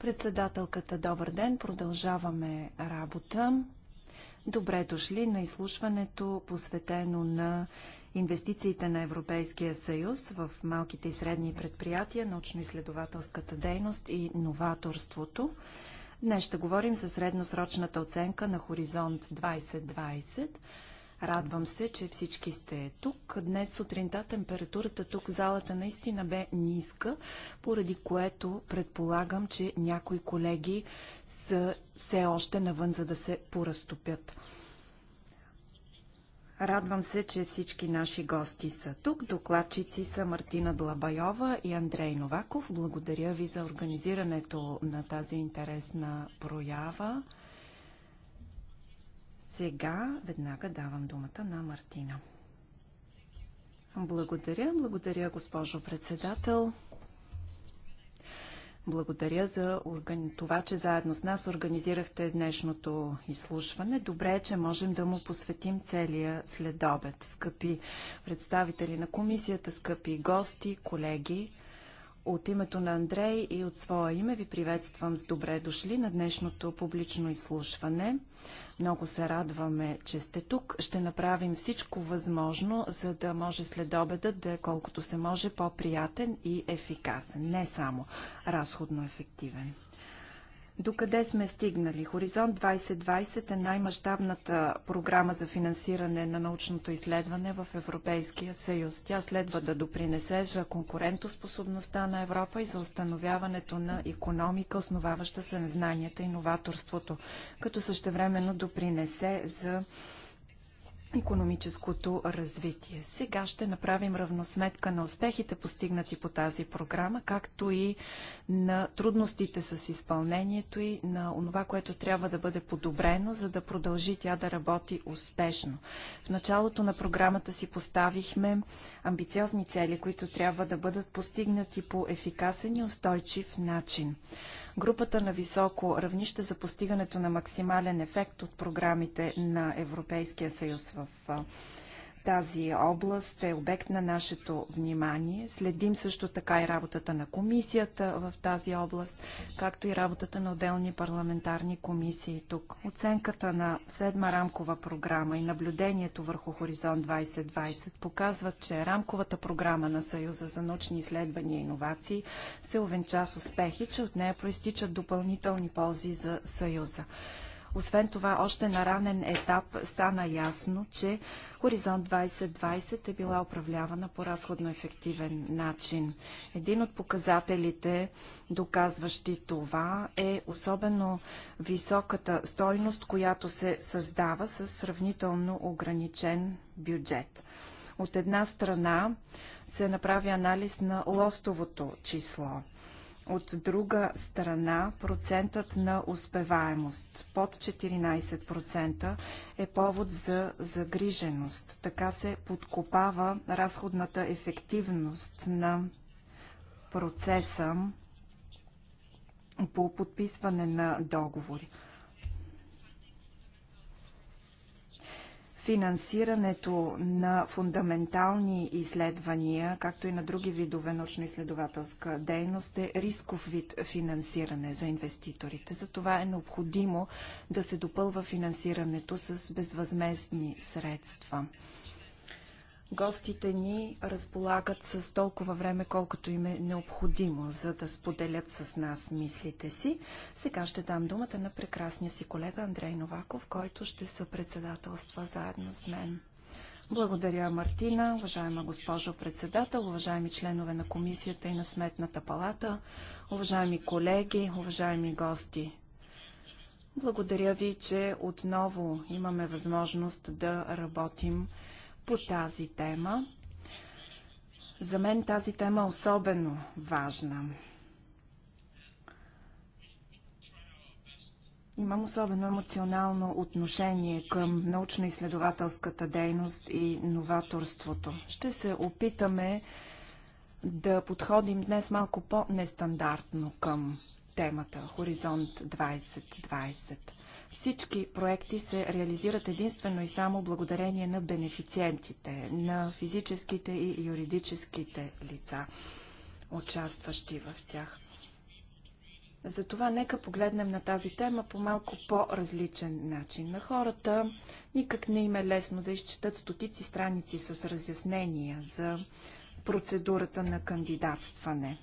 Председателката, добър ден, продължаваме работа. Добре дошли на изслушването, посветено на инвестициите на Европейския съюз в малките и средни предприятия, научно-изследователската дейност и новаторството. Днес ще говорим за средносрочната оценка на Хоризонт 2020. Радвам се, че всички сте тук. Днес сутринта температурата тук в залата наистина бе ниска, поради което предполагам, че някои колеги са все още навън, за да се поразтопят. Радвам се, че всички наши гости са тук. Докладчици са Мартина Длабайова и Андрей Новаков. Благодаря ви за организирането на тази интересна проява. Сега веднага давам думата на Мартина. Благодаря, благодаря, госпожо председател. Благодаря за органи... това, че заедно с нас организирахте днешното изслушване. Добре е, че можем да му посветим целия следобед. Скъпи представители на комисията, скъпи гости, колеги, от името на Андрей и от своя име ви приветствам с добре дошли на днешното публично изслушване. Много се радваме, че сте тук. Ще направим всичко възможно, за да може след обеда да е колкото се може по-приятен и ефикасен. Не само разходно ефективен. Докъде сме стигнали? Хоризонт 2020 е най-мащабната програма за финансиране на научното изследване в Европейския съюз. Тя следва да допринесе за конкурентоспособността на Европа и за установяването на економика, основаваща се на знанията и новаторството, като същевременно допринесе за економическото развитие. Сега ще направим равносметка на успехите, постигнати по тази програма, както и на трудностите с изпълнението и на това, което трябва да бъде подобрено, за да продължи тя да работи успешно. В началото на програмата си поставихме амбициозни цели, които трябва да бъдат постигнати по ефикасен и устойчив начин. Групата на високо равнище за постигането на максимален ефект от програмите на Европейския съюз в тази област е обект на нашето внимание. Следим също така и работата на комисията в тази област, както и работата на отделни парламентарни комисии тук. Оценката на седма рамкова програма и наблюдението върху Хоризонт 2020 показват, че рамковата програма на Съюза за научни изследвания и иновации се увенча с успехи, че от нея проистичат допълнителни ползи за Съюза. Освен това, още на ранен етап стана ясно, че Хоризонт 2020 е била управлявана по разходно ефективен начин. Един от показателите, доказващи това, е особено високата стойност, която се създава с сравнително ограничен бюджет. От една страна се направи анализ на лостовото число – от друга страна, процентът на успеваемост под 14% е повод за загриженост. Така се подкопава разходната ефективност на процеса по подписване на договори. финансирането на фундаментални изследвания, както и на други видове научно-изследователска дейност е рисков вид финансиране за инвеститорите. Затова е необходимо да се допълва финансирането с безвъзместни средства. Гостите ни разполагат с толкова време, колкото им е необходимо, за да споделят с нас мислите си. Сега ще дам думата на прекрасния си колега Андрей Новаков, който ще председателства заедно с мен. Благодаря, Мартина, уважаема госпожо председател, уважаеми членове на комисията и на Сметната палата, уважаеми колеги, уважаеми гости. Благодаря ви, че отново имаме възможност да работим по тази тема. За мен тази тема е особено важна. Имам особено емоционално отношение към научно-изследователската дейност и новаторството. Ще се опитаме да подходим днес малко по-нестандартно към темата Хоризонт 2020. Всички проекти се реализират единствено и само благодарение на бенефициентите, на физическите и юридическите лица, участващи в тях. Затова нека погледнем на тази тема по малко по-различен начин. На хората никак не им е лесно да изчетат стотици страници с разяснения за процедурата на кандидатстване.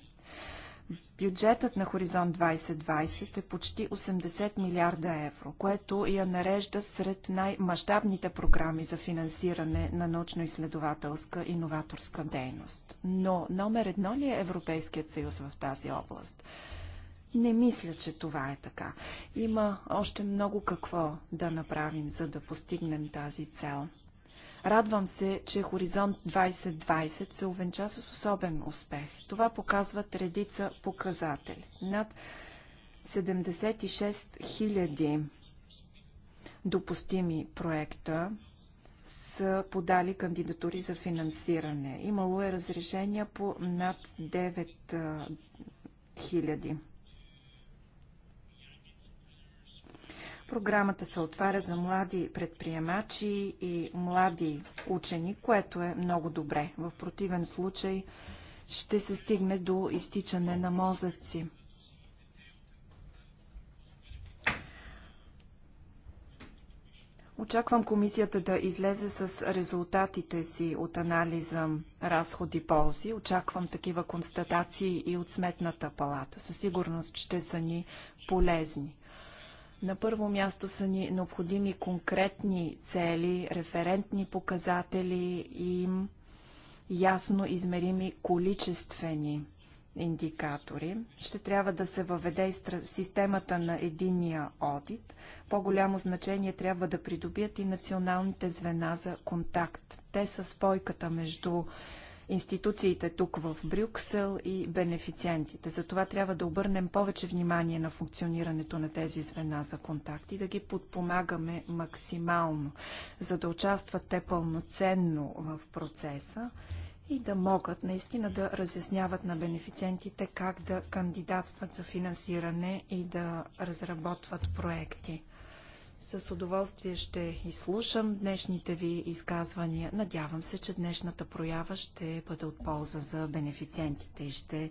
Бюджетът на Хоризонт 2020 е почти 80 милиарда евро, което я нарежда сред най-мащабните програми за финансиране на научно-изследователска и новаторска дейност. Но номер едно ли е Европейският съюз в тази област? Не мисля, че това е така. Има още много какво да направим, за да постигнем тази цел. Радвам се, че Хоризонт 2020 се увенча с особен успех. Това показват редица показатели. Над 76 000 допустими проекта са подали кандидатури за финансиране. Имало е разрешения по над 9 000. Програмата се отваря за млади предприемачи и млади учени, което е много добре. В противен случай ще се стигне до изтичане на мозъци. Очаквам комисията да излезе с резултатите си от анализа разходи-ползи. Очаквам такива констатации и от Сметната палата. Със сигурност ще са ни полезни. На първо място са ни необходими конкретни цели, референтни показатели и ясно измерими количествени индикатори. Ще трябва да се въведе и системата на единния одит. По-голямо значение трябва да придобият и националните звена за контакт. Те са спойката между институциите тук в Брюксел и бенефициентите. Затова трябва да обърнем повече внимание на функционирането на тези звена за контакт и да ги подпомагаме максимално, за да участват те пълноценно в процеса и да могат наистина да разясняват на бенефициентите как да кандидатстват за финансиране и да разработват проекти. С удоволствие ще изслушам днешните ви изказвания. Надявам се, че днешната проява ще бъде от полза за бенефициентите и ще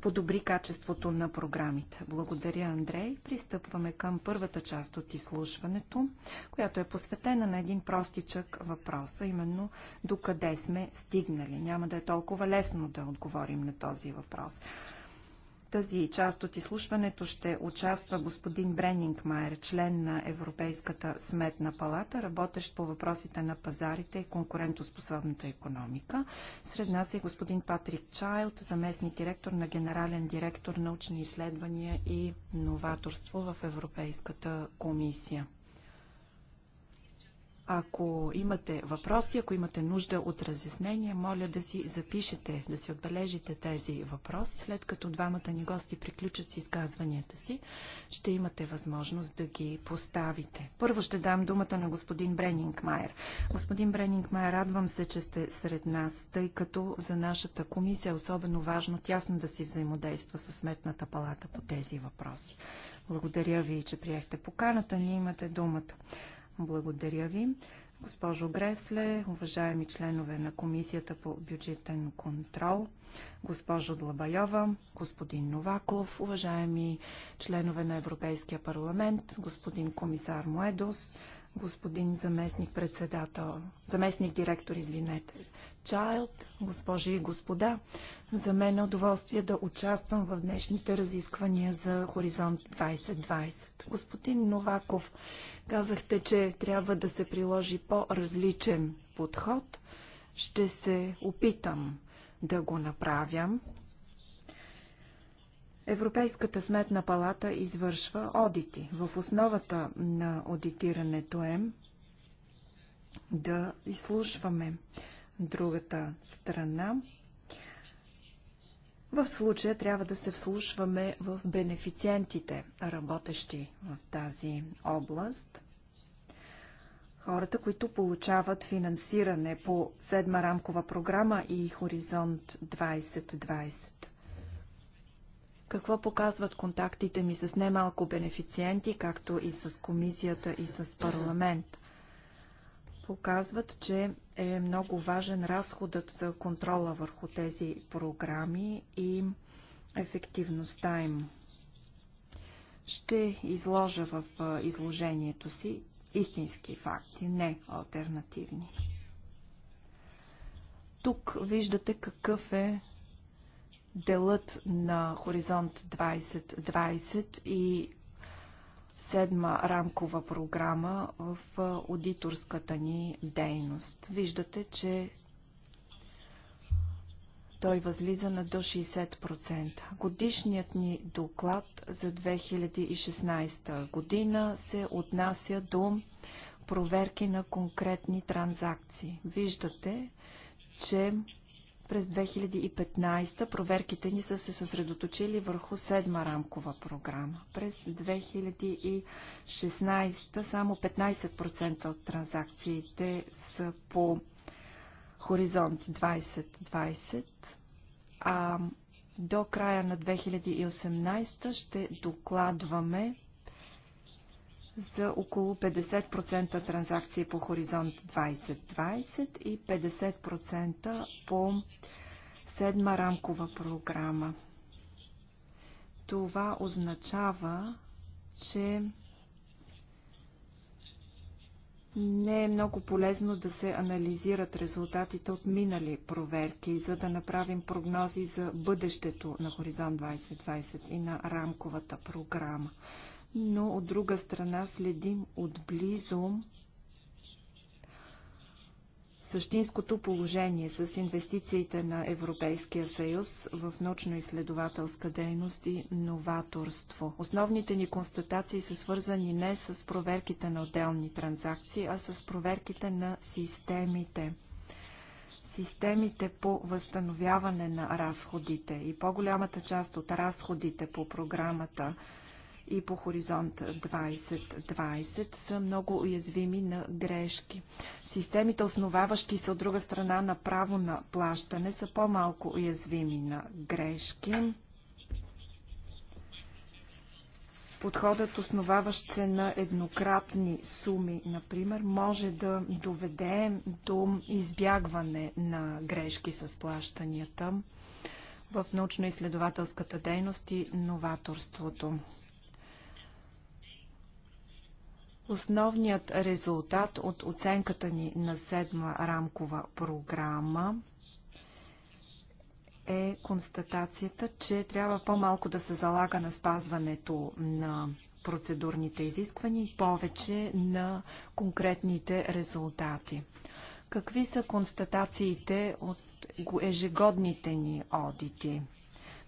подобри качеството на програмите. Благодаря, Андрей. Пристъпваме към първата част от изслушването, която е посветена на един простичък въпрос, а именно докъде сме стигнали. Няма да е толкова лесно да отговорим на този въпрос тази част от изслушването ще участва господин Бренинг Майер, член на Европейската сметна палата, работещ по въпросите на пазарите и конкурентоспособната економика. Сред нас е господин Патрик Чайлд, заместник директор на Генерален директор научни изследвания и новаторство в Европейската комисия. Ако имате въпроси, ако имате нужда от разяснение, моля да си запишете, да си отбележите тези въпроси. След като двамата ни гости приключат с изказванията си, ще имате възможност да ги поставите. Първо ще дам думата на господин Бренинг Майер. Господин Бренинг Майер, радвам се, че сте сред нас, тъй като за нашата комисия е особено важно тясно да си взаимодейства с Сметната палата по тези въпроси. Благодаря ви, че приехте поканата. Ние имате думата. Благодаря ви. Госпожо Гресле, уважаеми членове на Комисията по бюджетен контрол, госпожо Длабайова, господин Новаков, уважаеми членове на Европейския парламент, господин комисар Моедос, господин заместник председател, заместник директор, извинете, Чайлд, госпожи и господа. За мен е удоволствие да участвам в днешните разисквания за Хоризонт 2020. Господин Новаков, казахте, че трябва да се приложи по-различен подход. Ще се опитам да го направям. Европейската сметна палата извършва одити. В основата на одитирането е да изслушваме другата страна. В случая трябва да се вслушваме в бенефициентите, работещи в тази област. Хората, които получават финансиране по седма рамкова програма и Хоризонт 2020. Какво показват контактите ми с немалко бенефициенти, както и с комисията и с парламент? Показват, че е много важен разходът за контрола върху тези програми и ефективността им. Ще изложа в изложението си истински факти, не альтернативни. Тук виждате какъв е делът на Хоризонт 2020 и седма рамкова програма в аудиторската ни дейност. Виждате, че той възлиза на до 60%. Годишният ни доклад за 2016 година се отнася до проверки на конкретни транзакции. Виждате, че през 2015 проверките ни са се съсредоточили върху седма рамкова програма. През 2016 само 15% от транзакциите са по хоризонт 2020, а до края на 2018 ще докладваме за около 50% транзакции по Хоризонт 2020 и 50% по седма рамкова програма. Това означава, че не е много полезно да се анализират резултатите от минали проверки, за да направим прогнози за бъдещето на Хоризонт 2020 и на рамковата програма но от друга страна следим отблизо същинското положение с инвестициите на Европейския съюз в научно-изследователска дейност и новаторство. Основните ни констатации са свързани не с проверките на отделни транзакции, а с проверките на системите. Системите по възстановяване на разходите и по-голямата част от разходите по програмата – и по Хоризонт 2020 са много уязвими на грешки. Системите, основаващи се от друга страна на право на плащане, са по-малко уязвими на грешки. Подходът, основаващ се на еднократни суми, например, може да доведе до избягване на грешки с плащанията в научно-изследователската дейност и новаторството. Основният резултат от оценката ни на седма рамкова програма е констатацията, че трябва по-малко да се залага на спазването на процедурните изисквания и повече на конкретните резултати. Какви са констатациите от ежегодните ни одити?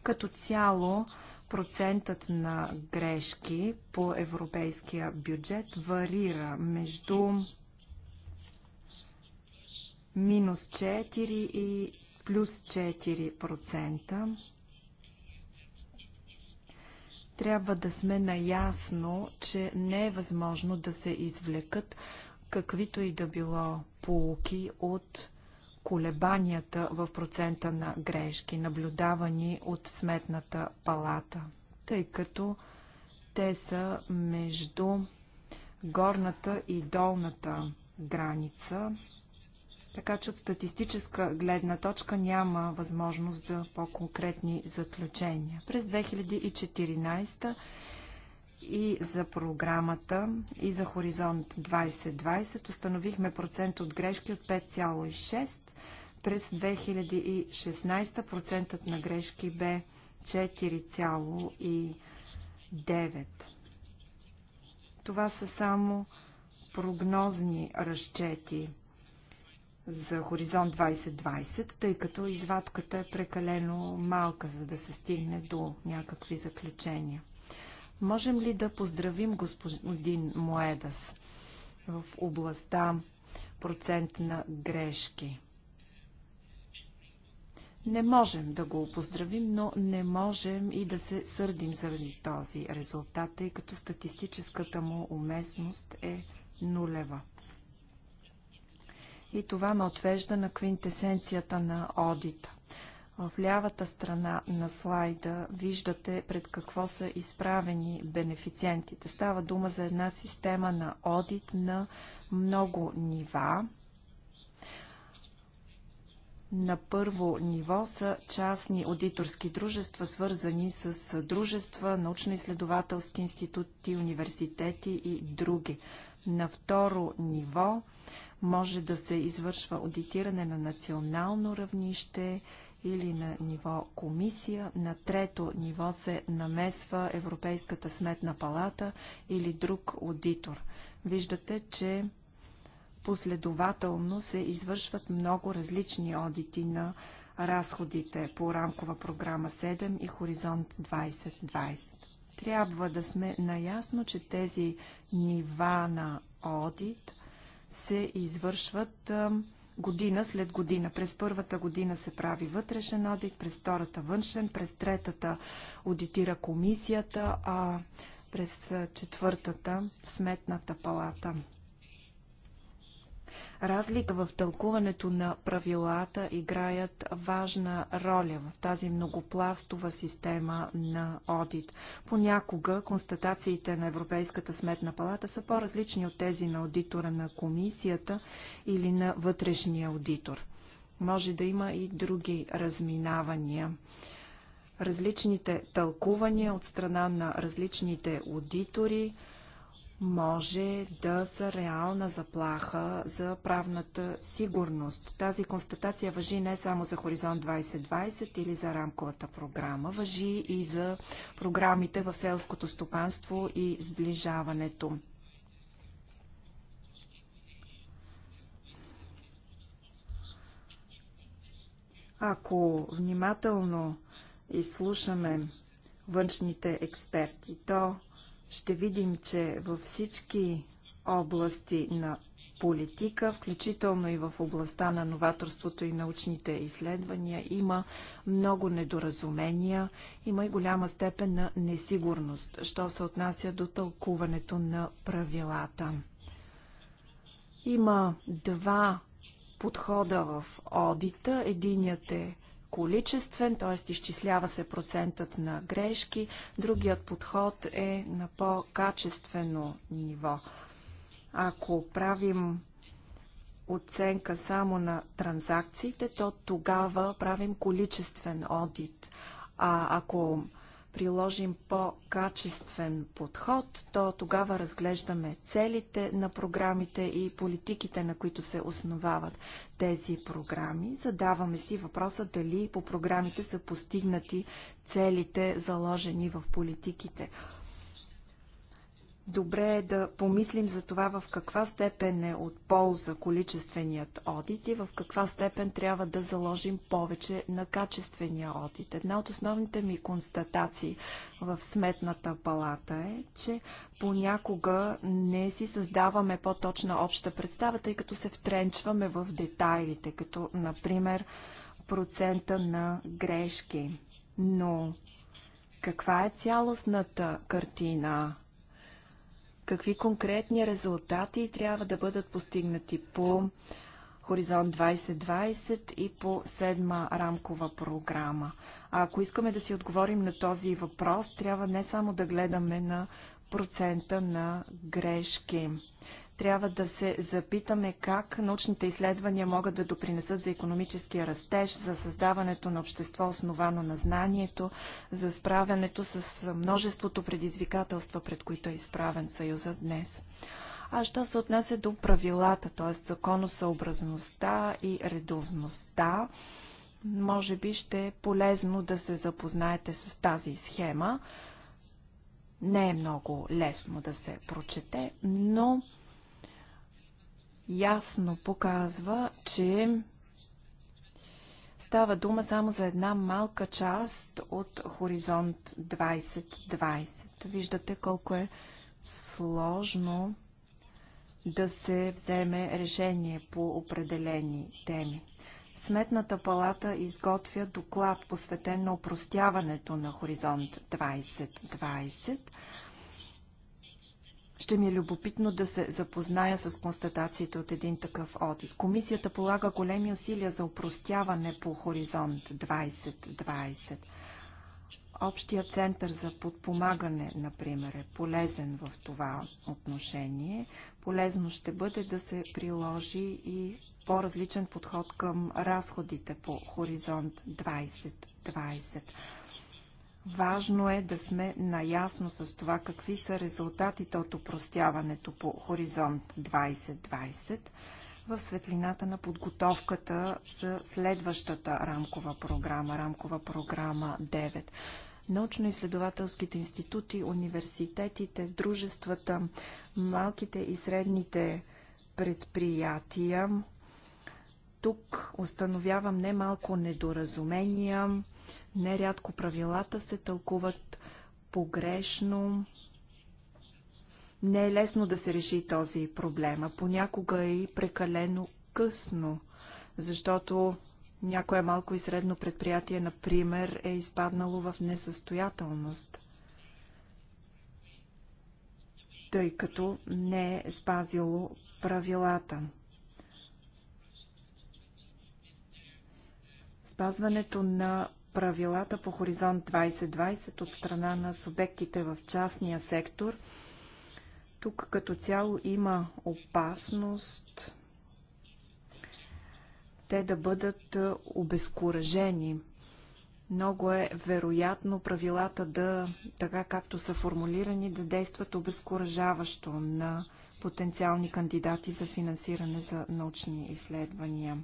Като цяло, Процентът на грешки по европейския бюджет варира между минус 4 и плюс 4%. Трябва да сме наясно, че не е възможно да се извлекат каквито и да било полуки от колебанията в процента на грешки, наблюдавани от Сметната палата, тъй като те са между горната и долната граница, така че от статистическа гледна точка няма възможност за по-конкретни заключения. През 2014 и за програмата, и за Хоризонт 2020 установихме процент от грешки от 5,6. През 2016 процентът на грешки бе 4,9. Това са само прогнозни разчети за Хоризонт 2020, тъй като извадката е прекалено малка, за да се стигне до някакви заключения. Можем ли да поздравим господин Моедас в областта процент на грешки? Не можем да го поздравим, но не можем и да се сърдим заради този резултат, тъй като статистическата му уместност е нулева. И това ме отвежда на квинтесенцията на одита. В лявата страна на слайда виждате пред какво са изправени бенефициентите. Става дума за една система на одит на много нива. На първо ниво са частни аудиторски дружества, свързани с дружества, научно-изследователски институти, университети и други. На второ ниво може да се извършва аудитиране на национално равнище, или на ниво комисия, на трето ниво се намесва Европейската сметна палата или друг аудитор. Виждате, че последователно се извършват много различни одити на разходите по рамкова програма 7 и Хоризонт 2020. Трябва да сме наясно, че тези нива на одит се извършват година след година. През първата година се прави вътрешен одит, през втората външен, през третата аудитира комисията, а през четвъртата сметната палата разлика в тълкуването на правилата играят важна роля в тази многопластова система на одит. Понякога констатациите на Европейската сметна палата са по-различни от тези на аудитора на комисията или на вътрешния аудитор. Може да има и други разминавания различните тълкувания от страна на различните аудитори, може да са реална заплаха за правната сигурност. Тази констатация въжи не само за Хоризонт 2020 или за рамковата програма, въжи и за програмите в селското стопанство и сближаването. Ако внимателно изслушаме външните експерти, то ще видим, че във всички области на политика, включително и в областта на новаторството и научните изследвания, има много недоразумения, има и голяма степен на несигурност, що се отнася до тълкуването на правилата. Има два подхода в одита. Единият е количествен, т.е. изчислява се процентът на грешки. Другият подход е на по-качествено ниво. Ако правим оценка само на транзакциите, то тогава правим количествен одит. А ако приложим по-качествен подход, то тогава разглеждаме целите на програмите и политиките, на които се основават тези програми. Задаваме си въпроса дали по програмите са постигнати целите, заложени в политиките. Добре е да помислим за това в каква степен е от полза количественият одит и в каква степен трябва да заложим повече на качествения одит. Една от основните ми констатации в Сметната палата е, че понякога не си създаваме по-точна обща представа, тъй като се втренчваме в детайлите, като например процента на грешки. Но каква е цялостната картина? какви конкретни резултати трябва да бъдат постигнати по Хоризонт 2020 и по седма рамкова програма. А ако искаме да си отговорим на този въпрос, трябва не само да гледаме на процента на грешки трябва да се запитаме как научните изследвания могат да допринесат за економическия растеж, за създаването на общество, основано на знанието, за справянето с множеството предизвикателства, пред които е изправен Съюза днес. А що се отнася до правилата, т.е. законосъобразността и редовността, може би ще е полезно да се запознаете с тази схема. Не е много лесно да се прочете, но ясно показва, че става дума само за една малка част от хоризонт 2020. Виждате колко е сложно да се вземе решение по определени теми. Сметната палата изготвя доклад, посветен на упростяването на Хоризонт 2020. Ще ми е любопитно да се запозная с констатациите от един такъв одит. Комисията полага големи усилия за упростяване по хоризонт 2020. -20. Общия център за подпомагане, например, е полезен в това отношение. Полезно ще бъде да се приложи и по-различен подход към разходите по хоризонт 2020. -20. Важно е да сме наясно с това какви са резултатите от опростяването по Хоризонт 2020 в светлината на подготовката за следващата рамкова програма, рамкова програма 9. Научно-изследователските институти, университетите, дружествата, малките и средните предприятия. Тук установявам немалко недоразумения, Нерядко правилата се тълкуват погрешно. Не е лесно да се реши този проблем, а понякога е и прекалено късно, защото някое малко и средно предприятие, например, е изпаднало в несъстоятелност, тъй като не е спазило правилата. Спазването на правилата по Хоризонт 2020 от страна на субектите в частния сектор. Тук като цяло има опасност те да бъдат обезкуражени. Много е вероятно правилата да, така както са формулирани, да действат обезкуражаващо на потенциални кандидати за финансиране за научни изследвания.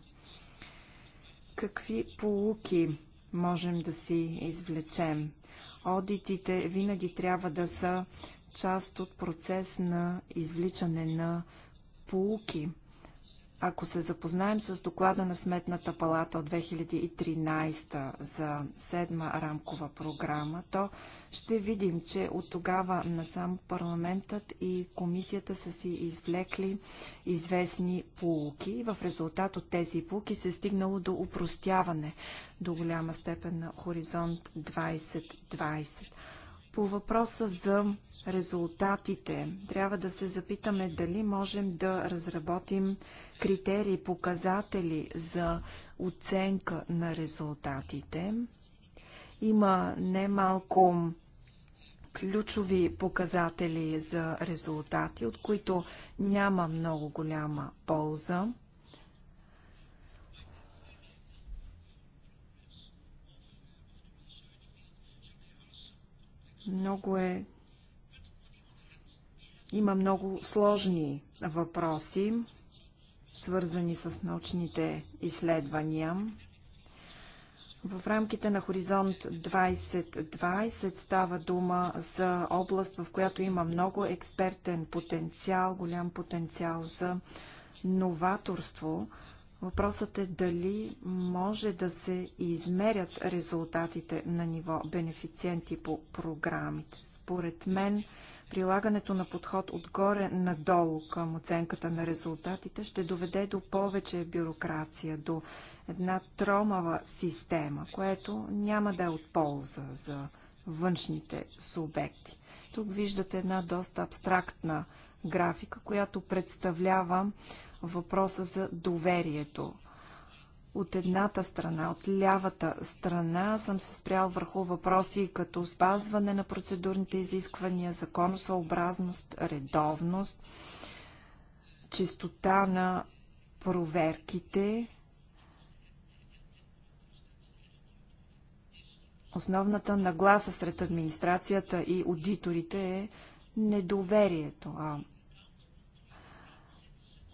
Какви полуки можем да си извлечем. Одитите винаги трябва да са част от процес на извличане на полуки. Ако се запознаем с доклада на Сметната палата от 2013 за седма рамкова програма, то ще видим, че от тогава насам парламентът и комисията са си извлекли известни полуки. В резултат от тези полуки се е стигнало до упростяване до голяма степен на Хоризонт 2020. По въпроса за резултатите. Трябва да се запитаме дали можем да разработим критерии, показатели за оценка на резултатите. Има немалко ключови показатели за резултати, от които няма много голяма полза. Много е има много сложни въпроси, свързани с научните изследвания. В рамките на Хоризонт 2020 става дума за област, в която има много експертен потенциал, голям потенциал за новаторство. Въпросът е дали може да се измерят резултатите на ниво бенефициенти по програмите. Според мен, прилагането на подход отгоре надолу към оценката на резултатите ще доведе до повече бюрокрация, до една тромава система, което няма да е от полза за външните субекти. Тук виждате една доста абстрактна графика, която представлява въпроса за доверието от едната страна, от лявата страна съм се спрял върху въпроси като спазване на процедурните изисквания, законосъобразност, редовност, чистота на проверките, основната нагласа сред администрацията и аудиторите е недоверието, а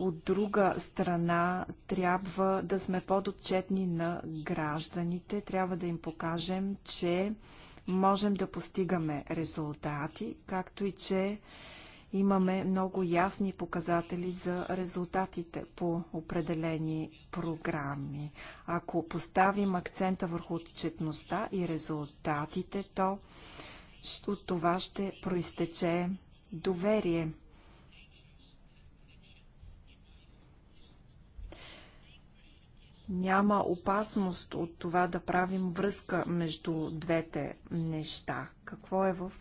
от друга страна, трябва да сме подотчетни на гражданите, трябва да им покажем, че можем да постигаме резултати, както и че имаме много ясни показатели за резултатите по определени програми. Ако поставим акцента върху отчетността и резултатите, то от това ще проистече доверие. няма опасност от това да правим връзка между двете неща? Какво е в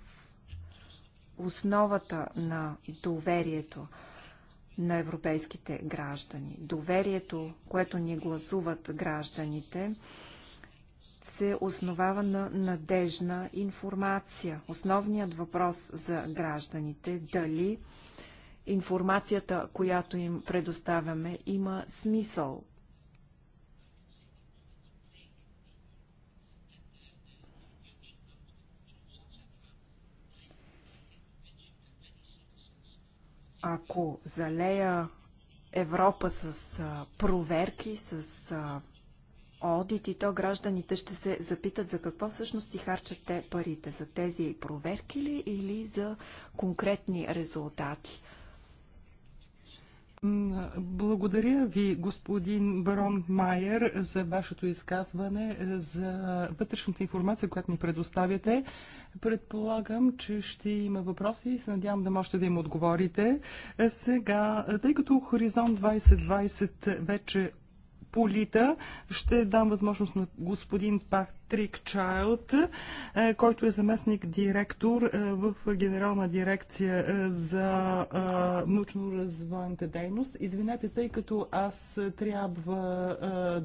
основата на доверието на европейските граждани? Доверието, което ни гласуват гражданите, се основава на надежна информация. Основният въпрос за гражданите е дали информацията, която им предоставяме, има смисъл, Ако залея Европа с а, проверки, с а, одити, то гражданите ще се запитат за какво всъщност си харчат те парите. За тези проверки ли или за конкретни резултати? Благодаря ви, господин Барон Майер, за вашето изказване, за вътрешната информация, която ни предоставяте. Предполагам, че ще има въпроси и се надявам да можете да им отговорите. Е, сега, тъй като Хоризонт 2020 вече полита, ще дам възможност на господин Пак Патрик Чайлд, е, който е заместник директор е, в Генерална дирекция е, за научно-развойната дейност. Извинете, тъй като аз трябва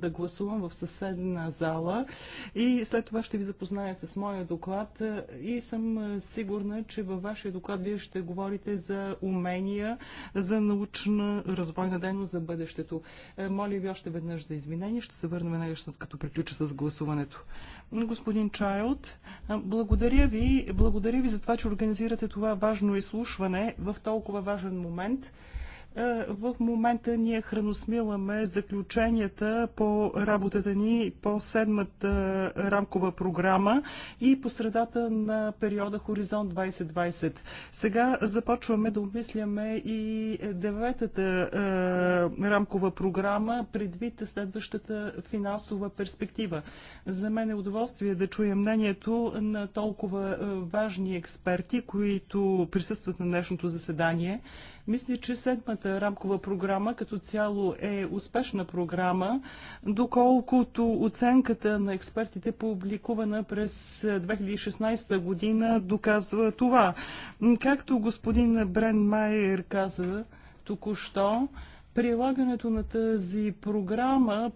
да гласувам в съседна зала и след това ще ви запозная с моя доклад и съм сигурна, че във вашия доклад вие ще говорите за умения за научна развойна дейност за бъдещето. Моля ви още веднъж за извинение. Ще се върнем веднага, като приключа с гласуването. Господин Чайлд, благодаря ви. Благодаря ви за това, че организирате това важно изслушване в толкова важен момент. Е, в момента ние храносмиламе заключенията по работата ни по седмата рамкова програма и по средата на периода Хоризонт 2020. Сега започваме да обмисляме и деветата е, рамкова програма предвид следващата финансова перспектива. За мен е удоволствие да чуя мнението на толкова е, важни експерти, които присъстват на днешното заседание. Мисля, че седмата рамкова програма като цяло е успешна програма, доколкото оценката на експертите, публикувана през 2016 година, доказва това. Както господин Брен Майер каза току-що, прилагането на тази програма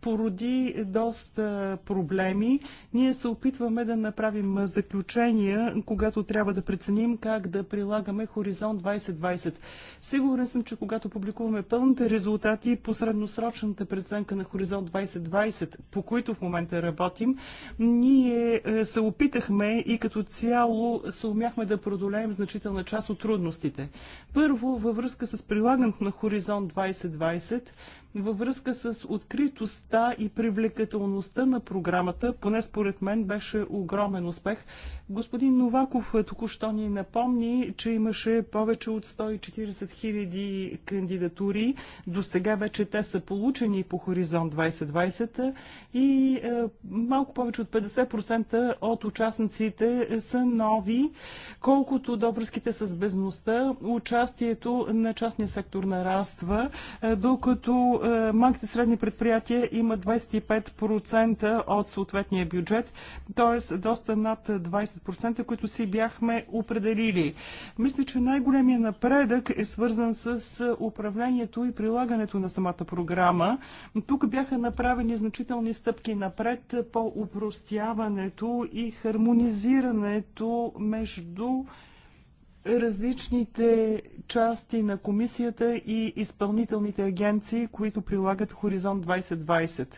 породи доста проблеми. Ние се опитваме да направим заключения, когато трябва да преценим как да прилагаме Хоризонт 2020. Сигурен съм, че когато публикуваме пълните резултати по средносрочната преценка на Хоризонт 2020, по които в момента работим, ние е, се опитахме и като цяло се умяхме да продолеем значителна част от трудностите. Първо, във връзка с прилагането на Хоризонт 2020, във връзка с откритостта и привлекателността на програмата, поне според мен беше огромен успех. Господин Новаков е, току-що ни напомни, че имаше повече от 140 хиляди кандидатури. До сега вече те са получени по Хоризонт 2020 и е, малко повече от 50% от участниците са нови. Колкото до връзките с безността, участието на частния сектор нараства, е, докато е, малките средни предприятия има 25% от съответния бюджет, т.е. доста над 20%, които си бяхме определили. Мисля, че най-големия напредък е свързан с е, управлението и прилагането на самата програма. Тук бяха направени значителни стъпки напред по упростяването и хармонизирането между различните части на комисията и изпълнителните агенции, които прилагат Хоризонт 2020.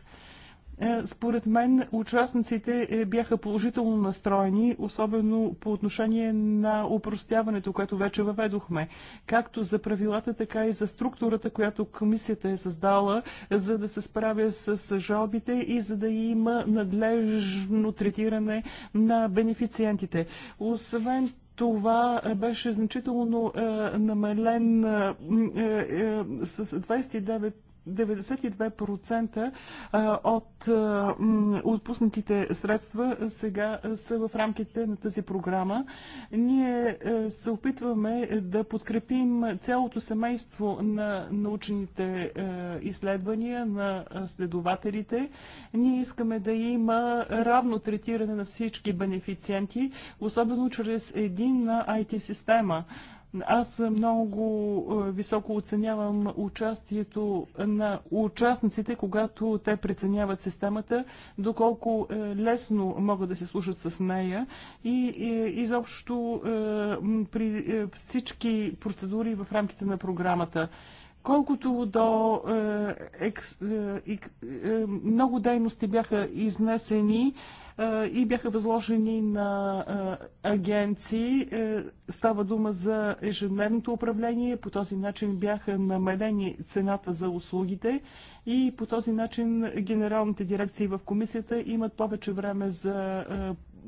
Е, според мен участниците е, бяха положително настроени, особено по отношение на упростяването, което вече въведохме, както за правилата, така и за структурата, която комисията е създала, за да се справя с жалбите и за да има надлежно третиране на бенефициентите. Освен това е, беше значително е, намален е, с 92% от отпуснатите средства сега са в рамките на тази програма. Ние се опитваме да подкрепим цялото семейство на научените изследвания, на следователите. Ние искаме да има равно третиране на всички бенефициенти, особено чрез един IT-система. Аз много е, високо оценявам участието на участниците, когато те преценяват системата, доколко е, лесно могат да се слушат с нея и изобщо е, при всички процедури в рамките на програмата. Колкото до е, екс, е, е, много дейности бяха изнесени и бяха възложени на агенции. Е, става дума за ежедневното управление. По този начин бяха намалени цената за услугите и по този начин генералните дирекции в комисията имат повече време за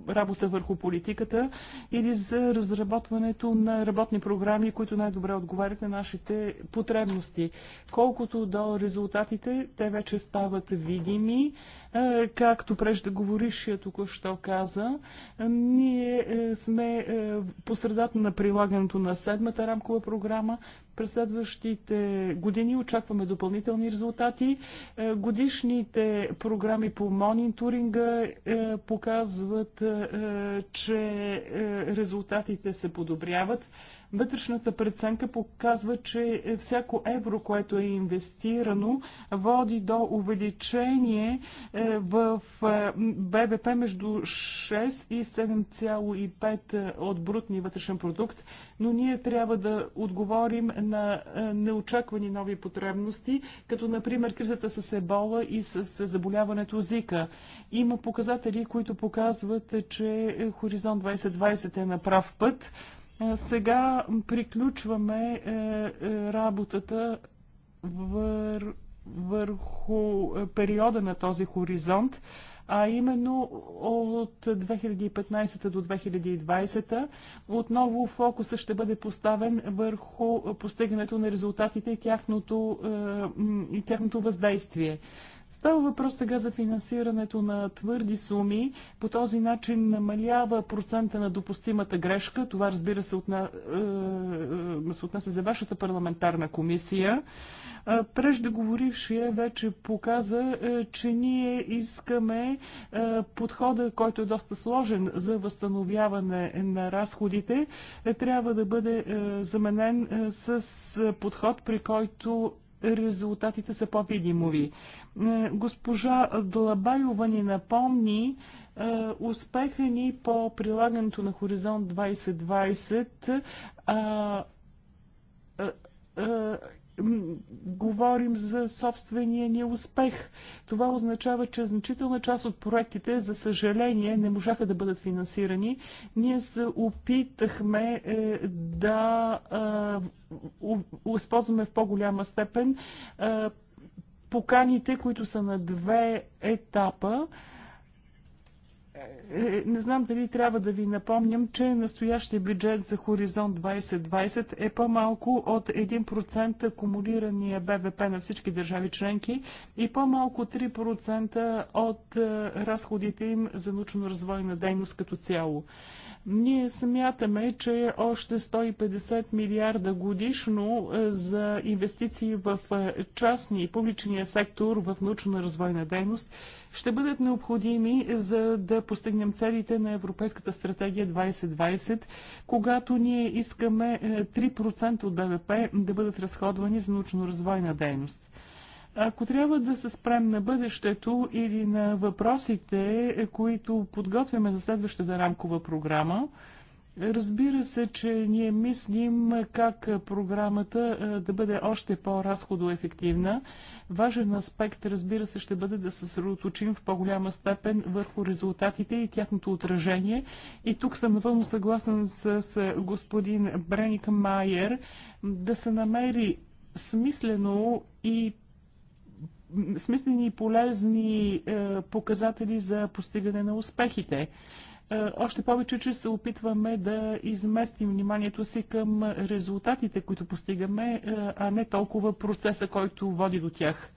работа върху политиката или за разработването на работни програми, които най-добре отговарят на нашите потребности. Колкото до резултатите, те вече стават видими. Е, както преждеговорившия току-що каза, ние е, сме е, посредата на прилагането на седмата рамкова програма. През следващите години очакваме допълнителни резултати. Годишните програми по мониторинга показват, че резултатите се подобряват. Вътрешната преценка показва, че всяко евро, което е инвестирано, води до увеличение е, в е, БВП между 6 и 7,5 е, от брутни вътрешен продукт, но ние трябва да отговорим на неочаквани нови потребности, като например кризата с ебола и с заболяването Зика. Има показатели, които показват, че Хоризонт 2020 е на прав път. Сега приключваме е, е, работата вър... върху е, периода на този хоризонт, а именно от 2015 до 2020 отново фокуса ще бъде поставен върху постигането на резултатите и тяхното, и тяхното въздействие. Става въпрос сега за финансирането на твърди суми. По този начин намалява процента на допустимата грешка. Това, разбира се, отна... Е, е, се отнася за вашата парламентарна комисия. Преждеговорившия вече показа, е, че ние искаме подхода, който е доста сложен за възстановяване на разходите, трябва да бъде заменен с подход, при който резултатите са по-видимови. Е, госпожа Длабайова ни напомни е, успеха ни по прилагането на Хоризонт 2020, говорим за собствения ни успех. Това означава, че значителна част от проектите, за съжаление, не можаха да бъдат финансирани. Ние се опитахме е, да използваме в по-голяма степен поканите, които са на две етапа не знам дали трябва да ви напомням, че настоящия бюджет за Хоризонт 2020 е по-малко от 1% акумулирания БВП на всички държави членки и по-малко 3% от е, разходите им за научно-развойна дейност като цяло. Ние смятаме, че още 150 милиарда годишно е, за инвестиции в е, частния и публичния сектор в научно-развойна дейност ще бъдат необходими за да постигнем целите на Европейската стратегия 2020, когато ние искаме 3% е, от БВП да бъдат разходвани за научно-развойна дейност. Ако трябва да се спрем на бъдещето или на въпросите, които подготвяме за следващата рамкова програма, разбира се, че ние мислим как програмата да бъде още по-разходоефективна. Важен аспект, разбира се, ще бъде да се съсредоточим в по-голяма степен върху резултатите и тяхното отражение. И тук съм напълно съгласен с господин Бреник Майер да се намери смислено и смислени и полезни е, показатели за постигане на успехите. Е, още повече, че се опитваме да изместим вниманието си към резултатите, които постигаме, е, а не толкова процеса, който води до тях.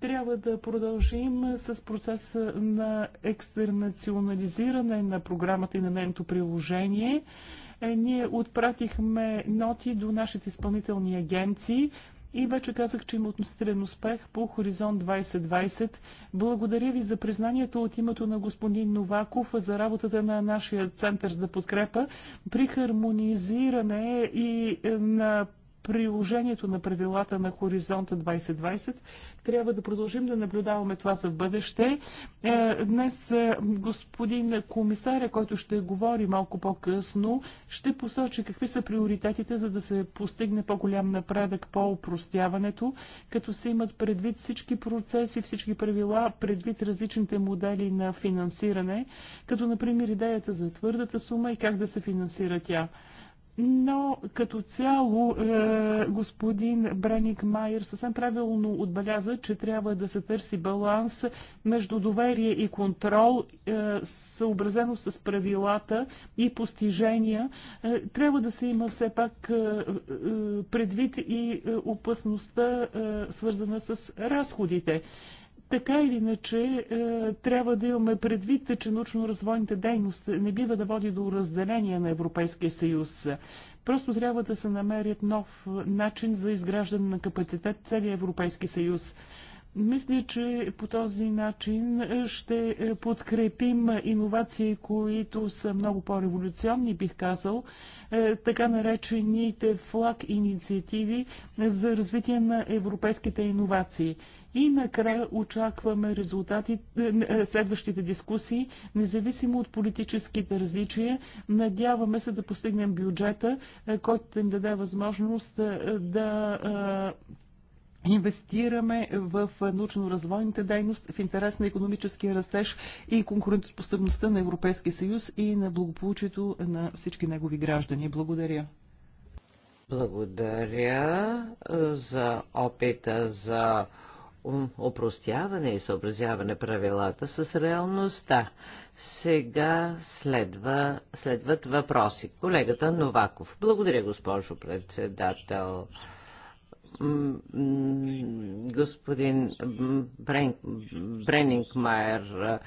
Трябва да продължим с процеса на екстернационализиране на програмата и на нейното приложение. ние отпратихме ноти до нашите изпълнителни агенции, и вече казах, че има относителен успех по Хоризонт 2020. Благодаря ви за признанието от името на господин Новаков за работата на нашия Център за подкрепа при хармонизиране и е, на приложението на правилата на Хоризонта 2020. Трябва да продължим да наблюдаваме това за бъдеще. Е, днес е, господин комисаря, който ще говори малко по-късно, ще посочи какви са приоритетите, за да се постигне по-голям напредък по упростяването, като се имат предвид всички процеси, всички правила, предвид различните модели на финансиране, като например идеята за твърдата сума и как да се финансира тя. Но като цяло е, господин Браник Майер съвсем правилно отбеляза, че трябва да се търси баланс между доверие и контрол, е, съобразено с правилата и постижения. Е, трябва да се има все пак предвид и опасността, свързана с разходите. Така или иначе, е, трябва да имаме предвид, че научно-развойната дейност не бива да води до разделение на Европейския съюз. Просто трябва да се намерят нов начин за изграждане на капацитет целия Европейски съюз. Мисля, че по този начин е, ще е, подкрепим иновации, които са много по-революционни, бих казал, е, така наречените флаг инициативи за развитие на европейските иновации. И накрая очакваме резултати, следващите дискусии, независимо от политическите различия. Надяваме се да постигнем бюджета, който им даде възможност да инвестираме в научно-развойната дейност в интерес на економическия растеж и конкурентоспособността на Европейския съюз и на благополучието на всички негови граждани. Благодаря. Благодаря за опита за опростяване и съобразяване правилата с реалността. Сега следва, следват въпроси. Колегата Новаков. Благодаря, госпожо председател господин Брен, Бренингмайер,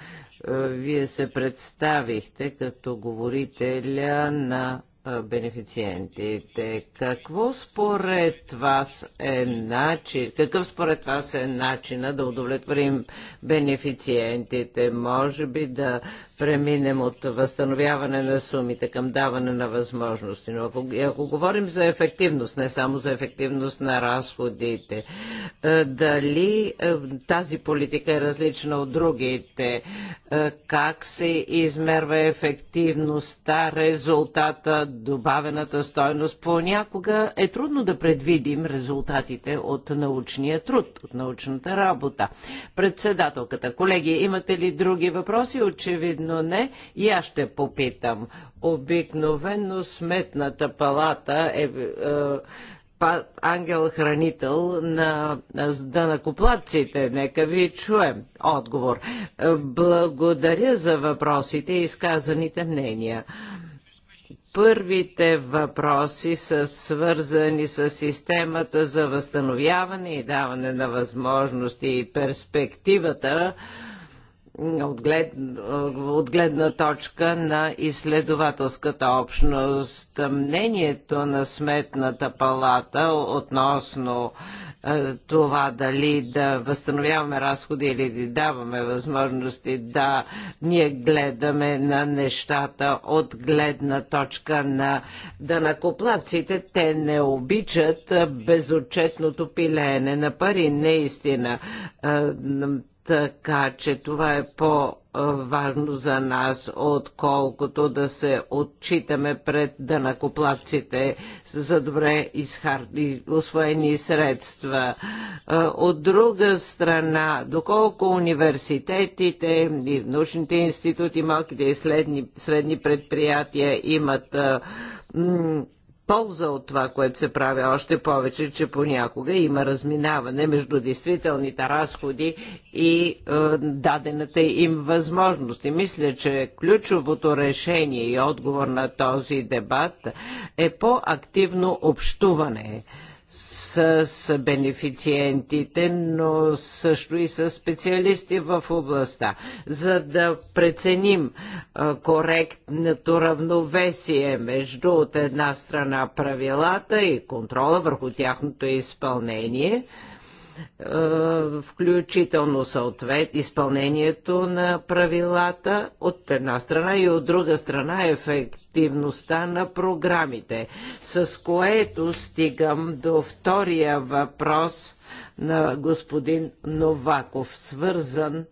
вие се представихте като говорителя на бенефициентите. Какво според вас е начин, какъв според вас е начина да удовлетворим бенефициентите? Може би да преминем от възстановяване на сумите към даване на възможности. Но ако, ако говорим за ефективност, не само за ефективност на разходите, е, дали е, тази политика е различна от другите? Е, как се измерва ефективността, резултата, добавената стойност? Понякога е трудно да предвидим резултатите от научния труд, от научната работа. Председателката, колеги, имате ли други въпроси? Очевидно очевидно не. И аз ще попитам. Обикновено сметната палата е, е ангел-хранител на дънакоплатците. Нека ви чуем отговор. Благодаря за въпросите и изказаните мнения. Първите въпроси са свързани с системата за възстановяване и даване на възможности и перспективата от, глед, от гледна точка на изследователската общност. Мнението на Сметната палата относно е, това дали да възстановяваме разходи или да даваме възможности да ние гледаме на нещата от гледна точка на данакоплаците. Те не обичат безотчетното пилеене на пари. Наистина е, така че това е по-важно за нас, отколкото да се отчитаме пред дънакоплавците за добре изхар... освоени средства. От друга страна, доколко университетите, и научните институти, малките и средни предприятия имат полза от това, което се прави, още повече, че понякога има разминаване между действителните разходи и е, дадената им възможност. И мисля, че ключовото решение и отговор на този дебат е по-активно общуване с бенефициентите, но също и с специалисти в областта, за да преценим коректното равновесие между от една страна правилата и контрола върху тяхното изпълнение – е, включително съответ изпълнението на правилата от една страна и от друга страна ефективността на програмите, с което стигам до втория въпрос на господин Новаков, свързан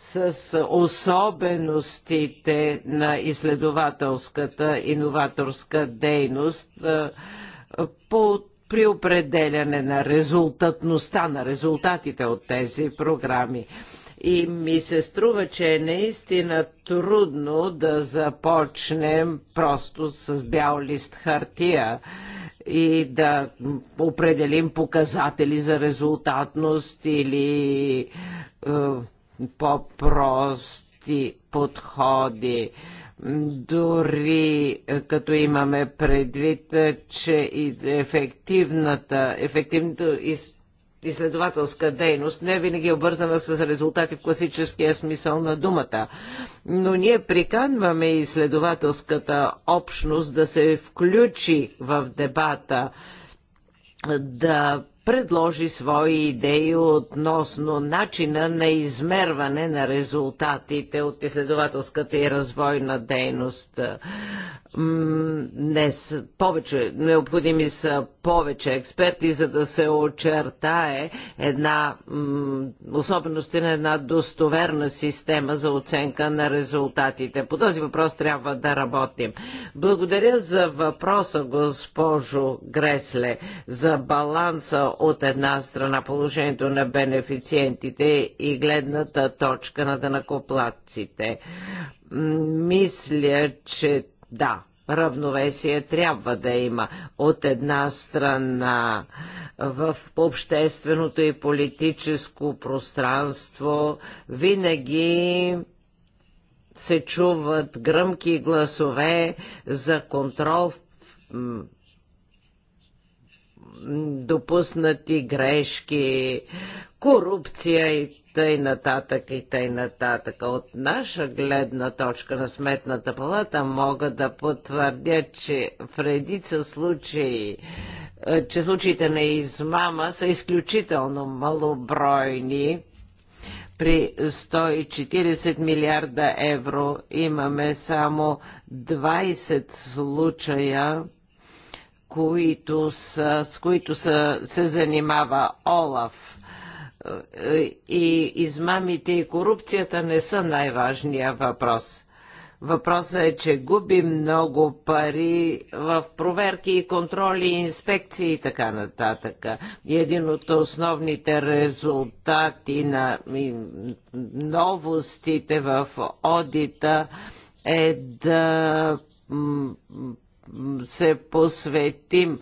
с особеностите на изследователската иноваторска дейност е, по при определяне на резултатността, на резултатите от тези програми. И ми се струва, че е наистина трудно да започнем просто с бял лист хартия и да определим показатели за резултатност или е, по-прости подходи. Е, дори е, като имаме предвид, е, че и ефективната, ефективната из, изследователска дейност не е винаги е обвързана с резултати в класическия смисъл на думата. Но ние приканваме изследователската общност да се включи в дебата, да предложи свои идеи относно начина на измерване на резултатите от изследователската и развойна дейност. Днес повече, необходими са повече експерти, за да се очертае една особеност на една достоверна система за оценка на резултатите. По този въпрос трябва да работим. Благодаря за въпроса, госпожо Гресле, за баланса от една страна положението на бенефициентите и гледната точка на данакоплатците. Мисля, че да, равновесие трябва да има. От една страна в общественото и политическо пространство винаги се чуват гръмки гласове за контрол в допуснати грешки, корупция и тъй нататък и тъй нататък. От наша гледна точка на Сметната палата мога да потвърдя, че в редица случаи е, че случаите на измама са изключително малобройни. При 140 милиарда евро имаме само 20 случая които са, с които са, се занимава Олаф. И измамите и корупцията не са най важния въпрос. Въпросът е, че губи много пари в проверки и контроли, инспекции и така нататък. И един от основните резултати на новостите в одита е да се посветим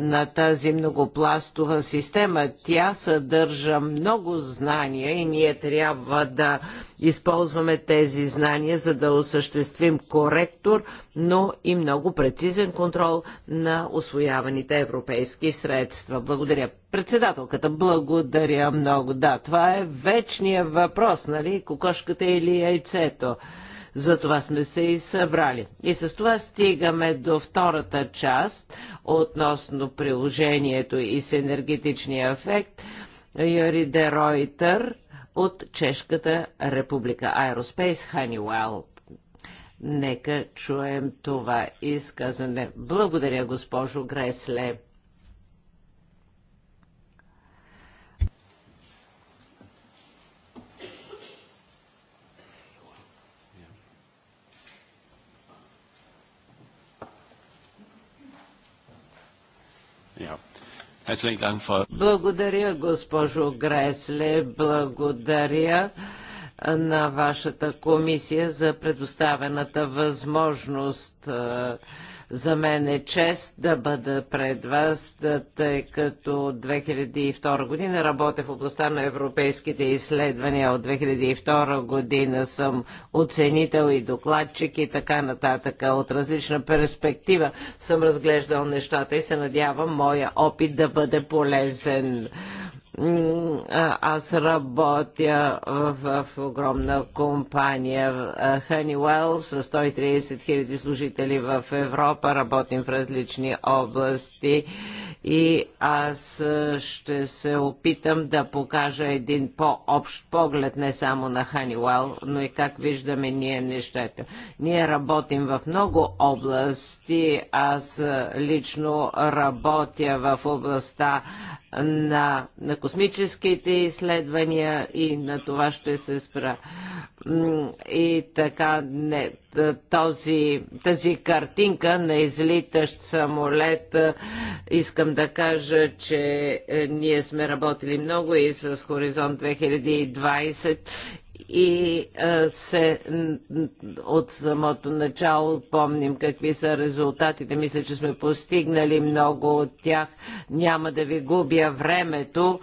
на тази многопластова система. Тя съдържа много знания и ние трябва да използваме тези знания, за да осъществим коректор, но и много прецизен контрол на освояваните европейски средства. Благодаря. Председателката, благодаря много. Да, това е вечният въпрос, нали? Кокошката или яйцето. За това сме се и събрали. И с това стигаме до втората част относно приложението и с енергетичния ефект. Юри де Ройтер от Чешката република Аероспейс Ханиуел. Нека чуем това изказане. Благодаря, госпожо Гресле. Благодаря, госпожо Гресле. Благодаря на вашата комисия за предоставената възможност за мен е чест да бъда пред вас, да, тъй като от 2002 година работя в областта на европейските изследвания. От 2002 година съм оценител и докладчик и така нататък. От различна перспектива съм разглеждал нещата и се надявам моя опит да бъде полезен. Аз работя в, в огромна компания Honeywell с 130 хиляди служители в Европа. Работим в различни области и аз ще се опитам да покажа един по-общ поглед не само на Honeywell, но и как виждаме ние нещата. Ние работим в много области. Аз лично работя в областта на, на космическите изследвания и на това ще се спра. И така, не, този, тази картинка на излитащ самолет, искам да кажа, че е, ние сме работили много и с Хоризонт 2020 и се от самото начало помним какви са резултатите. Мисля, че сме постигнали много от тях. Няма да ви губя времето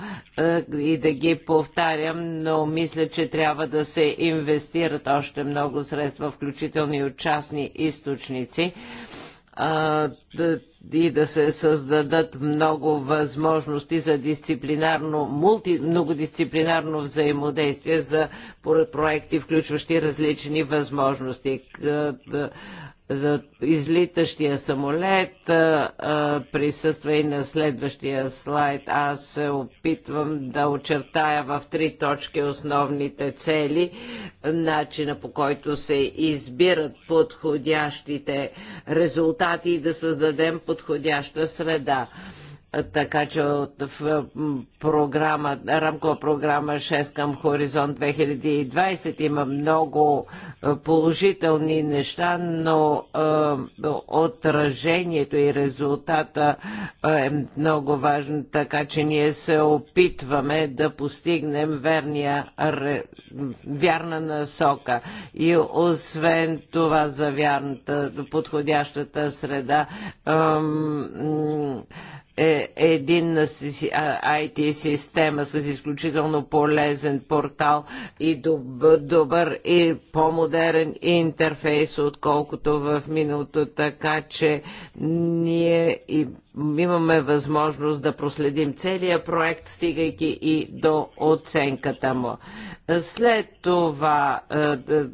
и да ги повтарям, но мисля, че трябва да се инвестират още много средства, включително и от частни източници и да се създадат много възможности за дисциплинарно, мулти, многодисциплинарно взаимодействие за проекти, включващи различни възможности. Е, излитащия самолет е, е, присъства и на следващия слайд. Аз се опитвам да очертая в три точки основните цели, начина по който се избират подходящите резултати и да създадем подходяща среда така че от в програма, рамкова програма 6 към Хоризонт 2020 има много е, положителни неща, но е, отражението и резултата е, е много важно, така че ние се опитваме да постигнем верния, вярна насока. И освен това за вярната, подходящата среда, е, е единна IT система с изключително полезен портал и добър и по-модерен интерфейс, отколкото в миналото, така че ние и имаме възможност да проследим целия проект, стигайки и до оценката му. След това,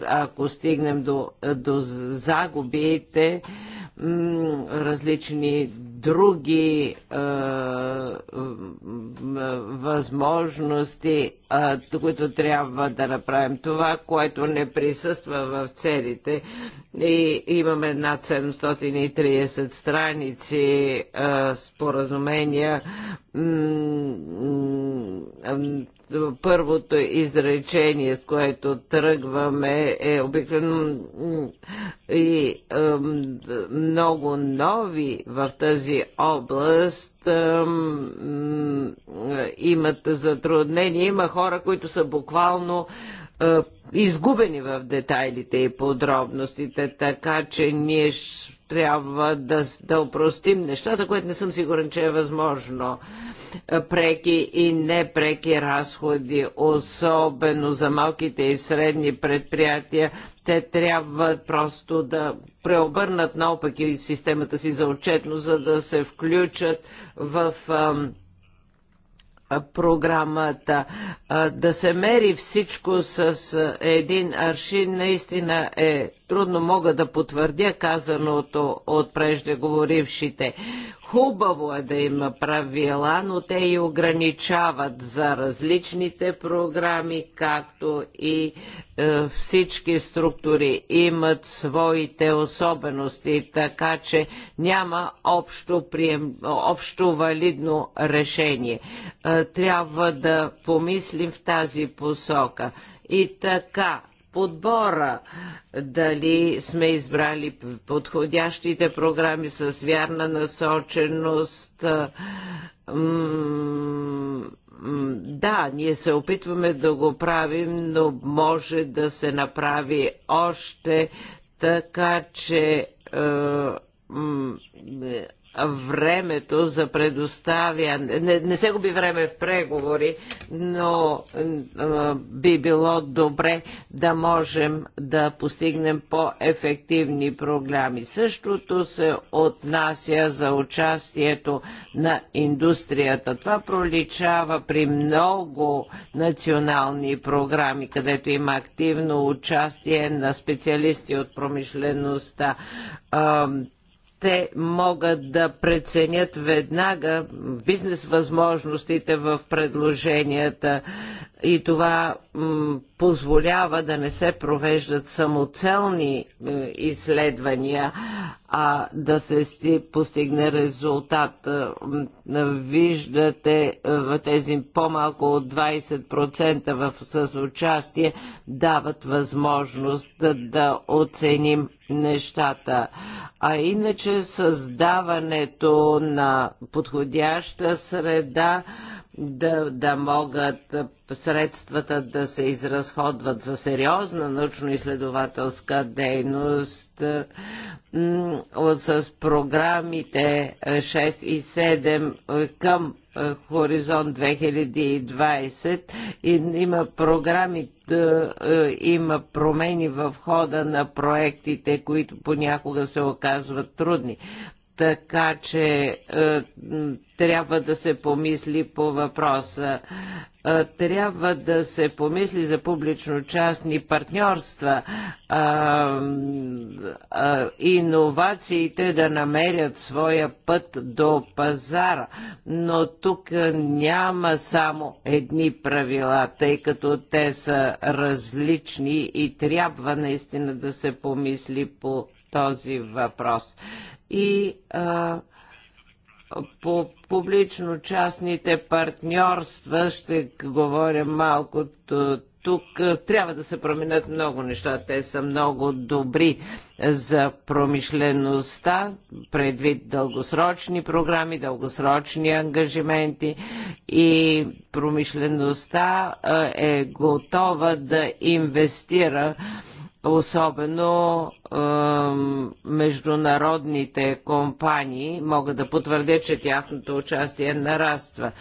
ако стигнем до, до загубите, различни други възможности, които трябва да направим. Това, което не присъства в целите, и имаме над 730 страници споразумения, първото изречение, с което тръгваме, е обикновено и е, много нови в тази област е, имат затруднения. Има хора, които са буквално е, е, изгубени в детайлите и подробностите, така че ние трябва да, да упростим нещата, което не съм сигурен, че е възможно. Е, преки и непреки разходи, особено за малките и средни предприятия, те трябва просто да преобърнат наопаки системата си за отчетност, за да се включат в ам, програмата. Да се мери всичко с един аршин наистина е трудно мога да потвърдя казаното от преждеговорившите. Хубаво е да има правила, но те и ограничават за различните програми, както и е, всички структури имат своите особености, така че няма общо, прием, общо валидно решение. Е, трябва да помислим в тази посока. И така, подбора, дали сме избрали подходящите програми с вярна насоченост. Да, ние се опитваме да го правим, но може да се направи още така, че времето за предоставяне. Не, не се губи време в преговори, но а, би било добре да можем да постигнем по-ефективни програми. Същото се отнася за участието на индустрията. Това проличава при много национални програми, където има активно участие на специалисти от промишлеността. А, те могат да преценят веднага бизнес възможностите в предложенията и това позволява да не се провеждат самоцелни е, изследвания, а да се постигне резултат. Е, виждате е, в тези по-малко от 20% в, с участие дават възможност да, да оценим нещата. А иначе създаването на подходяща среда да, да могат средствата да се изразходват за сериозна научно-изследователска дейност с програмите 6 и 7 е, към е, Хоризонт 2020 и има програми, е, има промени в хода на проектите, които понякога се оказват трудни. Така че е, трябва да се помисли по въпроса. Е, трябва да се помисли за публично-частни партньорства. Е, е, иновациите да намерят своя път до пазара. Но тук няма само едни правила, тъй като те са различни и трябва наистина да се помисли по този въпрос и а, по публично-частните партньорства, ще говоря малко тук, трябва да се променят много неща. Те са много добри за промишлеността, предвид дългосрочни програми, дългосрочни ангажименти и промишлеността е готова да инвестира особено е, международните компании, могат да потвърдят, че тяхното участие нараства.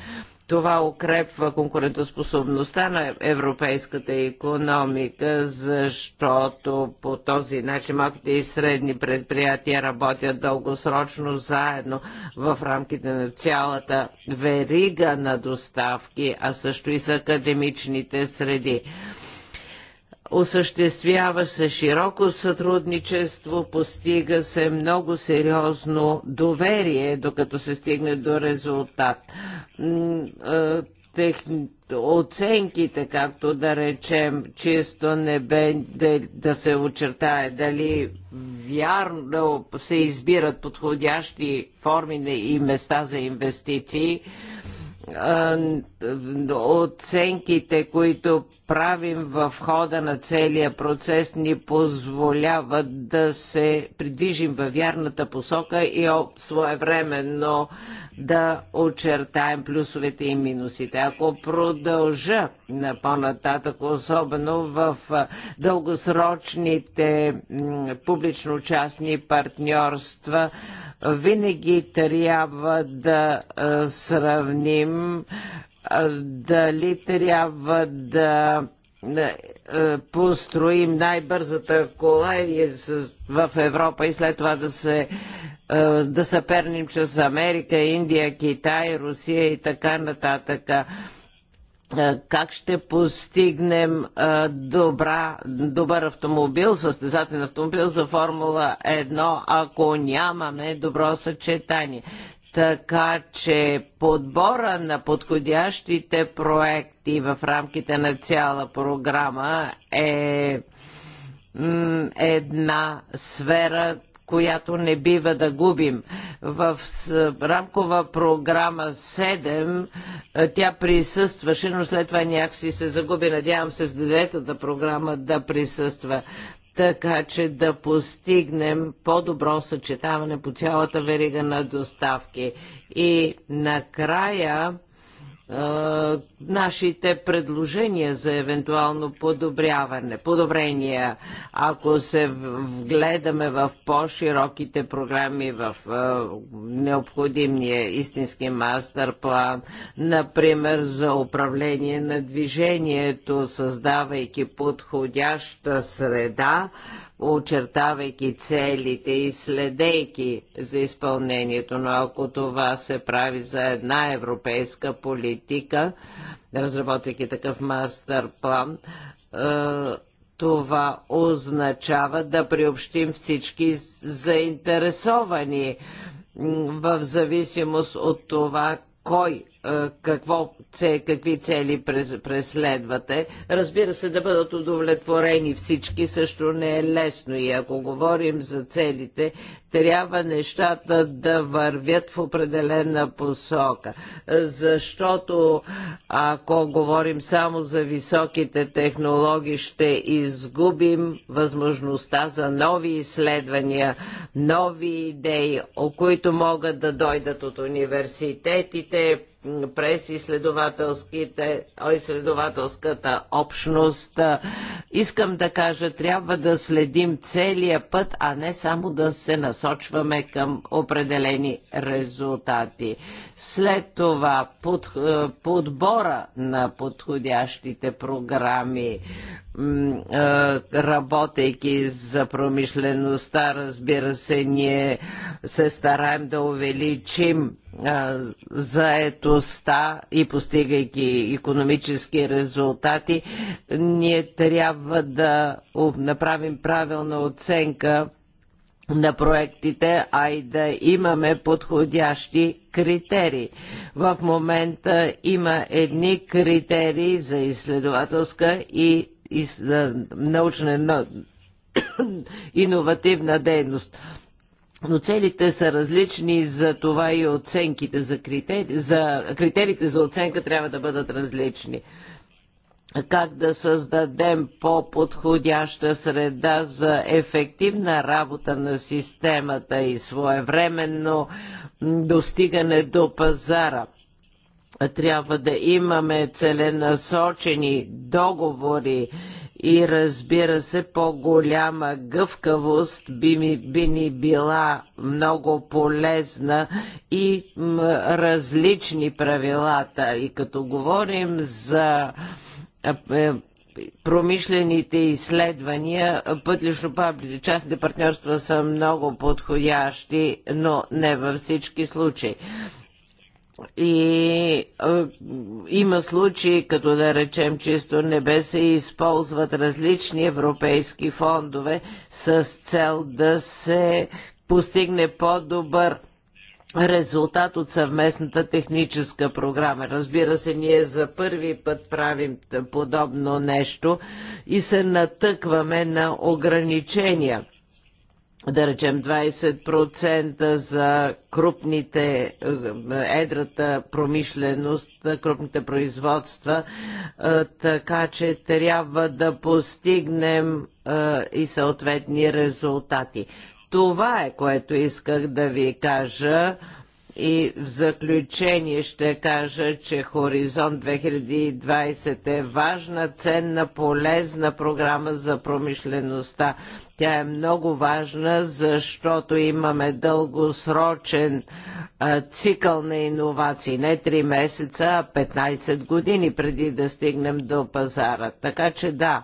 Това укрепва конкурентоспособността на европейската економика, защото по този начин малките и средни предприятия работят дългосрочно заедно в рамките на цялата верига на доставки, а също и с академичните среди. Осъществява се широко сътрудничество, постига се много сериозно доверие, докато се стигне до резултат. Оценките, както да речем, чисто не бе да, да се очертае дали вярно се избират подходящи форми и места за инвестиции оценките, които правим в хода на целия процес ни позволява да се придвижим във вярната посока и своевременно да очертаем плюсовете и минусите. Ако продължа на по-нататък, особено в дългосрочните публично-частни партньорства, винаги трябва да сравним дали трябва да е, построим най-бързата кола в Европа и след това да се е, да съперним с Америка, Индия, Китай, Русия и така нататък е, как ще постигнем добра, добър автомобил, състезателен автомобил за Формула 1, ако нямаме добро съчетание. Така че подбора на подходящите проекти в рамките на цяла програма е една сфера, която не бива да губим. В рамкова програма 7 тя присъстваше, но след това някакси се загуби. Надявам се с 9-та програма да присъства така че да постигнем по-добро съчетаване по цялата верига на доставки. И накрая нашите предложения за евентуално подобряване, подобрения, ако се вгледаме в по-широките програми, в необходимия истински мастер план, например за управление на движението, създавайки подходяща среда, очертавайки целите и следейки за изпълнението. Но ако това се прави за една европейска политика, разработвайки такъв мастер план, е, това означава да приобщим всички заинтересовани в зависимост от това кой какво, какви цели преследвате. Разбира се, да бъдат удовлетворени всички също не е лесно и ако говорим за целите, трябва нещата да вървят в определена посока. Защото ако говорим само за високите технологии, ще изгубим възможността за нови изследвания, нови идеи, които могат да дойдат от университетите, през изследователските, изследователската общност. Искам да кажа, трябва да следим целия път, а не само да се насочваме към определени резултати. След това под, е, подбора на подходящите програми, работейки за промишлеността, разбира се, ние се стараем да увеличим заетостта и постигайки економически резултати, ние трябва да направим правилна оценка на проектите, а и да имаме подходящи критерии. В момента има едни критерии за изследователска и научна иновативна дейност. Но целите са различни, за това и оценките за, критерии, за критериите за оценка трябва да бъдат различни как да създадем по-подходяща среда за ефективна работа на системата и своевременно достигане до пазара. Трябва да имаме целенасочени договори и разбира се, по-голяма гъвкавост би, ми, би ни била много полезна и м, различни правилата. И като говорим за е, промишлените изследвания, пътлично паблично частните партньорства са много подходящи, но не във всички случаи. И а, има случаи, като да речем чисто небе, се използват различни европейски фондове с цел да се постигне по-добър резултат от съвместната техническа програма. Разбира се, ние за първи път правим подобно нещо и се натъкваме на ограничения да речем 20% за крупните е, едрата промишленост, крупните производства, е, така че трябва да постигнем е, и съответни резултати. Това е което исках да ви кажа. И в заключение ще кажа, че Хоризонт 2020 е важна, ценна, полезна програма за промишлеността. Тя е много важна, защото имаме дългосрочен а, цикъл на иновации. Не 3 месеца, а 15 години преди да стигнем до пазара. Така че да,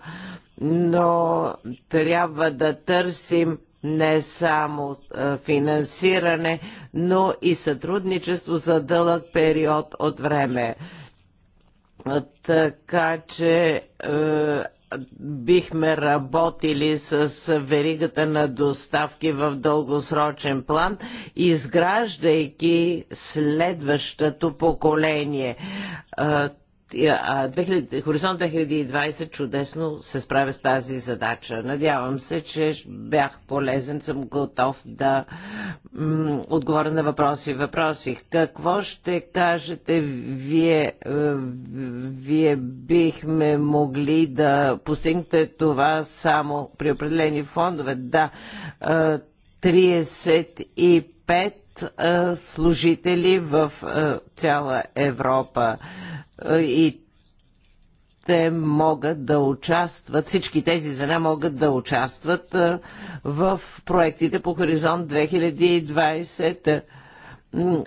но трябва да търсим не само финансиране, но и сътрудничество за дълъг период от време. Така че е, бихме работили с веригата на доставки в дългосрочен план, изграждайки следващото поколение Хоризонт 2020 чудесно се справя с тази задача. Надявам се, че бях полезен, съм готов да отговоря на въпроси. Въпроси. Какво ще кажете вие? Е, вие бихме могли да постигнете това само при определени фондове. Да, 35 е, служители в цяла Европа. И те могат да участват, всички тези звена могат да участват в проектите по Хоризонт 2020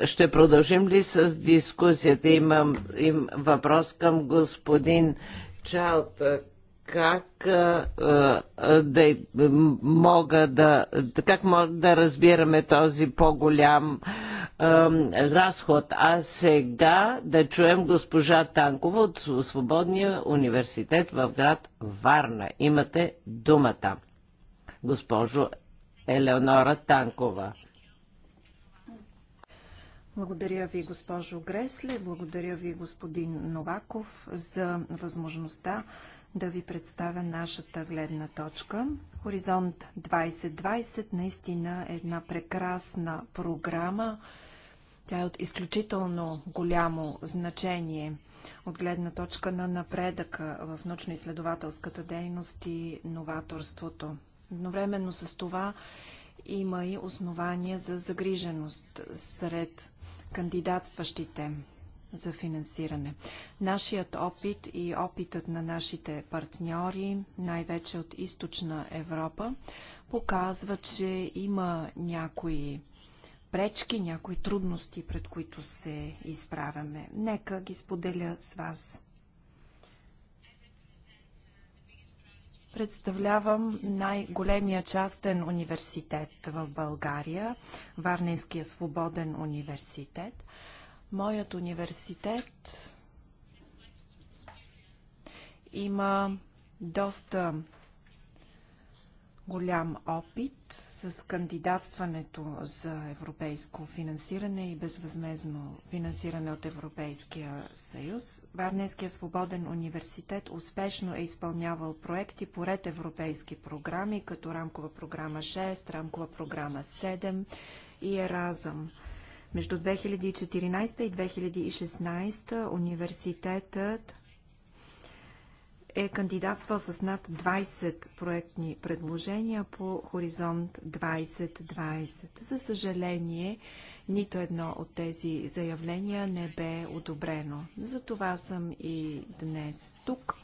ще продължим ли с дискусията? Имам им въпрос към господин Чалта как а, а, да мога да как мога да разбираме този по-голям разход. А сега да чуем госпожа Танкова от Свободния университет в град Варна. Имате думата. Госпожо Елеонора Танкова. Благодаря ви, госпожо Гресле, благодаря ви, господин Новаков, за възможността да ви представя нашата гледна точка. Хоризонт 2020 наистина е една прекрасна програма. Тя е от изключително голямо значение от гледна точка на напредъка в научно-изследователската дейност и новаторството. Едновременно с това има и основания за загриженост сред кандидатстващите за финансиране. Нашият опит и опитът на нашите партньори, най-вече от източна Европа, показва, че има някои пречки, някои трудности, пред които се изправяме. Нека ги споделя с вас. Представлявам най-големия частен университет в България, Варненския свободен университет. Моят университет има доста голям опит с кандидатстването за европейско финансиране и безвъзмезно финансиране от Европейския съюз. Варненския свободен университет успешно е изпълнявал проекти по ред европейски програми, като рамкова програма 6, рамкова програма 7 и Еразъм. Между 2014 и 2016 университетът е кандидатствал с над 20 проектни предложения по Хоризонт 2020. За съжаление, нито едно от тези заявления не бе одобрено. Затова съм и днес тук.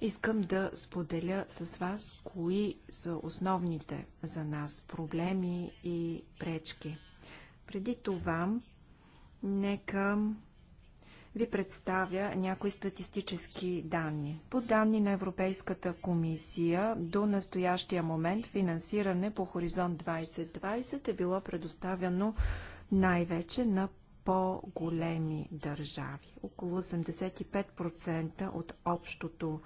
Искам да споделя с вас кои са основните за нас проблеми и пречки. Преди това, нека ви представя някои статистически данни. По данни на Европейската комисия, до настоящия момент финансиране по Хоризонт 2020 е било предоставено най-вече на по-големи държави. Около 85% от общото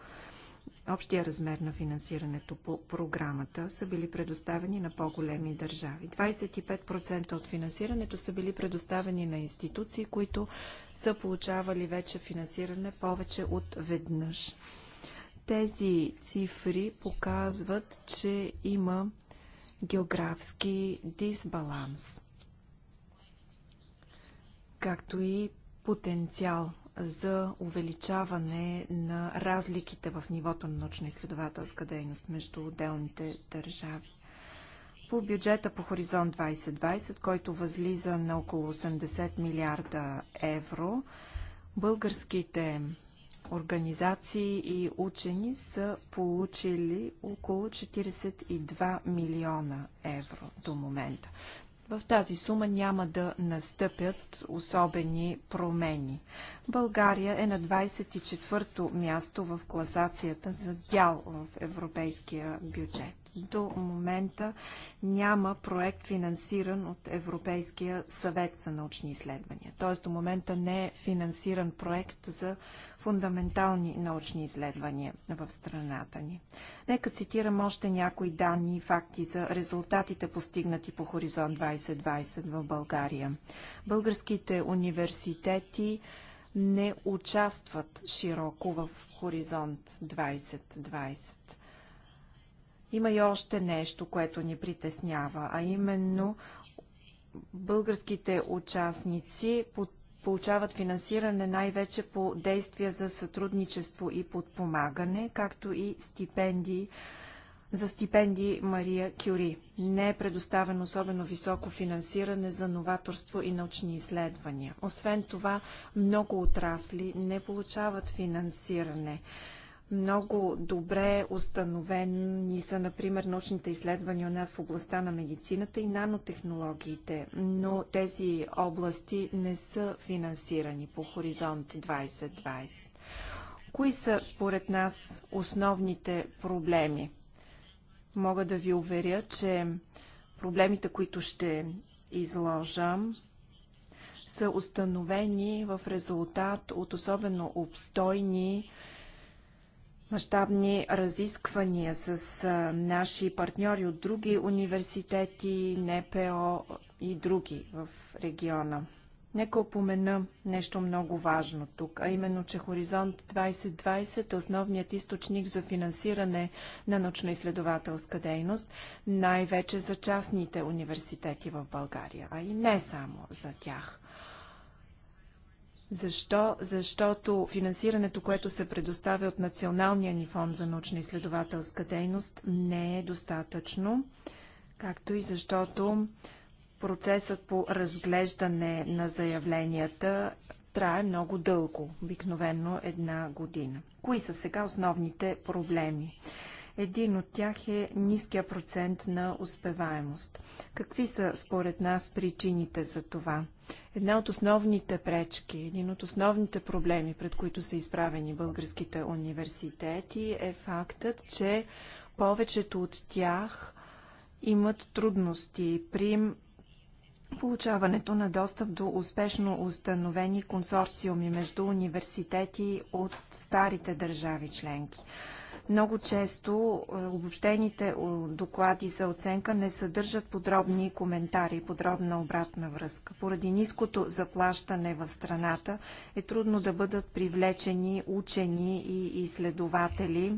общия размер на финансирането по програмата са били предоставени на по-големи държави. 25% от финансирането са били предоставени на институции, които са получавали вече финансиране повече от веднъж. Тези цифри показват, че има географски дисбаланс, както и потенциал за увеличаване на разликите в нивото на научно-изследователска дейност между отделните държави. По бюджета по Хоризонт 2020, който възлиза на около 80 милиарда евро, българските организации и учени са получили около 42 милиона евро до момента. В тази сума няма да настъпят особени промени. България е на 24-то място в класацията за дял в европейския бюджет до момента няма проект финансиран от Европейския съвет за научни изследвания. Т.е. до момента не е финансиран проект за фундаментални научни изследвания в страната ни. Нека цитирам още някои данни и факти за резултатите постигнати по Хоризонт 2020 в България. Българските университети не участват широко в Хоризонт 2020. Има и още нещо, което ни притеснява, а именно българските участници под получават финансиране най-вече по действия за сътрудничество и подпомагане, както и стипендии за стипендии Мария Кюри. Не е предоставено особено високо финансиране за новаторство и научни изследвания. Освен това, много отрасли не получават финансиране. Много добре установени са, например, научните изследвания у нас в областта на медицината и нанотехнологиите, но тези области не са финансирани по хоризонт 2020. Кои са, според нас, основните проблеми? Мога да ви уверя, че проблемите, които ще изложам, са установени в резултат от особено обстойни мащабни разисквания с наши партньори от други университети, НПО и други в региона. Нека опомена нещо много важно тук, а именно, че Хоризонт 2020 е основният източник за финансиране на научно-изследователска дейност, най-вече за частните университети в България, а и не само за тях. Защо? Защото финансирането, което се предоставя от Националния ни фонд за научна изследователска дейност, не е достатъчно, както и защото процесът по разглеждане на заявленията трае много дълго, обикновено една година. Кои са сега основните проблеми? Един от тях е ниския процент на успеваемост. Какви са според нас причините за това? Една от основните пречки, един от основните проблеми, пред които са изправени българските университети е фактът, че повечето от тях имат трудности при получаването на достъп до успешно установени консорциуми между университети от старите държави членки. Много често е, обобщените доклади за оценка не съдържат подробни коментари, подробна обратна връзка. Поради ниското заплащане в страната е трудно да бъдат привлечени учени и изследователи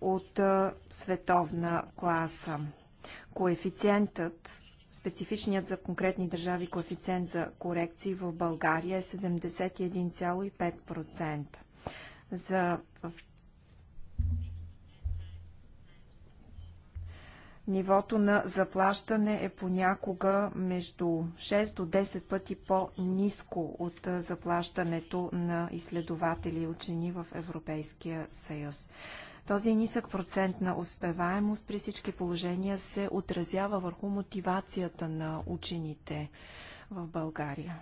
от е, световна класа. Коефициентът Специфичният за конкретни държави коефициент за корекции в България е 71,5%. За в нивото на заплащане е понякога между 6 до 10 пъти по-низко от заплащането на изследователи и учени в Европейския съюз. Този нисък процент на успеваемост при всички положения се отразява върху мотивацията на учените в България.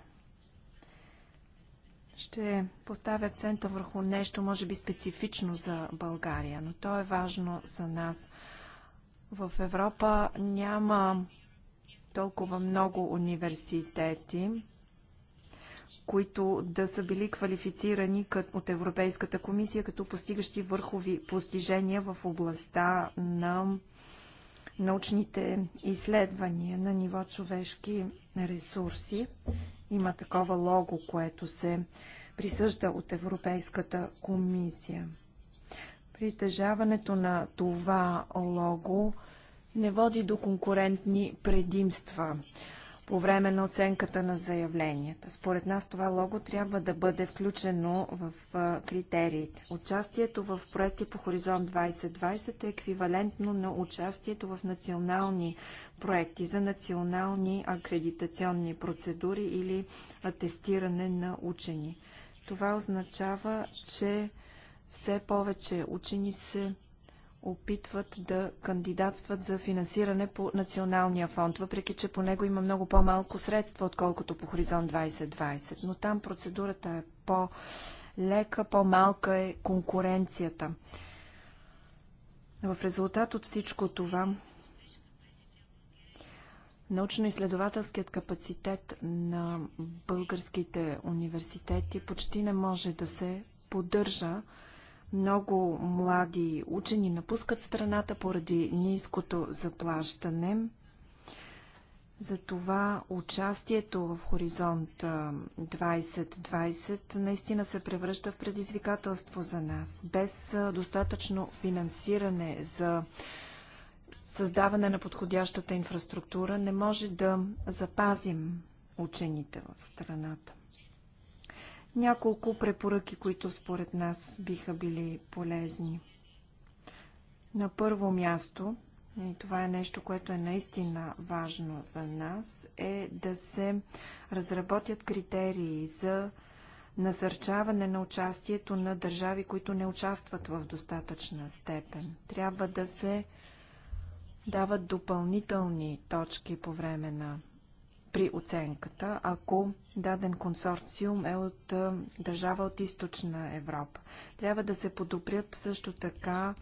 Ще поставя акцента върху нещо, може би специфично за България, но то е важно за нас – в Европа няма толкова много университети, които да са били квалифицирани от Европейската комисия като постигащи върхови постижения в областта на научните изследвания на ниво човешки ресурси. Има такова лого, което се присъжда от Европейската комисия. Притежаването на това лого не води до конкурентни предимства по време на оценката на заявленията. Според нас това лого трябва да бъде включено в критериите. Участието в проекти по Хоризонт 2020 е еквивалентно на участието в национални проекти за национални акредитационни процедури или атестиране на учени. Това означава, че все повече учени се опитват да кандидатстват за финансиране по Националния фонд, въпреки че по него има много по-малко средства, отколкото по Хоризонт 2020. Но там процедурата е по-лека, по-малка е конкуренцията. В резултат от всичко това, научно-изследователският капацитет на българските университети почти не може да се поддържа, много млади учени напускат страната поради ниското заплащане. Затова участието в Хоризонт 2020 наистина се превръща в предизвикателство за нас. Без достатъчно финансиране за създаване на подходящата инфраструктура не може да запазим учените в страната няколко препоръки, които според нас биха били полезни. На първо място, и това е нещо, което е наистина важно за нас, е да се разработят критерии за насърчаване на участието на държави, които не участват в достатъчна степен. Трябва да се дават допълнителни точки по време на при оценката, ако даден консорциум е от държава от източна Европа. Трябва да се подобрят също така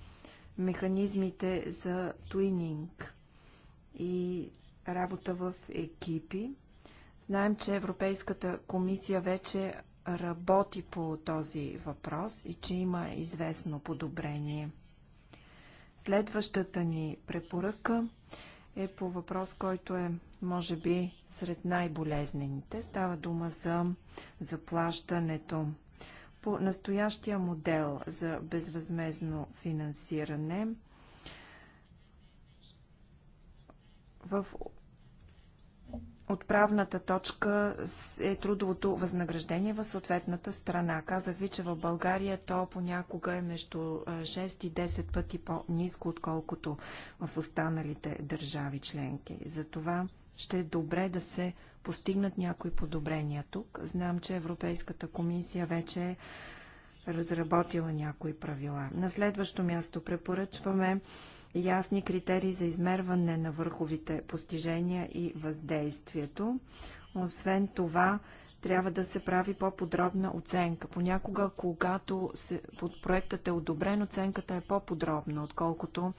механизмите за туининг и работа в екипи. Знаем, че Европейската комисия вече работи по този въпрос и че има известно подобрение. Следващата ни препоръка – е по въпрос, който е, може би, сред най-болезнените. Става дума за заплащането. По настоящия модел за безвъзмезно финансиране, в отправната точка е трудовото възнаграждение в съответната страна. Казах ви, че в България то понякога е между 6 и 10 пъти по-низко, отколкото в останалите държави членки. Затова ще е добре да се постигнат някои подобрения тук. Знам, че Европейската комисия вече е разработила някои правила. На следващо място препоръчваме ясни критерии за измерване на върховите постижения и въздействието. Освен това, трябва да се прави по-подробна оценка. Понякога, когато се, под проектът е одобрен, оценката е по-подробна, отколкото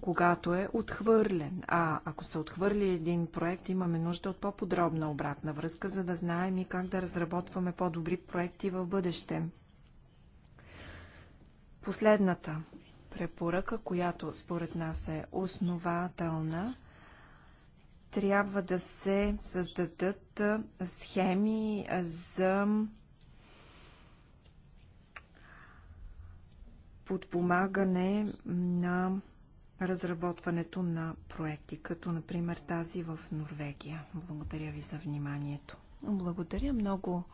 когато е отхвърлен. А ако се отхвърли един проект, имаме нужда от по-подробна обратна връзка, за да знаем и как да разработваме по-добри проекти в бъдеще. Последната препоръка, която според нас е основателна, трябва да се създадат схеми за подпомагане на разработването на проекти, като например тази в Норвегия. Благодаря ви за вниманието. Благодаря много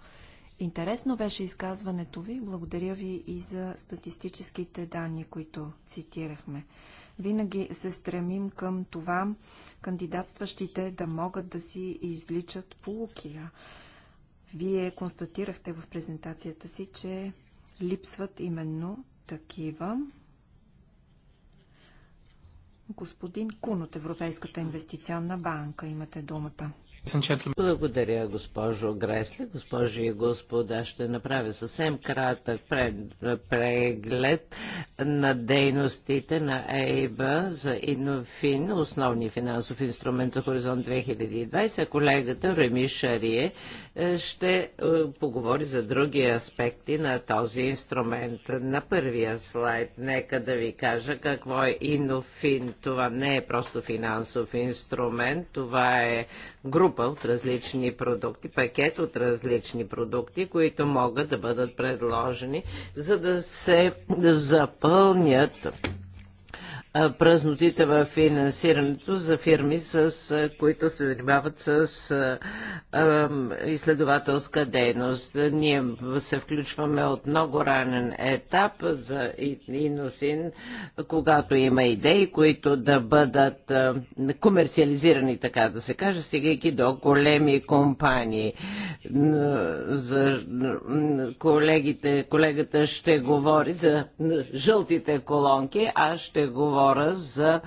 Интересно беше изказването ви. Благодаря ви и за статистическите данни, които цитирахме. Винаги се стремим към това кандидатстващите да могат да си извличат полукия. Вие констатирахте в презентацията си, че липсват именно такива. Господин Кун от Европейската инвестиционна банка, имате думата. Благодаря, госпожо Гресли. Госпожи и господа, ще направя съвсем кратък преглед на дейностите на ЕИБА за Инофин, основни финансов инструмент за Хоризонт 2020. Колегата Реми Шарие е, ще е, поговори за други аспекти на този инструмент. На първия слайд нека да ви кажа какво е Инофин. Това не е просто финансов инструмент, това е група група от различни продукти, пакет от различни продукти, които могат да бъдат предложени, за да се запълнят празнотите в финансирането за фирми, с които се занимават с изследователска дейност. Ние се включваме от много ранен етап за Иносин, когато има идеи, които да бъдат комерциализирани, така да се каже, стигайки до големи компании. За колегите, колегата ще говори за жълтите колонки, аз ще говори говоря за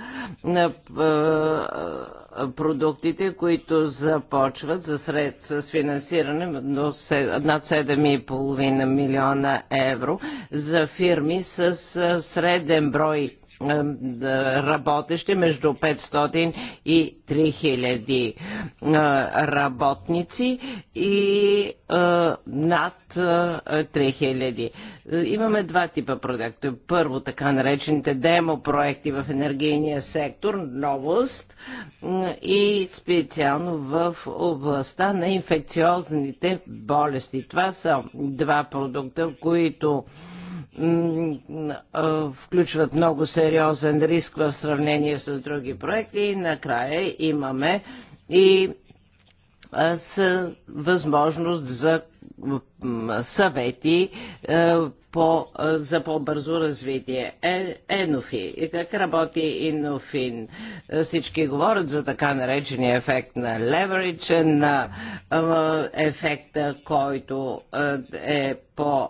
продуктите, които започват за сред, с финансиране до над 7,5 милиона евро за фирми с среден брой работещи, между 500 и 3000 работници и над 3000. Имаме два типа проекти. Първо, така наречените демо проекти в енергийния сектор, новост и специално в областта на инфекциозните болести. Това са два продукта, които включват много сериозен риск в сравнение с други проекти и накрая имаме и с възможност за съвети е, по, е, за по-бързо развитие. Е, Енофи. И как работи Инофин? Е, всички говорят за така наречения ефект на леверидж, на е, ефекта, който е, е по,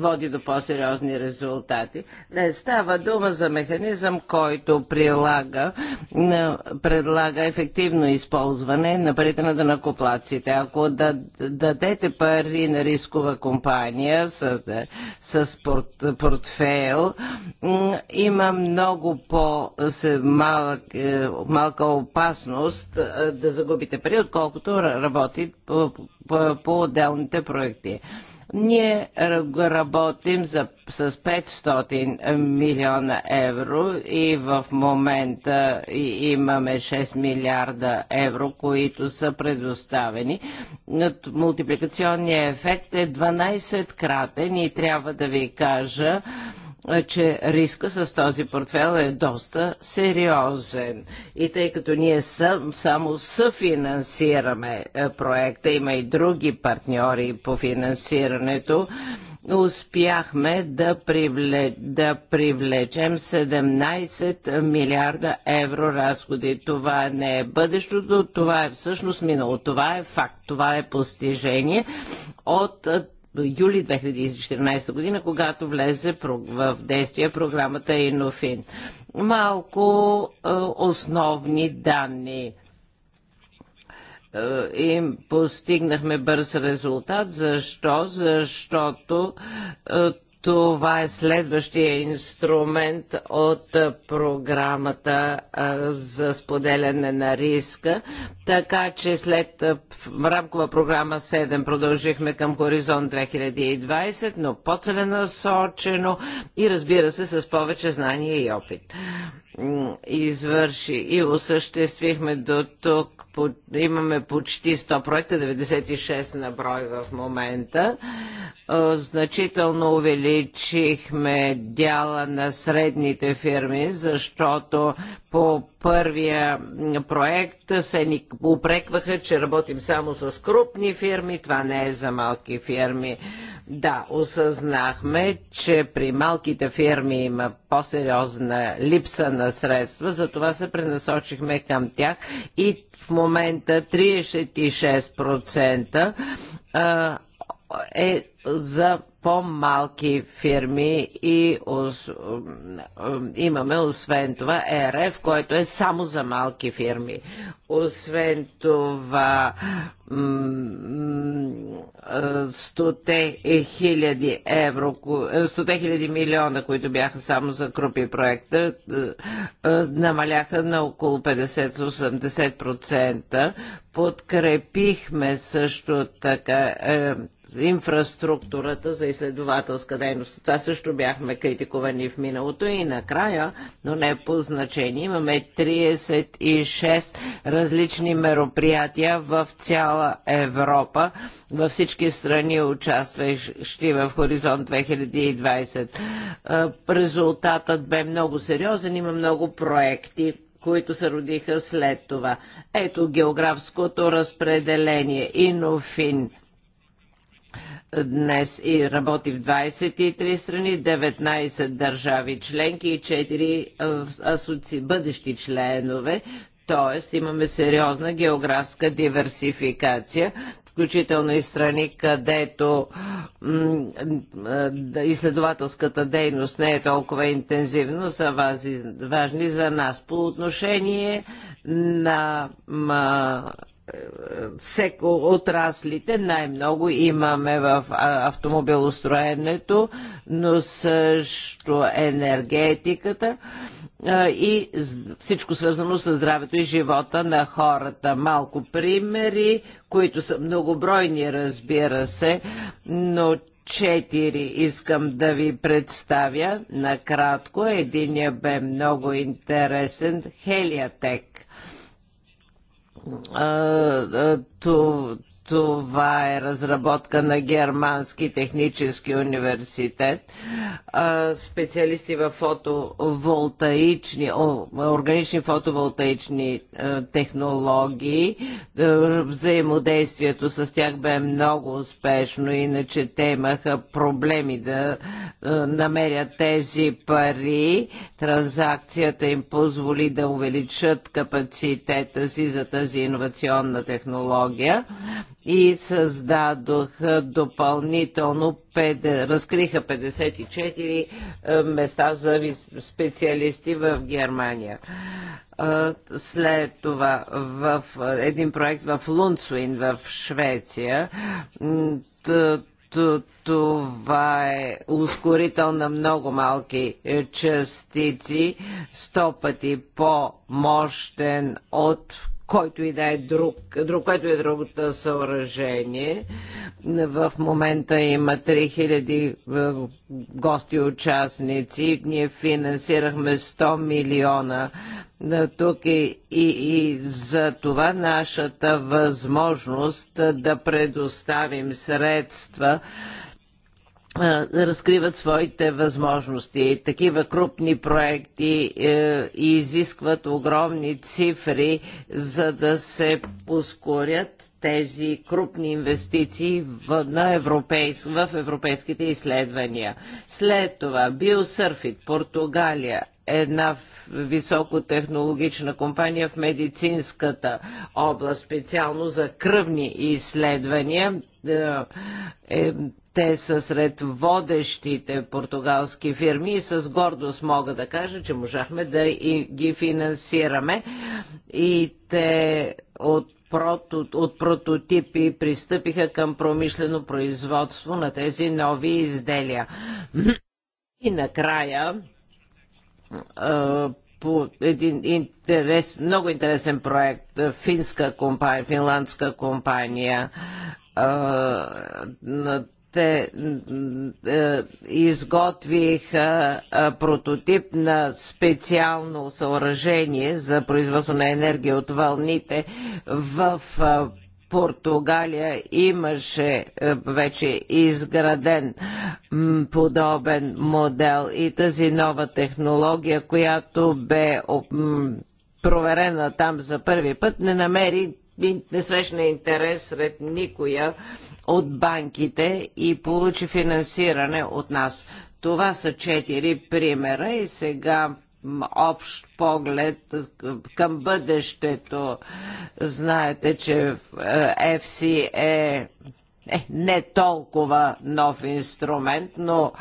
води до по-сериозни резултати. Не, става дума за механизъм, който прилага, предлага ефективно използване на парите на данакоплаците. Ако да, дадете пари на рискова компания с, с порт, портфейл има много по-малък е, малка опасност е, да загубите пари, отколкото работи по, по, по отделните проекти. Ние работим за, с 500 милиона евро и в момента имаме 6 милиарда евро, които са предоставени. Мултипликационният ефект е 12-кратен и трябва да ви кажа, че риска с този портфел е доста сериозен. И тъй като ние съм, само съфинансираме е, проекта, има и други партньори по финансирането, успяхме да, привле, да привлечем 17 милиарда евро разходи. Това не е бъдещето, това е всъщност минало, това е факт, това е постижение от юли 2014 година, когато влезе в действие програмата Инофин. Малко е, основни данни е, И постигнахме бърз резултат. Защо? Защото е, това е следващия инструмент от програмата за споделяне на риска. Така че след рамкова програма 7 продължихме към Хоризонт 2020, но по-целенасочено и разбира се с повече знания и опит извърши и осъществихме до тук. Имаме почти 100 проекта, 96 на брой в момента. Значително увеличихме дяла на средните фирми, защото по първия проект се ни упрекваха, че работим само с крупни фирми, това не е за малки фирми. Да, осъзнахме, че при малките фирми има по-сериозна липса на средства, затова се пренасочихме към тях и в момента 36% е за по-малки фирми и ос, имаме освен това РФ, който е само за малки фирми. Освен това хиляди евро, 100 хиляди милиона, които бяха само за крупи проекта, е, намаляха на около 50-80%. Подкрепихме също така е, инфраструктурата за изследователска дейност. Това също бяхме критикувани в миналото и накрая, но не по значение. Имаме 36 различни мероприятия в цяла Европа, във всички страни участващи в Хоризонт 2020. Е, резултатът бе много сериозен, има много проекти които се родиха след това. Ето географското разпределение. Инофин – днес и работи в 23 страни, 19 държави членки и 4 е, асоци... бъдещи членове. Тоест имаме сериозна географска диверсификация, включително и страни, където е, изследователската дейност не е толкова интензивна, са важни за нас. По отношение на е, всеко отраслите. Най-много имаме в автомобилостроенето, но също енергетиката и всичко свързано с здравето и живота на хората. Малко примери, които са многобройни, разбира се, но четири искам да ви представя. Накратко, Единия бе много интересен, Хелиатек – а, а, то, това е разработка на Германски технически университет. Специалисти в фотоволтаични, органични фотоволтаични технологии. Взаимодействието с тях бе много успешно, иначе те имаха проблеми да намерят тези пари. Транзакцията им позволи да увеличат капацитета си за тази иновационна технология и създадоха допълнително, 5, разкриха 54 е, места за специалисти в Германия. Е, след това в един проект в Лунцуин в Швеция това е ускорител на много малки е, частици, сто пъти по-мощен от който и да е друг, друг който и е другото съоръжение. В момента има 3000 е, гости участници. Ние финансирахме 100 милиона е, тук и, и, и за това нашата възможност да предоставим средства разкриват своите възможности. Такива крупни проекти е, изискват огромни цифри, за да се ускорят тези крупни инвестиции в, на европейс, в европейските изследвания. След това Биосърфит, Португалия, една високотехнологична компания в медицинската област, специално за кръвни изследвания. Е, е, те са сред водещите португалски фирми и с гордост мога да кажа, че можахме да и ги финансираме и те от от прототипи пристъпиха към промишлено производство на тези нови изделия. И накрая е, по един интерес, много интересен проект, финска компания, финландска компания те е, изготвиха е, прототип на специално съоръжение за производство на енергия от вълните в е, Португалия имаше вече изграден подобен модел и тази нова технология, която бе проверена там за първи път, не намери не срещна интерес сред никоя от банките и получи финансиране от нас. Това са четири примера и сега общ поглед към бъдещето. Знаете, че FC е е, не толкова нов инструмент, но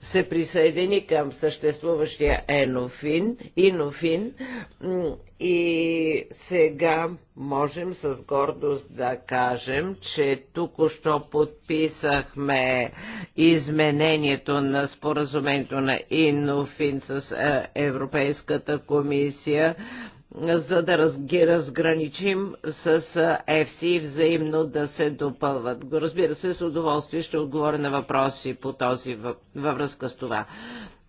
се присъедини към съществуващия Енофин, Инофин и сега можем с гордост да кажем, че тук, що подписахме изменението на споразумението на Инофин с е, Европейската комисия за да ги разграничим с FC и взаимно да се допълват. Разбира се, с удоволствие ще отговоря на въпроси по този, във връзка с това.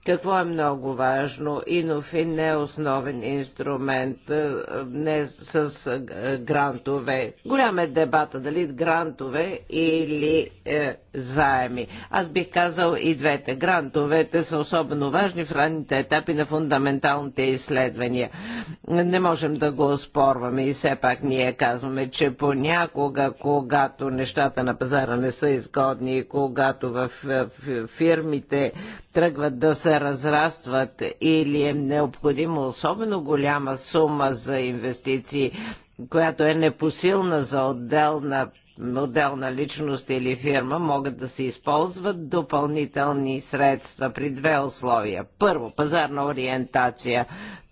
Какво е много важно? Инофин не е основен инструмент, е, не с е, грантове. Голям е дебата дали грантове или е, заеми. Аз бих казал и двете. Грантовете са особено важни в ранните етапи на фундаменталните изследвания. Не можем да го спорваме, и все пак ние казваме, че понякога, когато нещата на пазара не са изгодни и когато в фирмите тръгват да се разрастват или е необходима особено голяма сума за инвестиции, която е непосилна за отделна отделна личност или фирма могат да се използват допълнителни средства при две условия. Първо, пазарна ориентация.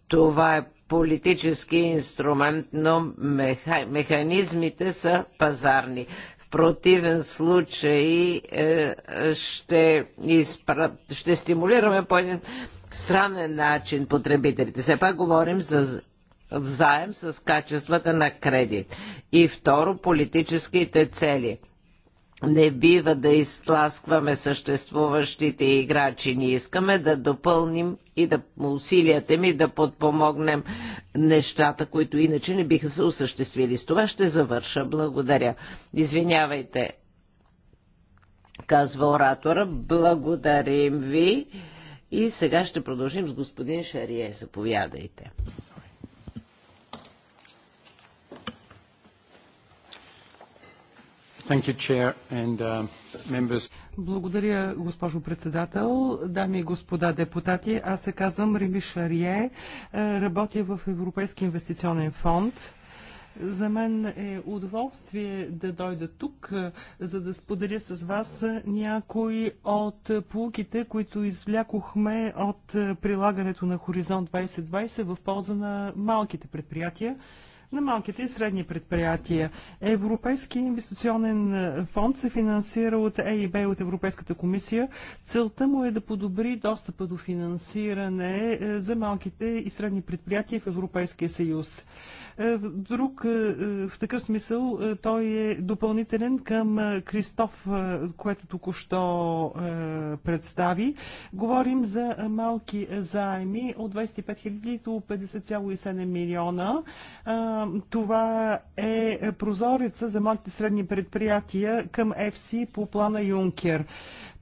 Това е политически инструмент, но меха... механизмите са пазарни. В противен случай е, ще, изпра... ще стимулираме по един странен начин потребителите. Все пак говорим за заем с качествата на кредит. И второ, политическите цели – не бива да изтласкваме съществуващите играчи. Ние искаме да допълним и да усилията ми да подпомогнем нещата, които иначе не биха се осъществили. С това ще завърша. Благодаря. Извинявайте, казва оратора. Благодарим ви. И сега ще продължим с господин Шарие. Заповядайте. Thank you, Chair, and uh, Благодаря, госпожо председател, дами и господа депутати. Аз се казвам Рими Шарие, е, работя в Европейски инвестиционен фонд. За мен е удоволствие да дойда тук, е, за да споделя с вас някои от полуките, които извлякохме от е, прилагането на Хоризонт 2020 в полза на малките предприятия на малките и средни предприятия. Европейски инвестиционен е, фонд се финансира от ЕИБ, от Европейската комисия. Целта му е да подобри достъпа до финансиране е, за малките и средни предприятия в Европейския съюз. Е, друг, в такъв смисъл, той е допълнителен към Кристоф, което току-що представи. Говорим за малки заеми от 25 000 до 50,7 милиона. Това е прозореца за малките средни предприятия към ЕФСИ по плана Юнкер.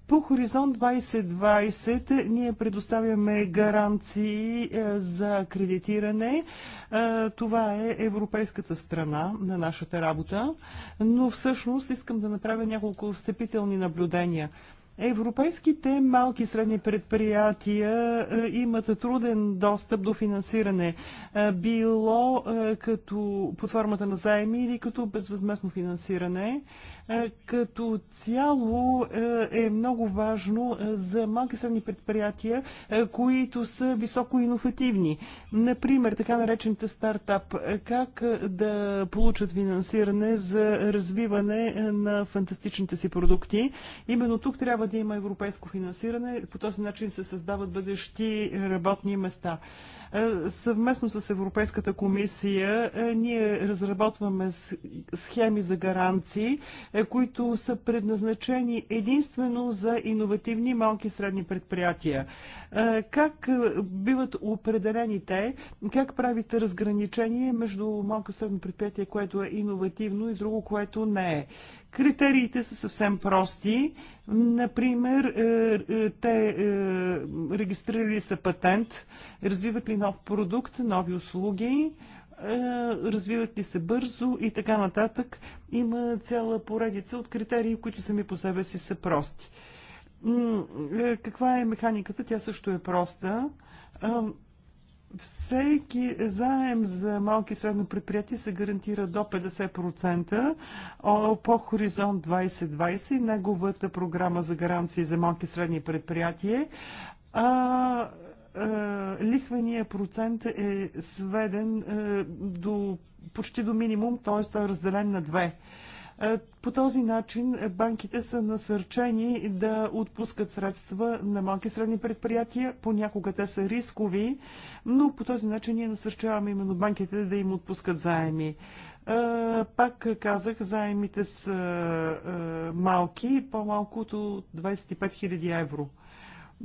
По Хоризонт 2020 ние предоставяме гаранции е, за кредитиране. Е, това е европейската страна на нашата работа, но всъщност искам да направя няколко встъпителни наблюдения. Европейските малки и средни предприятия е, имат труден достъп до финансиране, е, било е, като под формата на заеми или като безвъзместно финансиране. Е, като цяло е, е много важно е, за малки средни предприятия, които са високо иновативни. Например, така наречените стартап. Как да получат финансиране за развиване на фантастичните си продукти? Именно тук трябва да има европейско финансиране. По този начин се създават бъдещи работни места. Е, съвместно с Европейската комисия е, ние разработваме схеми за гаранции, е, които са предназначени единствено за иновативни малки и средни предприятия. Как биват определени те? Как правите разграничение между малко и средно предприятие, което е иновативно и друго, което не е? Критериите са съвсем прости. Например, е, е, те е, регистрирали са патент, развиват ли нов продукт, нови услуги, развиват ли се бързо и така нататък. Има цяла поредица от критерии, които сами по себе си са прости. Каква е механиката? Тя също е проста. Всеки заем за малки и средно предприятия се гарантира до 50% по Хоризонт 2020 и неговата програма за гаранции за малки и средни предприятия. А, а, лихвения процент е сведен а, е, до, почти до минимум, т.е. той е разделен на две. Е, по този начин банките са насърчени да отпускат средства на малки и средни предприятия. Понякога те са рискови, но по този начин ние насърчаваме именно банките да им отпускат заеми. Е, пак казах, заемите са е, малки, по-малко от 25 000 евро.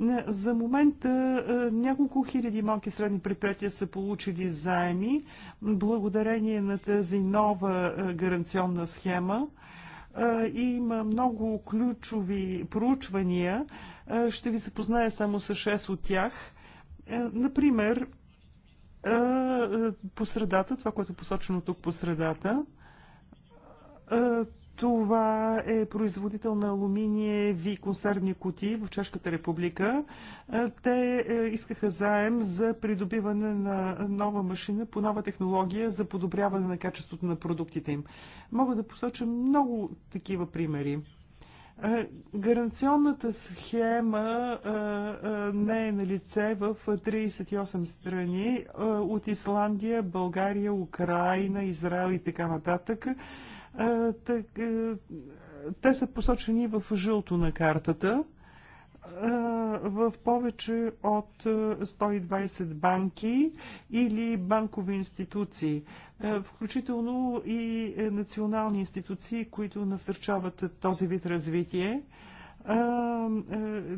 Е, за момента е, няколко хиляди малки средни предприятия са получили заеми благодарение на тази нова е, гаранционна схема. и Има много ключови проучвания. Ще ви запозная само с 6 от тях. Например, по средата, това, което е посочено тук по средата, това е производител на алуминиеви консервни кутии в Чешката република. Те е, искаха заем за придобиване на нова машина по нова технология за подобряване на качеството на продуктите им. Мога да посоча много такива примери. Гаранционната схема не е на лице в 38 страни от Исландия, България, Украина, Израел и така нататък так, е, те са посочени в жълто на картата. В повече от 120 е, банки или банкови институции, е, включително и национални институции, които насърчават този вид развитие.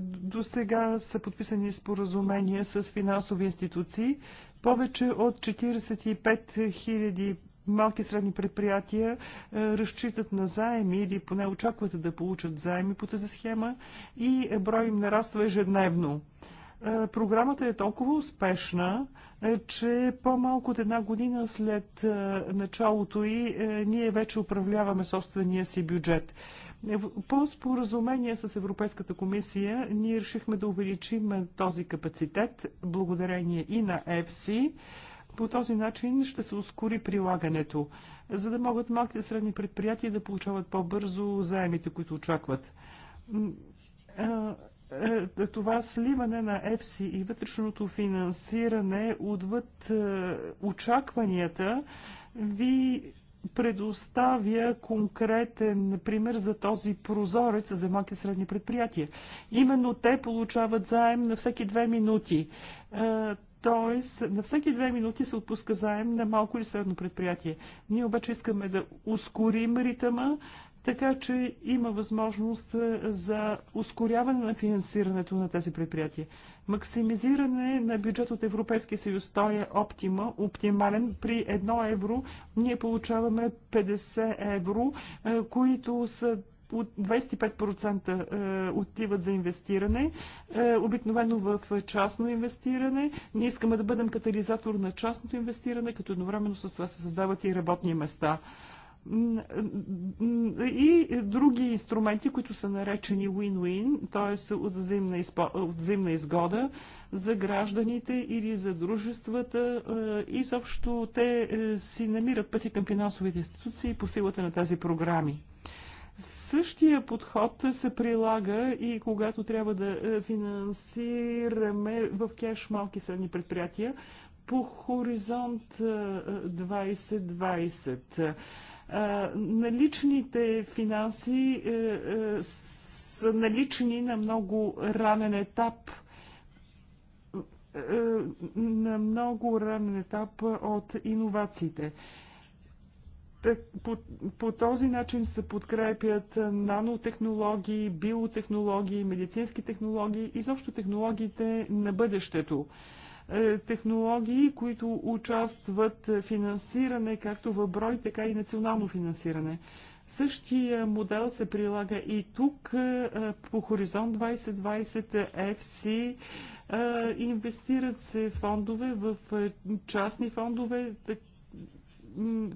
До сега са подписани споразумения с финансови институции. Повече от 45 000 малки и средни предприятия е, разчитат на заеми или поне очакват да получат заеми по тази схема и брой им нараства ежедневно. Е, програмата е толкова успешна, е, че по-малко от една година след началото й ние вече управляваме собствения си бюджет. По споразумение с Европейската комисия ние решихме да увеличим този капацитет благодарение и на ЕФСИ. По този начин ще се ускори прилагането, за да могат малките средни предприятия да получават по-бързо заемите, които очакват. Това сливане на ЕФСИ и вътрешното финансиране отвъд очакванията ви предоставя конкретен пример за този прозорец за малки средни предприятия. Именно те получават заем на всеки две минути. Т.е. на всеки две минути се отпуска заем на малко или средно предприятие. Ние обаче искаме да ускорим ритъма, така че има възможност е, за ускоряване на финансирането на тези предприятия. Максимизиране на бюджет от Европейския съюз, той е оптима, оптимален. При 1 евро ние получаваме 50 евро, е, които са от 25% е, отиват за инвестиране, е, обикновено в частно инвестиране. Ние искаме да бъдем катализатор на частното инвестиране, като едновременно с това се създават и работни места и други инструменти, които са наречени win-win, т.е. От, взаимна, от взаимна изгода за гражданите или за дружествата. Е, изобщо те си намират пъти към финансовите институции по силата на тези програми. Същия подход се прилага и когато трябва да е, финансираме в кеш малки средни предприятия по хоризонт 2020. Е, е, наличните финанси са налични на много ранен етап на много ранен етап от иновациите по, по този начин се подкрепят нанотехнологии, биотехнологии, медицински технологии, и защо технологиите на бъдещето. Е, технологии, които участват в е, финансиране както в брой, така и национално финансиране. Същия модел се прилага и тук е, по Хоризонт 2020 FC. Инвестират се фондове в частни фондове,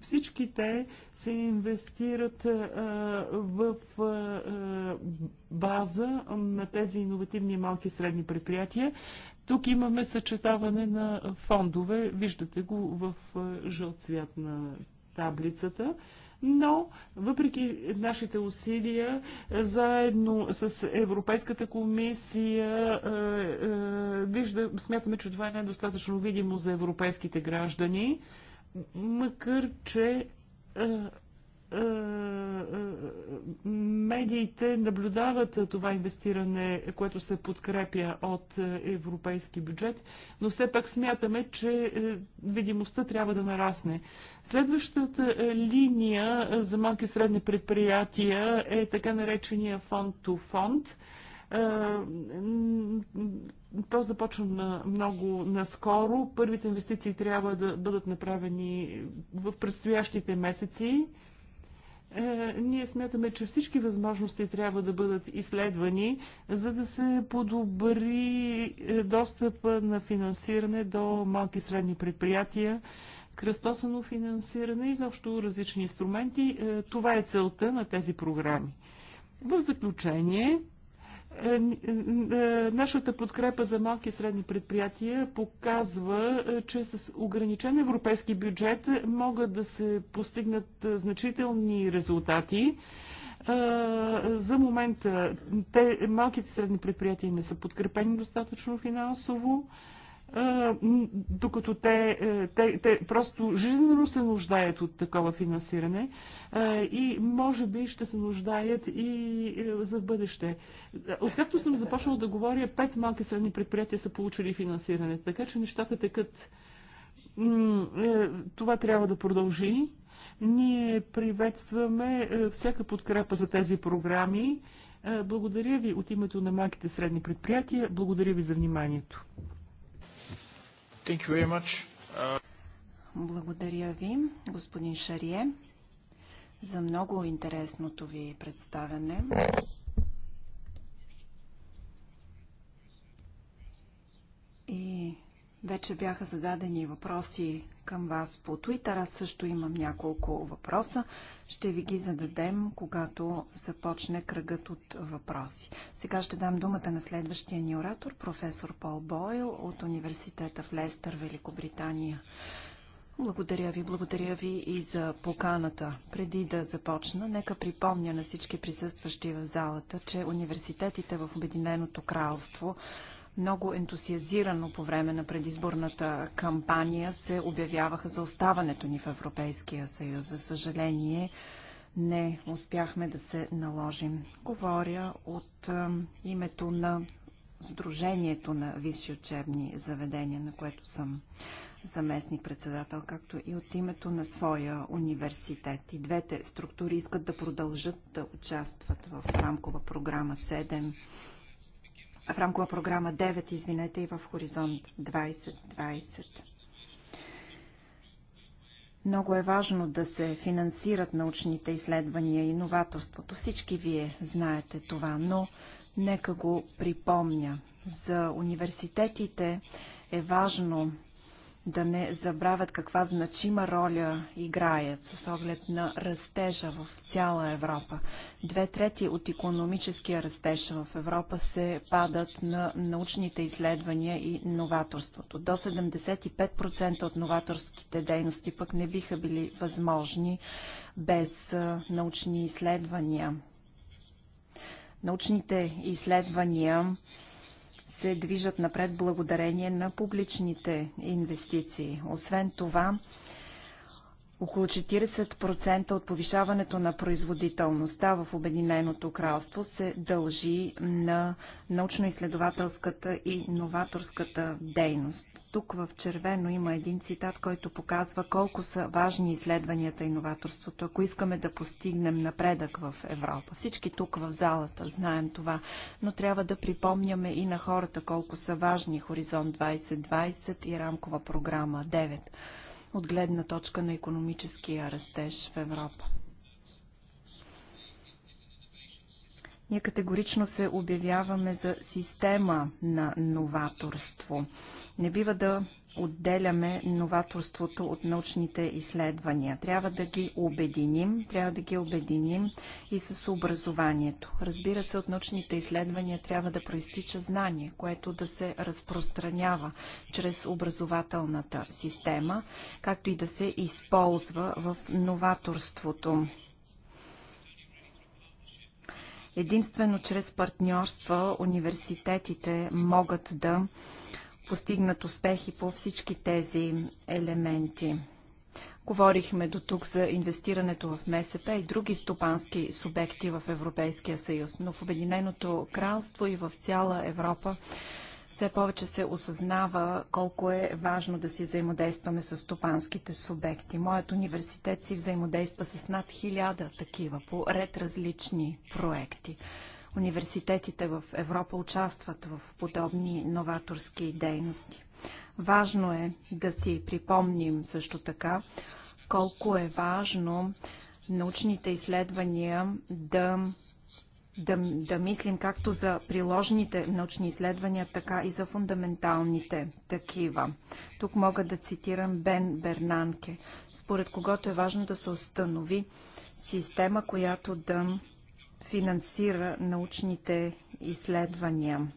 всички те се инвестират в база на тези иновативни малки и средни предприятия. Тук имаме съчетаване на фондове. Виждате го в жълт свят на таблицата но въпреки нашите усилия, заедно с Европейската комисия, вижда, смятаме, че това е недостатъчно видимо за европейските граждани макар че медиите наблюдават това инвестиране, което се подкрепя от европейски бюджет, но все пак смятаме, че е, видимостта трябва да нарасне. Следващата е, линия за малки и средни предприятия е така наречения фонд-то-фонд. -фонд е, то започна много наскоро. Първите инвестиции трябва да бъдат направени в предстоящите месеци. Е, ние смятаме, че всички възможности трябва да бъдат изследвани, за да се подобри е, достъпа на финансиране до малки и средни предприятия, кръстосано финансиране и заобщо различни инструменти. Това е целта на тези програми. В заключение, е, е, е, нашата подкрепа за малки и средни предприятия показва, че с ограничен европейски бюджет могат да се постигнат значителни резултати. За момента те, малките и средни предприятия не са подкрепени достатъчно финансово докато те, е, те, те просто жизненно се нуждаят от такова финансиране е, и може би ще се нуждаят и е, за бъдеще. Откакто съм започнала да говоря, пет малки средни предприятия са получили финансиране, така че нещата текат. Това трябва да продължи. Ние приветстваме всяка подкрепа за тези програми. Благодаря ви от името на малките средни предприятия. Благодаря ви за вниманието. Thank you very much. Благодаря ви, господин Шарие, за много интересното ви представяне. И вече бяха зададени въпроси към вас по Twitter. Аз също имам няколко въпроса. Ще ви ги зададем, когато започне кръгът от въпроси. Сега ще дам думата на следващия ни оратор, професор Пол Бойл от университета в Лестър, Великобритания. Благодаря ви, благодаря ви и за поканата. Преди да започна, нека припомня на всички присъстващи в залата, че университетите в Обединеното кралство – много ентусиазирано по време на предизборната кампания се обявяваха за оставането ни в Европейския съюз. За съжаление, не успяхме да се наложим. Говоря от а, името на Сдружението на висши учебни заведения, на което съм заместник-председател, както и от името на своя университет. И двете структури искат да продължат да участват в рамкова програма 7 в рамкова програма 9, извинете, и в Хоризонт 2020. Много е важно да се финансират научните изследвания и новаторството. Всички вие знаете това, но нека го припомня. За университетите е важно да не забравят каква значима роля играят с оглед на растежа в цяла Европа. Две трети от економическия растеж в Европа се падат на научните изследвания и новаторството. До 75% от новаторските дейности пък не биха били възможни без научни изследвания. Научните изследвания се движат напред благодарение на публичните инвестиции. Освен това, около 40% от повишаването на производителността в Обединеното кралство се дължи на научно-изследователската и новаторската дейност. Тук в червено има един цитат, който показва колко са важни изследванията и новаторството, ако искаме да постигнем напредък в Европа. Всички тук в залата знаем това, но трябва да припомняме и на хората колко са важни Хоризонт 2020 и рамкова програма 9 от гледна точка на економическия растеж в Европа. Ние категорично се обявяваме за система на новаторство. Не бива да отделяме новаторството от научните изследвания. Трябва да ги обединим, трябва да ги обединим и с образованието. Разбира се, от научните изследвания трябва да проистича знание, което да се разпространява чрез образователната система, както и да се използва в новаторството. Единствено чрез партньорства университетите могат да постигнат успехи по всички тези елементи. Говорихме до тук за инвестирането в МСП и други стопански субекти в Европейския съюз, но в Обединеното кралство и в цяла Европа все повече се осъзнава колко е важно да си взаимодействаме с стопанските субекти. Моят университет си взаимодейства с над хиляда такива по ред различни проекти. Университетите в Европа участват в подобни новаторски дейности. Важно е да си припомним също така колко е важно научните изследвания да, да, да мислим както за приложните научни изследвания, така и за фундаменталните такива. Тук мога да цитирам Бен Бернанке, според когото е важно да се установи система, която да финансира научните изследвания.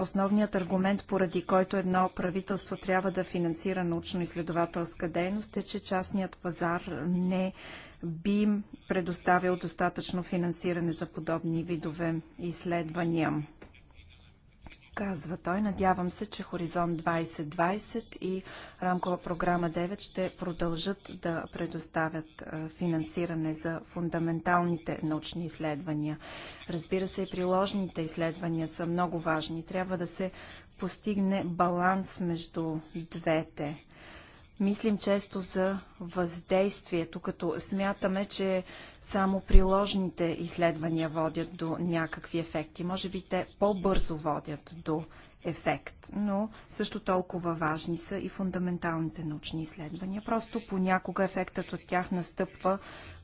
основният аргумент, поради който едно правителство трябва да финансира научно-изследователска дейност, е, че частният пазар не би предоставил достатъчно финансиране за подобни видове изследвания казва той. Надявам се, че Хоризонт 2020 и рамкова програма 9 ще продължат да предоставят финансиране за фундаменталните научни изследвания. Разбира се, и приложните изследвания са много важни. Трябва да се постигне баланс между двете. Мислим често за въздействието, като смятаме, че само приложните изследвания водят до някакви ефекти. Може би те по-бързо водят до ефект, но също толкова важни са и фундаменталните научни изследвания. Просто понякога ефектът от тях настъпва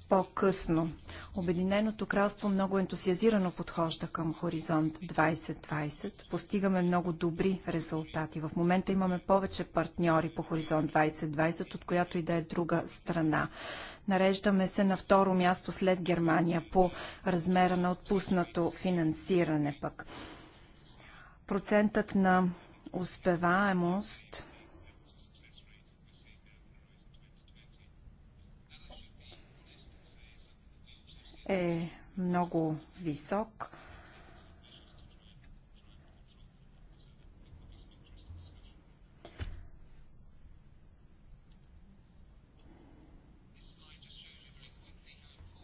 по-късно. Обединеното кралство много ентусиазирано подхожда към Хоризонт 2020. Постигаме много добри резултати. В момента имаме повече партньори по Хоризонт 2020, от която и да е друга страна. Нареждаме се на второ място след Германия по размера на отпуснато финансиране пък. Процентът на успеваемост – е много висок.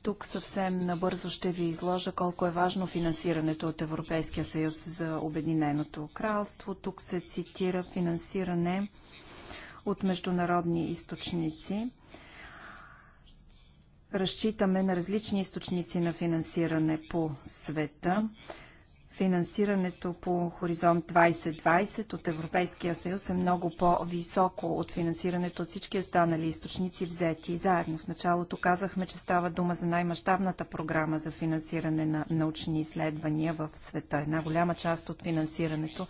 Тук съвсем набързо ще ви изложа колко е важно финансирането от Европейския съюз за Обединеното кралство. Тук се цитира финансиране от международни източници разчитаме на различни източници на финансиране по света финансирането по Хоризонт 2020 от Европейския съюз е много по-високо от финансирането от всички останали източници взети заедно. В началото казахме, че става дума за най-мащабната програма за финансиране на научни изследвания в света. Една голяма част от финансирането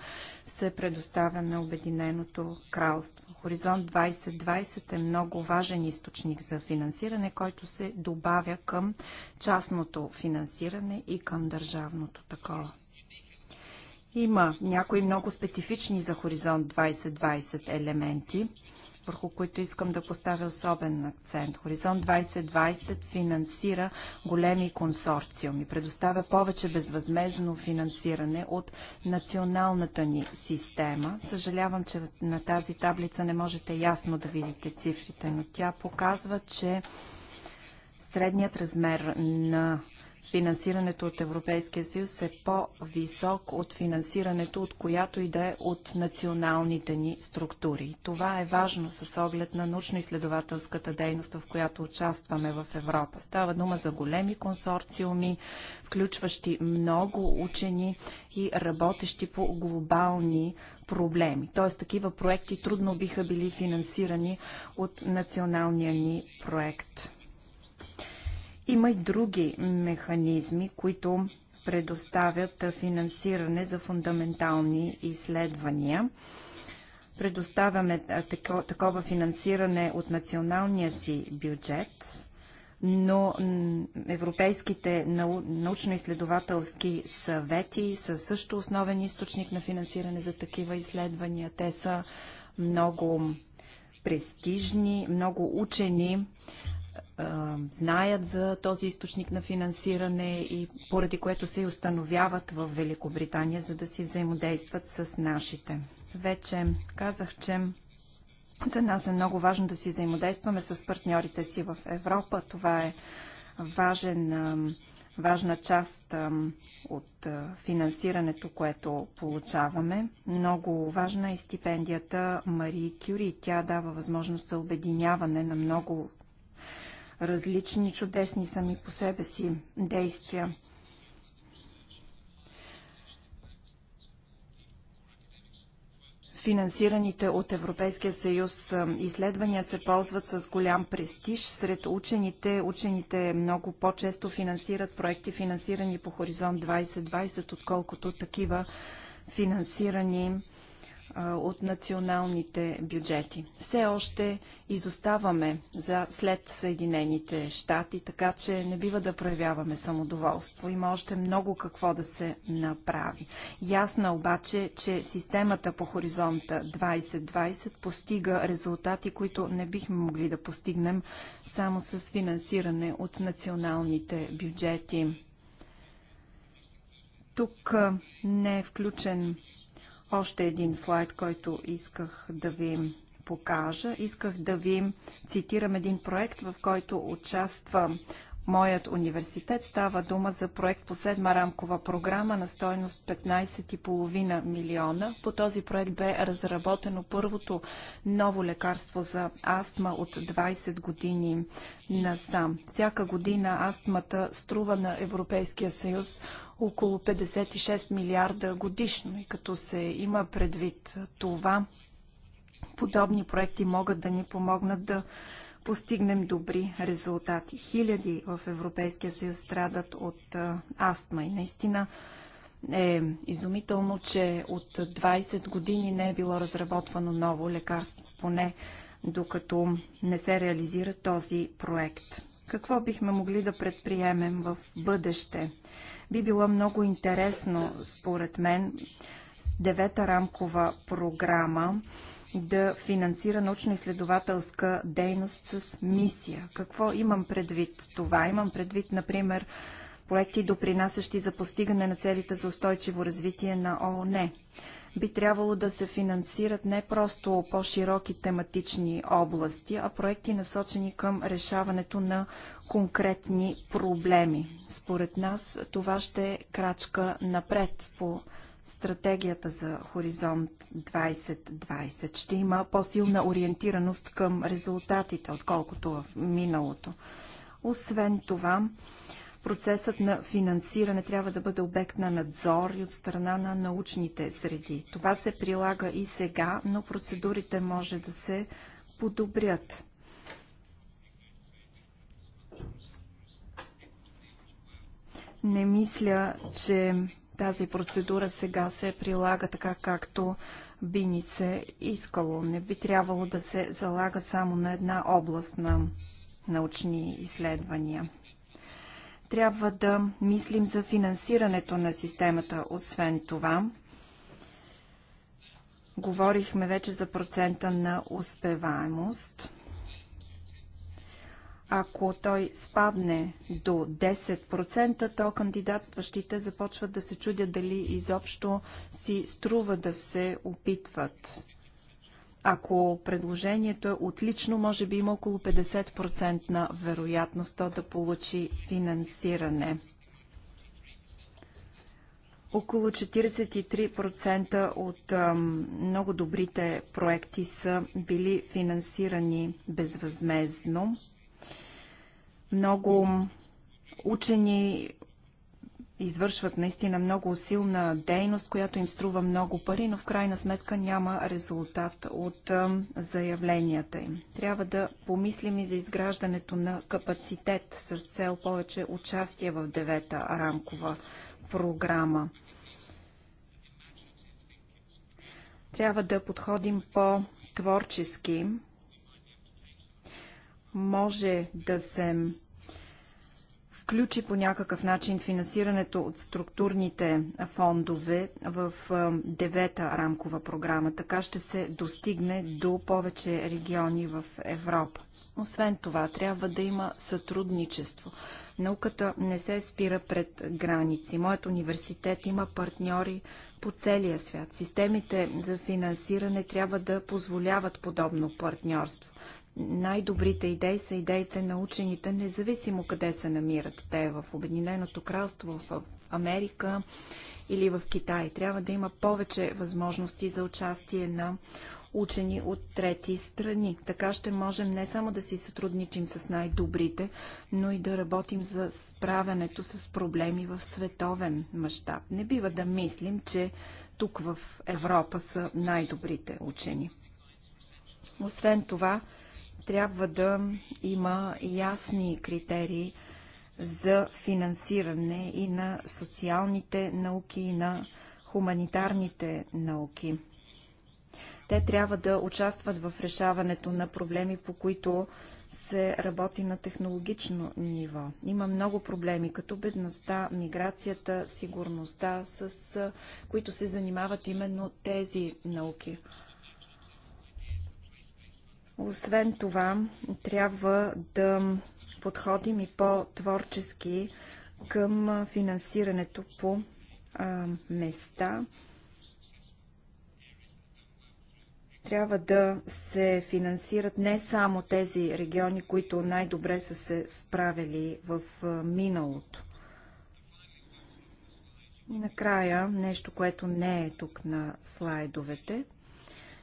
се предоставя на Обединеното кралство. Хоризонт 2020 е много важен източник за финансиране, който се добавя към частното финансиране и към държавното такова. Има някои много специфични за Хоризонт 2020 елементи, върху които искам да поставя особен акцент. Хоризонт 2020 финансира големи консорциуми, предоставя повече безвъзмезно финансиране от националната ни система. Съжалявам, че на тази таблица не можете ясно да видите цифрите, но тя показва, че средният размер на финансирането от Европейския съюз е по-висок от финансирането от която и да е от националните ни структури. Това е важно с оглед на научно-изследователската дейност, в която участваме в Европа. Става дума за големи консорциуми, включващи много учени и работещи по глобални проблеми. Т.е. такива проекти трудно биха били финансирани от националния ни проект. Има и други механизми, които предоставят финансиране за фундаментални изследвания. Предоставяме такова финансиране от националния си бюджет, но европейските научно-изследователски съвети са също основен източник на финансиране за такива изследвания. Те са много престижни, много учени знаят за този източник на финансиране и поради което се и установяват в Великобритания, за да си взаимодействат с нашите. Вече казах, че за нас е много важно да си взаимодействаме с партньорите си в Европа. Това е важен, важна част от финансирането, което получаваме. Много важна е стипендията Мари Кюри. Тя дава възможност за обединяване на много различни, чудесни сами по себе си действия. финансираните от Европейския съюз изследвания се ползват с голям престиж сред учените. Учените много по-често финансират проекти, финансирани по Хоризонт 2020, отколкото такива финансирани от националните бюджети. Все още изоставаме за след Съединените щати, така че не бива да проявяваме самодоволство. Има още много какво да се направи. Ясно обаче, че системата по хоризонта 2020 постига резултати, които не бихме могли да постигнем само с финансиране от националните бюджети. Тук не е включен още един слайд, който исках да ви покажа. Исках да ви цитирам един проект, в който участва моят университет. Става дума за проект по седма рамкова програма на стойност 15,5 милиона. По този проект бе разработено първото ново лекарство за астма от 20 години насам. Всяка година астмата струва на Европейския съюз около 56 милиарда годишно. И като се има предвид това, подобни проекти могат да ни помогнат да постигнем добри резултати. Хиляди в Европейския съюз страдат от астма и наистина е изумително, че от 20 години не е било разработвано ново лекарство, поне докато не се реализира този проект. Какво бихме могли да предприемем в бъдеще? Би било много интересно, според мен, с девета рамкова програма да финансира научно-изследователска дейност с мисия. Какво имам предвид това? Имам предвид, например, проекти, допринасящи за постигане на целите за устойчиво развитие на ООН би трябвало да се финансират не просто по-широки тематични области, а проекти насочени към решаването на конкретни проблеми. Според нас това ще е крачка напред по стратегията за Хоризонт 2020 ще има по-силна ориентираност към резултатите, отколкото в миналото. Освен това, Процесът на финансиране трябва да бъде обект на надзор и от страна на научните среди. Това се прилага и сега, но процедурите може да се подобрят. Не мисля, че тази процедура сега се прилага така, както би ни се искало. Не би трябвало да се залага само на една област на научни изследвания. Трябва да мислим за финансирането на системата, освен това. Говорихме вече за процента на успеваемост. Ако той спадне до 10%, то кандидатстващите започват да се чудят дали изобщо си струва да се опитват ако предложението е отлично, може би има около 50% на вероятност то да получи финансиране. Около 43% от ам, много добрите проекти са били финансирани безвъзмезно. Много учени извършват наистина много усилна дейност, която им струва много пари, но в крайна сметка няма резултат от заявленията им. Трябва да помислим и за изграждането на капацитет с цел повече участие в девета рамкова програма. Трябва да подходим по-творчески. Може да се включи по някакъв начин финансирането от структурните фондове в девета рамкова програма. Така ще се достигне до повече региони в Европа. Освен това, трябва да има сътрудничество. Науката не се спира пред граници. Моят университет има партньори по целия свят. Системите за финансиране трябва да позволяват подобно партньорство най-добрите идеи са идеите на учените, независимо къде се намират те, в Обединеното кралство, в Америка или в Китай. Трябва да има повече възможности за участие на учени от трети страни. Така ще можем не само да си сътрудничим с най-добрите, но и да работим за справянето с проблеми в световен мащаб. Не бива да мислим, че тук в Европа са най-добрите учени. Освен това, трябва да има ясни критерии за финансиране и на социалните науки, и на хуманитарните науки. Те трябва да участват в решаването на проблеми, по които се работи на технологично ниво. Има много проблеми, като бедността, миграцията, сигурността, с които се занимават именно тези науки. Освен това, трябва да подходим и по-творчески към финансирането по а, места. Трябва да се финансират не само тези региони, които най-добре са се справили в миналото. И накрая нещо, което не е тук на слайдовете.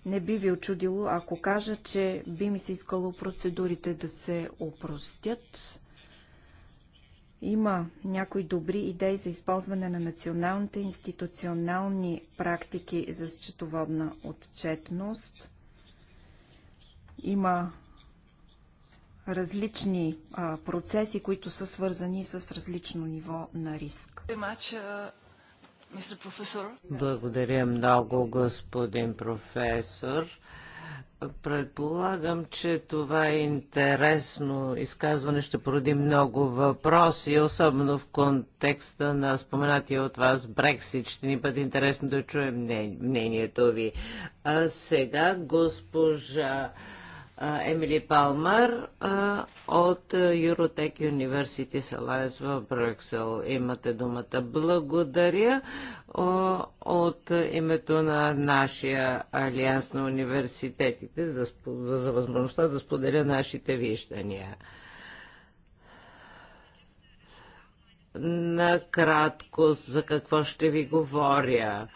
Не би ви очудило, ако кажа, че би ми се искало процедурите да се опростят. Има някои добри идеи за използване на националните институционални практики за счетоводна отчетност. Има различни а, процеси, които са свързани с различно ниво на риск. Благодаря много, господин професор. Предполагам, че това е интересно изказване ще породи много въпроси, особено в контекста на споменатия от вас Брексит. Ще ни бъде интересно да чуем мнението ви. А сега госпожа Емили Палмар от Eurotech University Alliance в Брюксел. Имате думата. Благодаря от името на нашия Алианс на университетите за възможността да споделя нашите виждания. Накратко за какво ще ви говоря.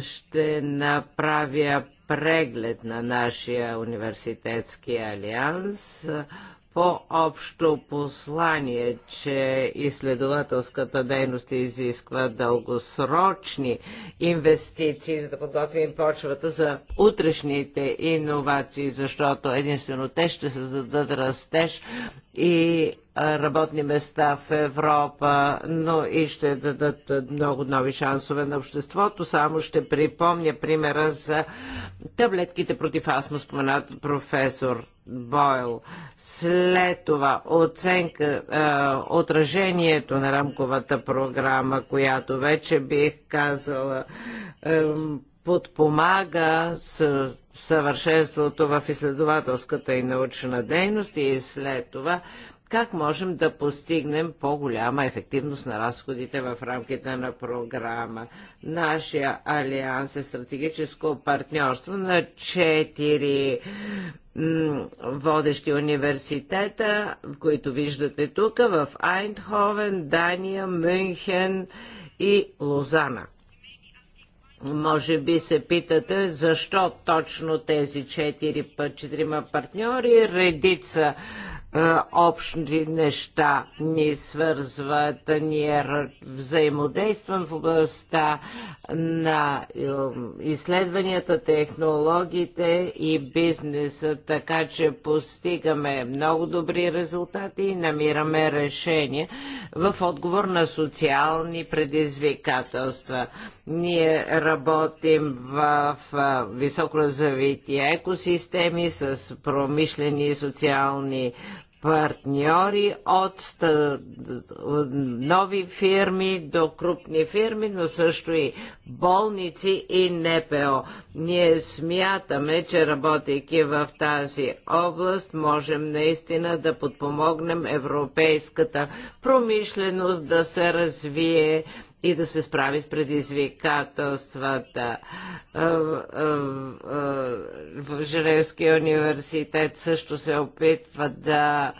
Ще направя преглед на нашия университетски алианс по-общо послание, че изследователската дейност изисква дългосрочни инвестиции, за да подготвим почвата за утрешните иновации, защото единствено те ще създадат растеж и работни места в Европа, но и ще дадат много нови шансове на обществото. Само ще припомня примера за таблетките против астма, споменат професор Бойл. След това оценка, е, отражението на рамковата програма, която вече бих казала е, подпомага съвършенството в изследователската и научна дейност и след това как можем да постигнем по-голяма ефективност на разходите в рамките на програма. Нашия алианс е стратегическо партньорство на четири водещи университета, които виждате тук в Айнтховен, Дания, Мюнхен и Лозана. Може би се питате защо точно тези четири, четирима партньори, редица е, общи неща ни свързват, ние взаимодействам в областта на е, изследванията, технологиите и бизнеса, така че постигаме много добри резултати и намираме решения в отговор на социални предизвикателства. Ние работим в е, високоразвитие екосистеми с промишлени и социални партньори от нови фирми до крупни фирми, но също и болници и НПО. Ние смятаме, че работейки в тази област, можем наистина да подпомогнем европейската промишленост да се развие, и да се справи с предизвикателствата. В Женевския университет също се опитва да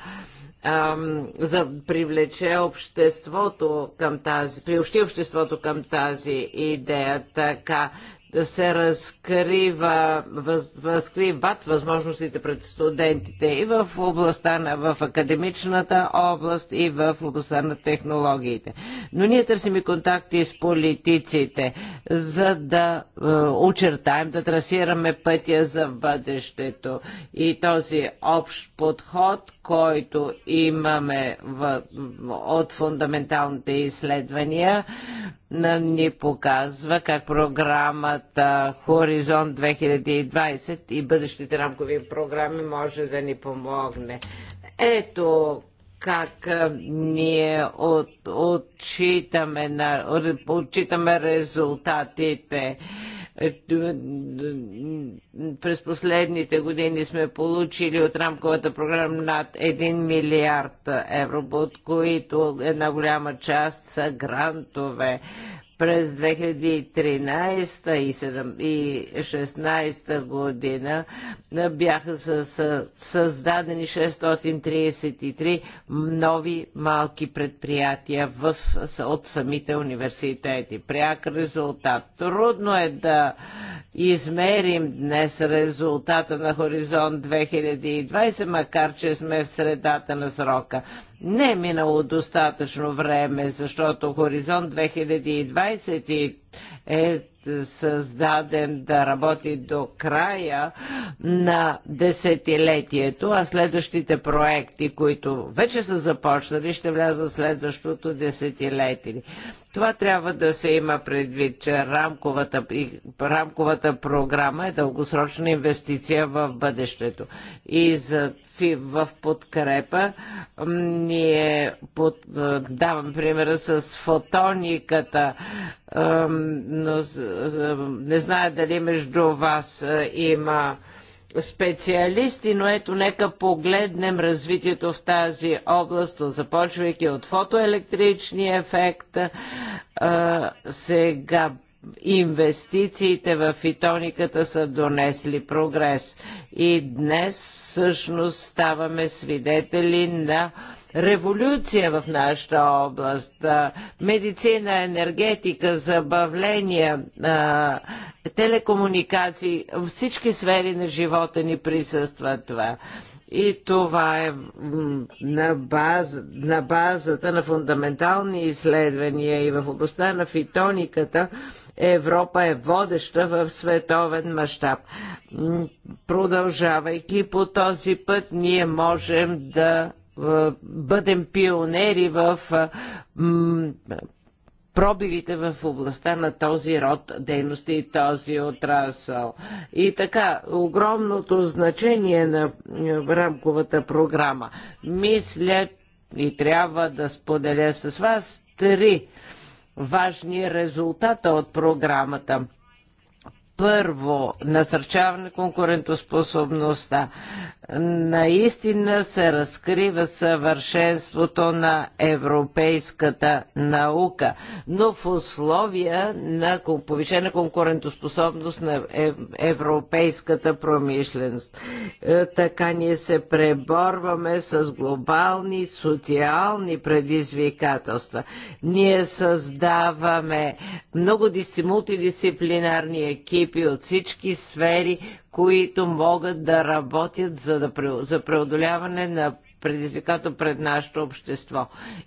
за привлече обществото към тази, приобщи обществото към тази идея, така да се разкрива, въз, възкриват възможностите пред студентите и в областта на, в академичната област и в областта на технологиите. Но ние търсим и контакти с политиците, за да е, очертаем, да трасираме пътя за бъдещето и този общ подход, който имаме в, от фундаменталните изследвания, ни показва как програмата Хоризонт 2020 и бъдещите рамкови програми може да ни помогне. Ето как ние от, отчитаме, на, отчитаме резултатите. Е, през последните години сме получили от рамковата програма над 1 милиард евро, от които една голяма част са грантове. През 2013 и 2016 година бяха създадени 633 нови малки предприятия в, от самите университети. Пряк резултат. Трудно е да измерим днес резултата на Хоризонт 2020, макар че сме в средата на срока. Не е минало достатъчно време, защото Хоризонт 2020 е създаден да работи до края на десетилетието, а следващите проекти, които вече са започнали, ще влязат следващото десетилетие. Това трябва да се има предвид, че рамковата, рамковата програма е дългосрочна инвестиция в бъдещето. И за, в подкрепа ние под, давам примера с фотониката, но не зная дали между вас има специалисти, но ето нека погледнем развитието в тази област, започвайки от фотоелектричния ефект, а, сега инвестициите в фитониката са донесли прогрес. И днес всъщност ставаме свидетели на революция в нашата област. Медицина, енергетика, забавления, телекомуникации, всички сфери на живота ни присъства това. И това е на, база, на базата на фундаментални изследвания и в областта на фитониката Европа е водеща в световен мащаб. Продължавайки по този път, ние можем да е, бъдем пионери в е, пробивите в областта на този род дейности и този отрасъл. И така, огромното значение на е, рамковата програма. Мисля и трябва да споделя с вас три важни резултата от програмата – първо, насърчаване конкурентоспособността. Наистина се разкрива съвършенството на европейската наука, но в условия на повишена конкурентоспособност на е, европейската промишленост. Е, така ние се преборваме с глобални социални предизвикателства. Ние създаваме много мултидисциплинарни екипи, екипи от всички сфери, които могат да работят за, да, за преодоляване на предизвикато пред нашето общество.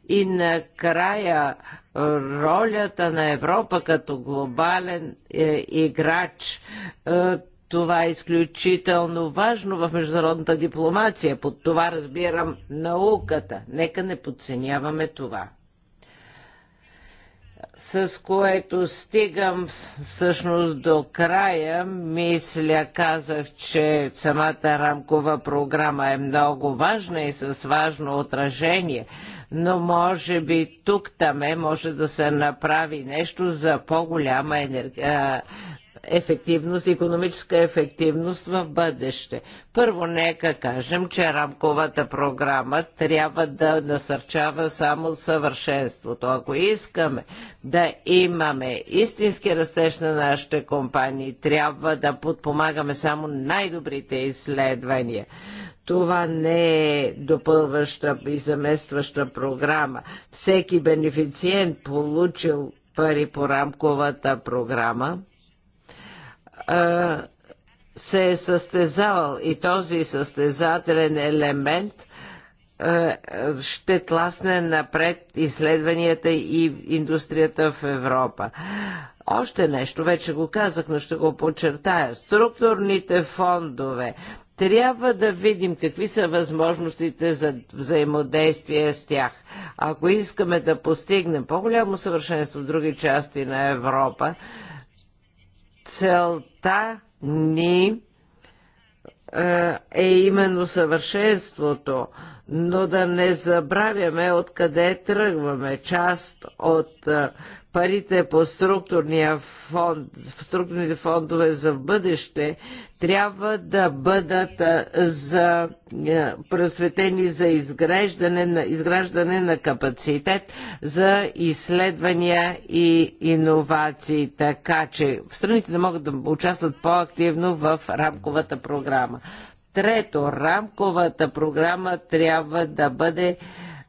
И накрая ролята на Европа като глобален е, играч е, това е изключително важно в международната дипломация. Под това разбирам науката. Нека не подценяваме това с което стигам всъщност до края. Мисля, казах, че самата рамкова програма е много важна и с важно отражение, но може би тук-таме може да се направи нещо за по-голяма енергия ефективност, економическа ефективност в бъдеще. Първо, нека кажем, че рамковата програма трябва да насърчава само съвършенството. Ако искаме да имаме истински растеж на нашите компании, трябва да подпомагаме само най-добрите изследвания. Това не е допълваща и заместваща програма. Всеки бенефициент, получил пари по рамковата програма, се е състезавал и този състезателен елемент ще тласне напред изследванията и индустрията в Европа. Още нещо, вече го казах, но ще го подчертая. Структурните фондове. Трябва да видим какви са възможностите за взаимодействие с тях. Ако искаме да постигнем по-голямо съвършенство в други части на Европа, Целта ни е, е именно съвършенството, но да не забравяме откъде тръгваме. Част от е, парите по структурния фонд, структурните фондове за бъдеще трябва да бъдат за, просветени за изграждане на, изграждане на капацитет за изследвания и иновации, така че страните да могат да участват по-активно в рамковата програма. Трето, рамковата програма трябва да бъде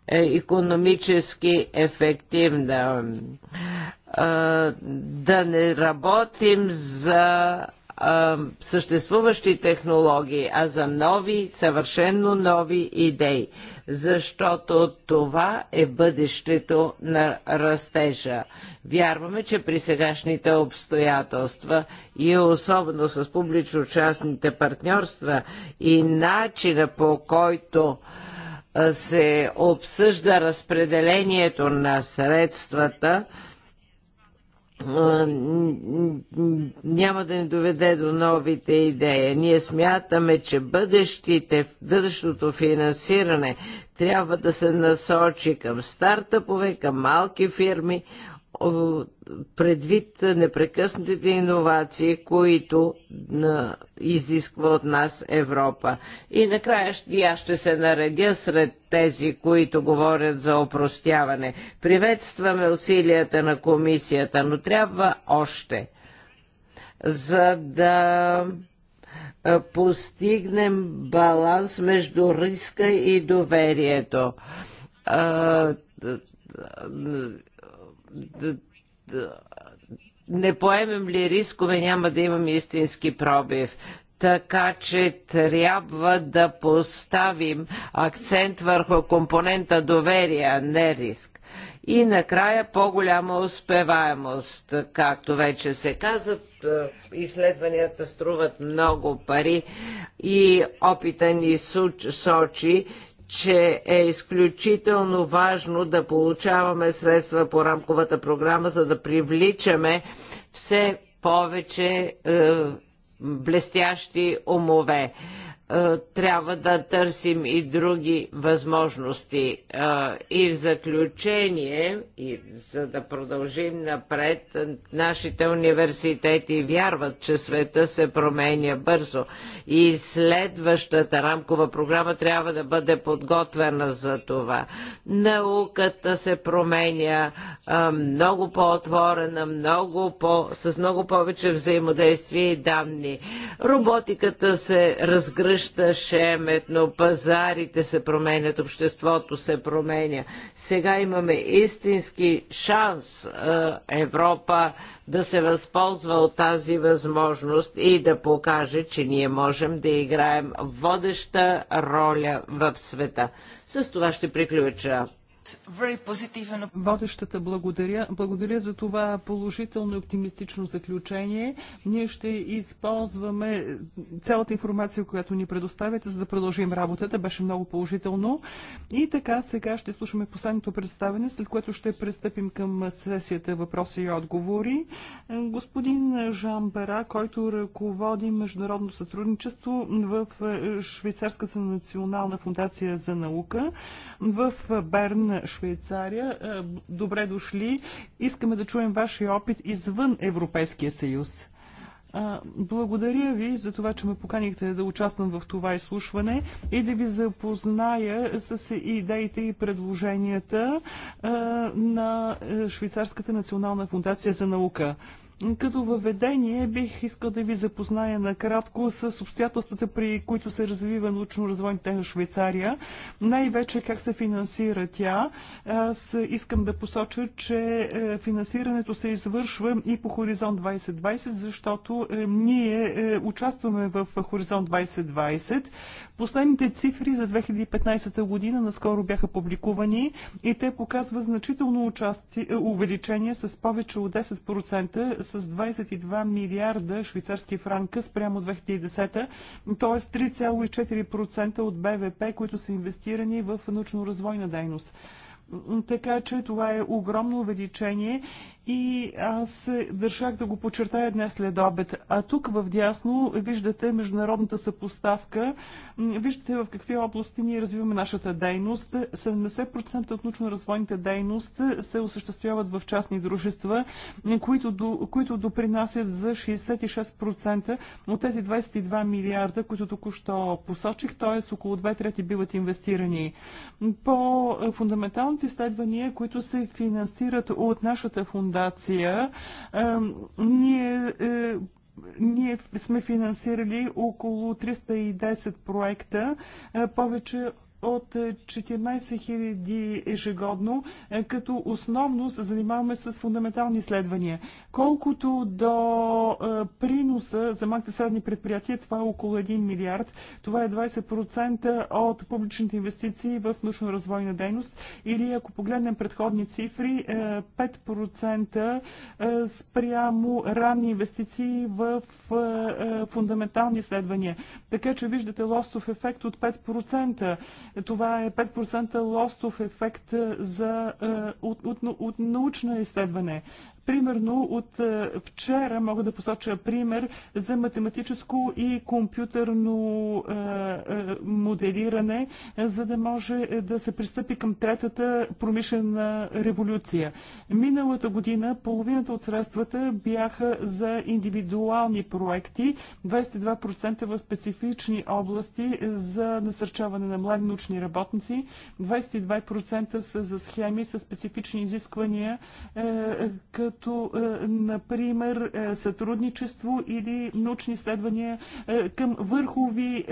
економически ефективна. Да не работим за съществуващи технологии, а за нови, съвършенно нови идеи, защото това е бъдещето на растежа. Вярваме, че при сегашните обстоятелства и особено с публично-частните партньорства и начина по който се обсъжда разпределението на средствата, няма да ни доведе до новите идеи. Ние смятаме, че бъдещите, бъдещото финансиране трябва да се насочи към стартъпове, към малки фирми, предвид непрекъснатите иновации, които изисква от нас Европа. И накрая я аз ще се наредя сред тези, които говорят за опростяване. Приветстваме усилията на комисията, но трябва още, за да постигнем баланс между риска и доверието да не поемем ли рискове, няма да имаме истински пробив така че трябва да поставим акцент върху компонента доверие, не риск. И накрая по-голяма успеваемост. Както вече се каза, изследванията струват много пари и опита ни сочи, че е изключително важно да получаваме средства по рамковата програма, за да привличаме все повече е, блестящи умове. Е, трябва да търсим и други възможности. Е, и в заключение, и за да продължим напред, нашите университети вярват, че света се променя бързо и следващата рамкова програма трябва да бъде подготвена за това. Науката се променя е, много по-отворена, много по, с много повече взаимодействие и данни. Роботиката се разгръща шемет, но пазарите се променят, обществото се променя. Сега имаме истински шанс е, Европа да се възползва от тази възможност и да покаже, че ние можем да играем водеща роля в света. С това ще приключа. Водещата благодаря. Благодаря за това положително и оптимистично заключение. Ние ще използваме цялата информация, която ни предоставяте, за да продължим работата. Беше много положително. И така, сега ще слушаме последното представене, след което ще пристъпим към сесията въпроси и отговори. Господин Жан Бера, който ръководи международно сътрудничество в Швейцарската национална фундация за наука в Берн, на Швейцария. Е, добре дошли. Искаме да чуем вашия опит извън Европейския съюз. Е, благодаря ви за това, че ме поканихте да участвам в това изслушване и да ви запозная с идеите и предложенията е, на Швейцарската национална фундация за наука. Като въведение бих искал да ви запозная накратко с обстоятелствата, при които се развива научно-развойната на Швейцария, най-вече как се финансира тя. Аз искам да посоча, че е, финансирането се извършва и по Хоризонт 2020, защото е, ние е, участваме в Хоризонт 2020. Последните цифри за 2015 година наскоро бяха публикувани и те показват значително е, увеличение с повече от 10% с 22 милиарда швейцарски франка спрямо 2010, т.е. 3,4% от БВП, които са инвестирани в научно-развойна дейност. Така че това е огромно увеличение и аз държах да го почертая днес след обед. А тук в дясно виждате международната съпоставка, виждате в какви области ние развиваме нашата дейност. 70% от научно развойните дейност се осъществяват в частни дружества, които, до, които допринасят за 66% от тези 22 милиарда, които току-що посочих, т.е. около 2 трети биват инвестирани. По фундаменталните изследвания, които се финансират от нашата фундация, фундация. Ние е, ние сме финансирали около 310 проекта, е, повече от 14 е, 000 ежегодно, е, като основно се занимаваме с фундаментални изследвания. Колкото до е, приноса за малките средни предприятия, това е около 1 милиард. Това е 20% от публичните инвестиции в научно-развойна дейност. Или ако погледнем предходни цифри, 5% спрямо ранни инвестиции в фундаментални изследвания. Така че виждате лостов ефект от 5%. Това е 5% лостов ефект за, от, от, от научно изследване. Примерно от е, вчера мога да посоча пример за математическо и компютърно е, е, моделиране, за да може да се пристъпи към третата промишлена революция. Миналата година половината от средствата бяха за индивидуални проекти, 22% в специфични области за насърчаване на млади научни работници, 22% са за схеми с специфични изисквания, като като, е, например, е, сътрудничество или научни изследвания е, към върхови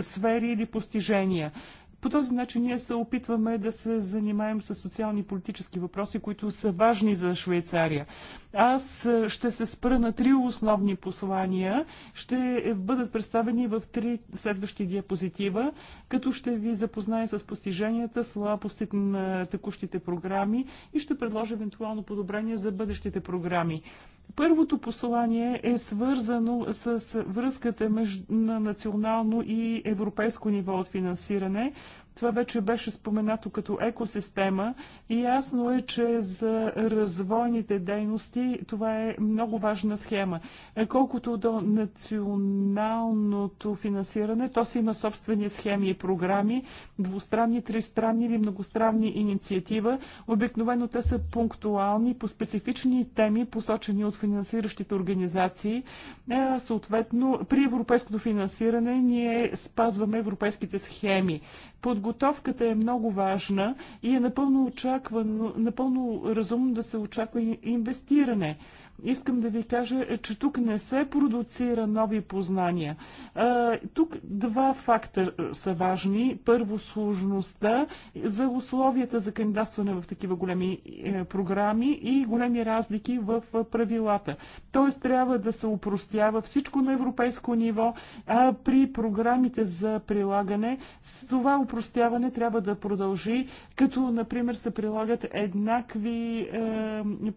сфери или постижения. По този начин ние се опитваме да се занимаем с социални и политически въпроси, които са важни за Швейцария. Аз е, ще се спра на три основни послания. Ще бъдат представени в три следващи диапозитива, като ще ви запозная с постиженията, слабостите на текущите програми и ще предложа евентуално подобрение за бъдещите програми. Първото послание е свързано с връзката между, на национално и европейско ниво от финансиране, това вече беше споменато като екосистема и ясно е, че за развойните дейности това е много важна схема. Е, колкото до националното финансиране, то си има собствени схеми и програми, двустранни, тристранни или многостранни инициатива. Обикновено те са пунктуални по специфични теми, посочени от финансиращите организации. Е, съответно, при европейското финансиране ние спазваме европейските схеми. Подготовката е много важна и е напълно, очаквано, напълно разумно да се очаква инвестиране искам да ви кажа, е, че тук не се продуцира нови познания. Тук два факта е, са важни. Първо, сложността за условията за кандидатстване в такива големи е, програми и големи разлики в правилата. Тоест, трябва да се упростява всичко на европейско ниво, а при програмите за прилагане това упростяване трябва да продължи, като, например, се прилагат еднакви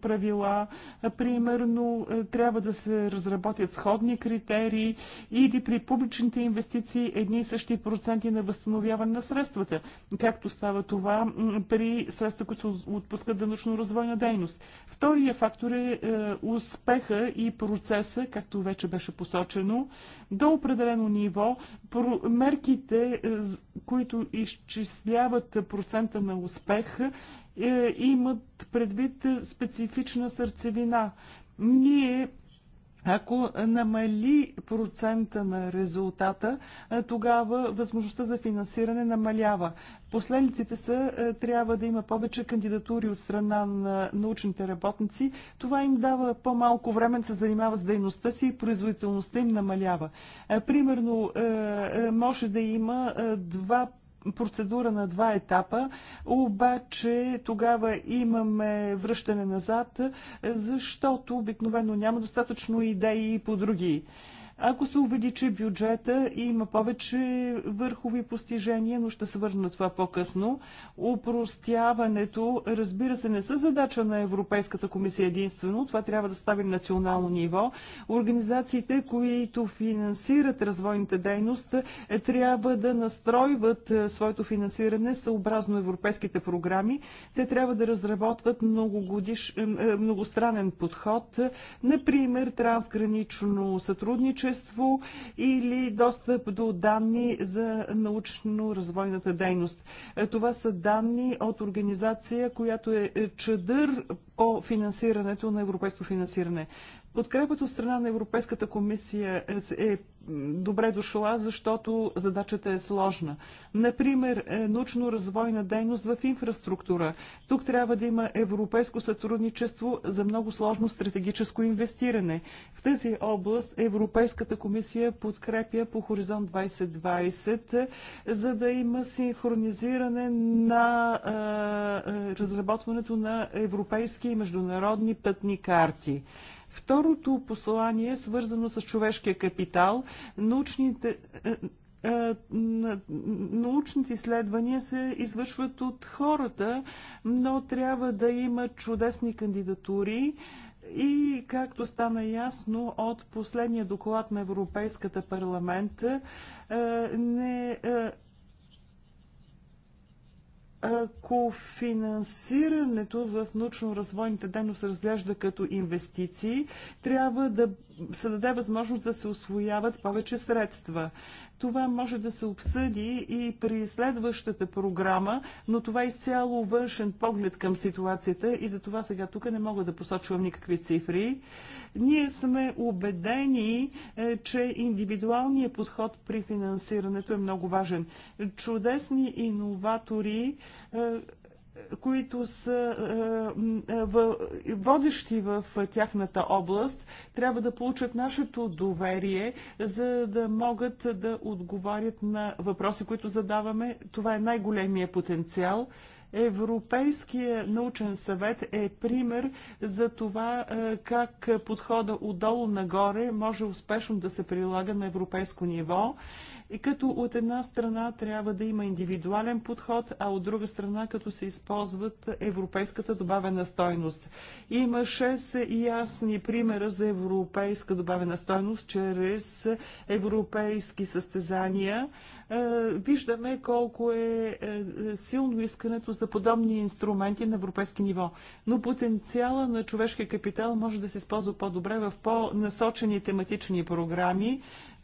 правила, например, примерно е, трябва да се разработят сходни критерии или при публичните инвестиции едни и същи проценти на възстановяване на средствата, както става това при средства, които се отпускат за научно-развойна дейност. Втория фактор е, е успеха и процеса, както вече беше посочено, до определено ниво мерките, е, които изчисляват процента на успех, имат предвид специфична сърцевина. Ние ако намали процента на резултата, тогава възможността за финансиране намалява. Последиците са, трябва да има повече кандидатури от страна на научните работници. Това им дава по-малко време да се занимава с дейността си и производителността им намалява. Примерно, може да има два процедура на два етапа, обаче тогава имаме връщане назад, защото обикновено няма достатъчно идеи по други ако се увеличи бюджета, и има повече върхови постижения, но ще се върна на това по-късно. Упростяването, разбира се, не са задача на Европейската комисия единствено. Това трябва да стави национално ниво. Организациите, които финансират развойната дейност, трябва да настройват е, своето финансиране съобразно европейските програми. Те трябва да разработват многогодиш, е, е, многостранен подход, например, трансгранично сътрудничество, сътрудничество или достъп до данни за научно-развойната дейност. Е, това са данни от организация, която е, е чадър по финансирането на европейско финансиране. Подкрепата от страна на Европейската комисия е, е добре дошла, защото задачата е сложна. Например, е, научно-развойна дейност в инфраструктура. Тук трябва да има европейско сътрудничество за много сложно стратегическо инвестиране. В тази област Европейската комисия подкрепя по Хоризонт 2020, е, за да има синхронизиране на е, разработването на европейски и международни пътни карти. Второто послание е свързано с човешкия капитал. Научните, е, е, научните изследвания се извършват от хората, но трябва да има чудесни кандидатури. И както стана ясно от последния доклад на Европейската парламента е, не ако финансирането в научно развойните дейност се разглежда като инвестиции, трябва да се даде възможност да се освояват повече средства. Това може да се обсъди и при следващата програма, но това е изцяло външен поглед към ситуацията и за това сега тук не мога да посочвам никакви цифри. Ние сме убедени, е, че индивидуалният подход при финансирането е много важен. Чудесни иноватори е, които са е, е, водещи в тяхната област, трябва да получат нашето доверие, за да могат да отговарят на въпроси, които задаваме. Това е най-големия потенциал. Европейския научен съвет е пример за това е, как подхода отдолу нагоре може успешно да се прилага на европейско ниво. И като от една страна трябва да има индивидуален подход, а от друга страна като се използват европейската добавена стойност. Има шест ясни примера за европейска добавена стойност чрез европейски състезания. Е, виждаме колко е, е силно искането за подобни инструменти на европейски ниво. Но потенциала на човешкия капитал може да се използва по-добре в по-насочени тематични програми,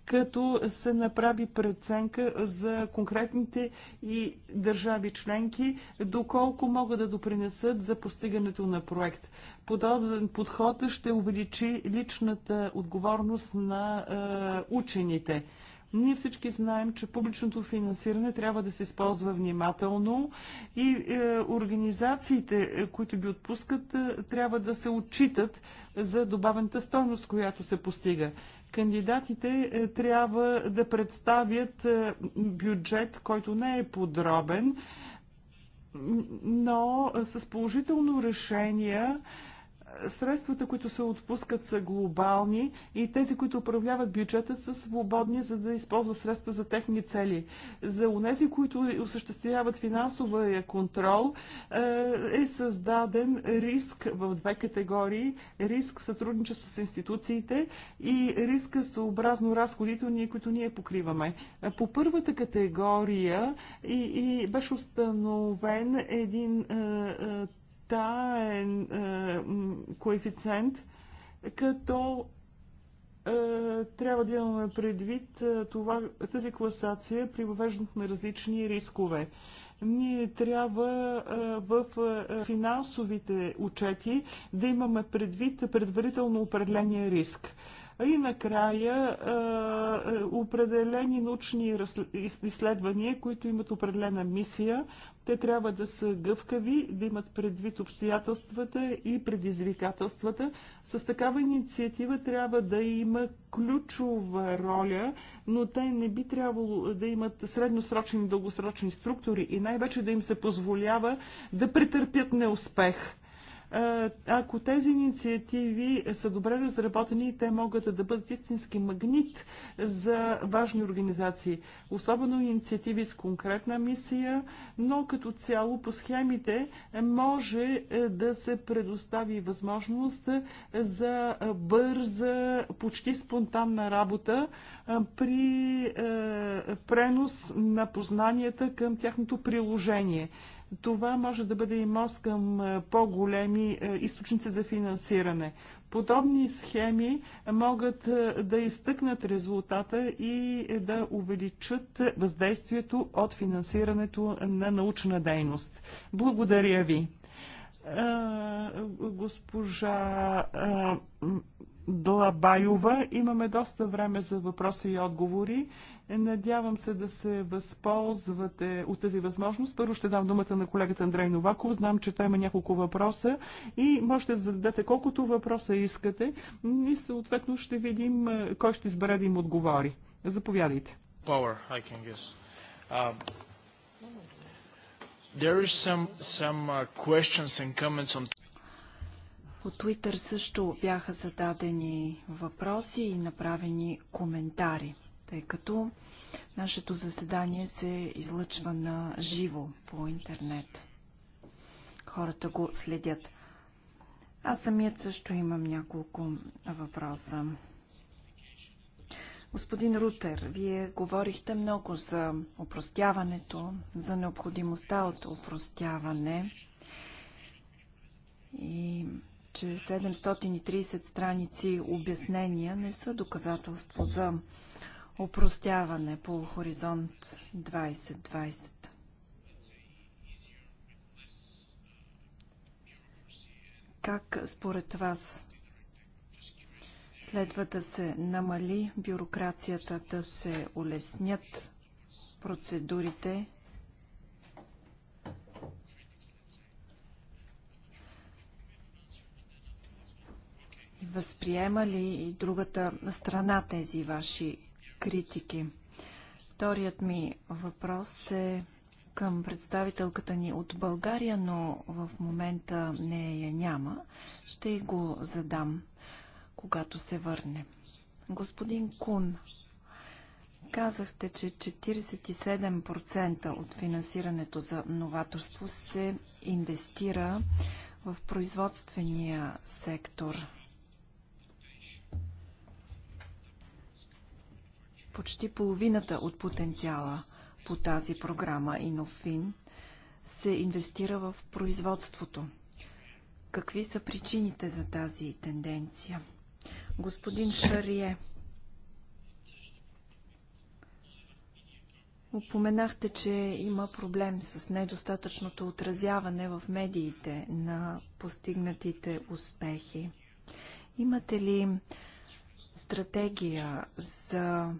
като се направи преценка за конкретните и държави членки, доколко могат да допринесат за постигането на проект. Подобен подход ще увеличи личната отговорност на е, учените. Ние всички знаем, че публичното финансиране трябва да се използва внимателно и е, организациите, е, които ги отпускат, е, трябва да се отчитат за добавената стойност, която се постига. Кандидатите е, трябва да представят е, бюджет, който не е подробен, но с положително решение средствата, които се отпускат, са глобални и тези, които управляват бюджета, са свободни, за да използват средства за техни цели. За унези, които осъществяват финансовия контрол, е, е създаден риск в две категории. Риск в сътрудничество с институциите и риска съобразно разходите, които ние покриваме. По първата категория и, и беше установен един е, е, елементарен е, е коефициент, като е, трябва да имаме предвид е, това, тази класация при въвеждането на различни рискове. Ние трябва е, в е, финансовите отчети да имаме предвид предварително определения риск. И накрая е, е, определени научни изследвания, които имат определена мисия, те трябва да са гъвкави, да имат предвид обстоятелствата и предизвикателствата. С такава инициатива трябва да има ключова роля, но те не би трябвало да имат средносрочни и дългосрочни структури и най-вече да им се позволява да претърпят неуспех. Е, ако тези инициативи са добре разработени, те могат да бъдат истински магнит за важни организации. Особено инициативи с конкретна мисия, но като цяло по схемите може е, да се предостави възможност за бърза, почти спонтанна работа е, при пренос на познанията към тяхното приложение. Това може да бъде и мост към е, по-големи е, източници за финансиране. Подобни схеми могат е, да изтъкнат резултата и да увеличат въздействието от финансирането на научна дейност. Благодаря ви. Госпожа Длабаева, имаме доста време за въпроси и отговори. Е, надявам се да се възползвате от тази възможност. Първо ще дам думата на колегата Андрей Новаков. Знам, че той има няколко въпроса и можете да зададете колкото въпроса искате и съответно ще видим е, кой ще избере да им отговори. Заповядайте. Power, I can guess. Um... there is some, some uh, questions and comments on от Twitter също бяха зададени въпроси и направени коментари тъй като нашето заседание се излъчва на живо по интернет. Хората го следят. Аз самият също имам няколко въпроса. Господин Рутер, вие говорихте много за опростяването, за необходимостта от опростяване и че 730 страници обяснения не са доказателство за Опростяване по хоризонт 2020. Как според вас следва да се намали бюрокрацията, да се улеснят процедурите възприема ли и другата страна тези ваши критики. Вторият ми въпрос е към представителката ни от България, но в момента не я няма. Ще го задам, когато се върне. Господин Кун, казахте, че 47% от финансирането за новаторство се инвестира в производствения сектор Почти половината от потенциала по тази програма Инофин се инвестира в производството. Какви са причините за тази тенденция? Господин Шарие, упоменахте, че има проблем с недостатъчното отразяване в медиите на постигнатите успехи. Имате ли стратегия за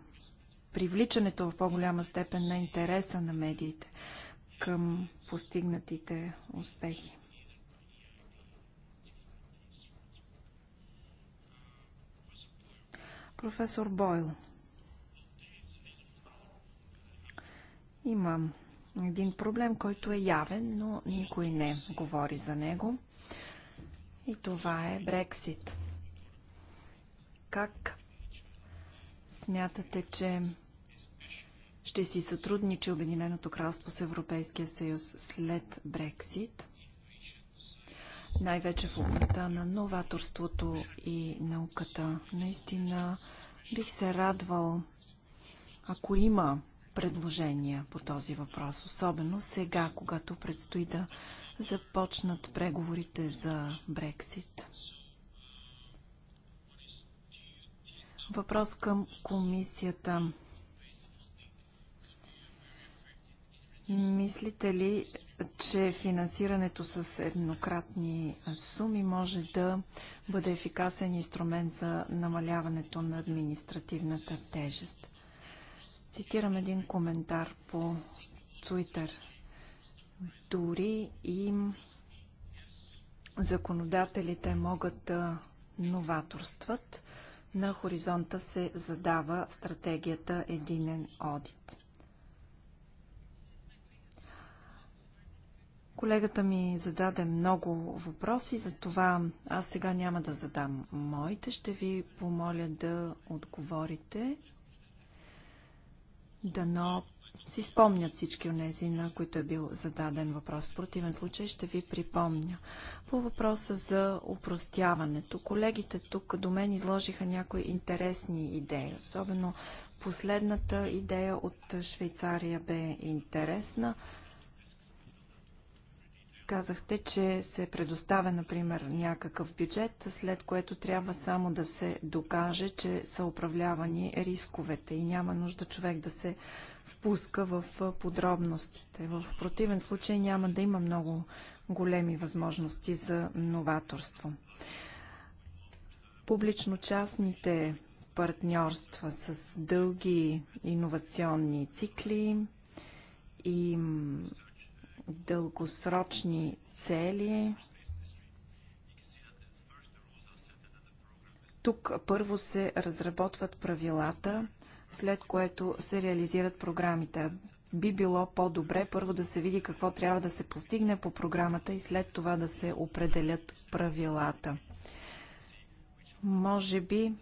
привличането в по-голяма степен на интереса на медиите към постигнатите успехи. Професор Бойл. Имам един проблем, който е явен, но никой не говори за него. И това е Брексит. Как Смятате, че ще си сътрудничи Обединеното кралство с Европейския съюз след Брексит, най-вече в областта на новаторството и науката. Наистина бих се радвал, ако има предложения по този въпрос, особено сега, когато предстои да започнат преговорите за Брексит. Въпрос към комисията. Мислите ли, че финансирането с еднократни суми може да бъде ефикасен инструмент за намаляването на административната тежест? Цитирам един коментар по Twitter. Дори и законодателите могат да новаторстват, на хоризонта се задава стратегията единен одит. Колегата ми зададе много въпроси, затова аз сега няма да задам моите. Ще ви помоля да отговорите. Дано си спомнят всички от тези, на които е бил зададен въпрос. В противен случай ще ви припомня. По въпроса за упростяването, колегите тук до мен изложиха някои интересни идеи, особено последната идея от Швейцария бе интересна. Казахте, че се предоставя, например, някакъв бюджет, след което трябва само да се докаже, че са управлявани рисковете и няма нужда човек да се впуска в подробностите. В противен случай няма да има много големи възможности за новаторство. Публично-частните партньорства с дълги иновационни цикли и дългосрочни цели. Тук първо се разработват правилата – след което се реализират програмите. Би било по-добре първо да се види какво трябва да се постигне по програмата и след това да се определят правилата. Може би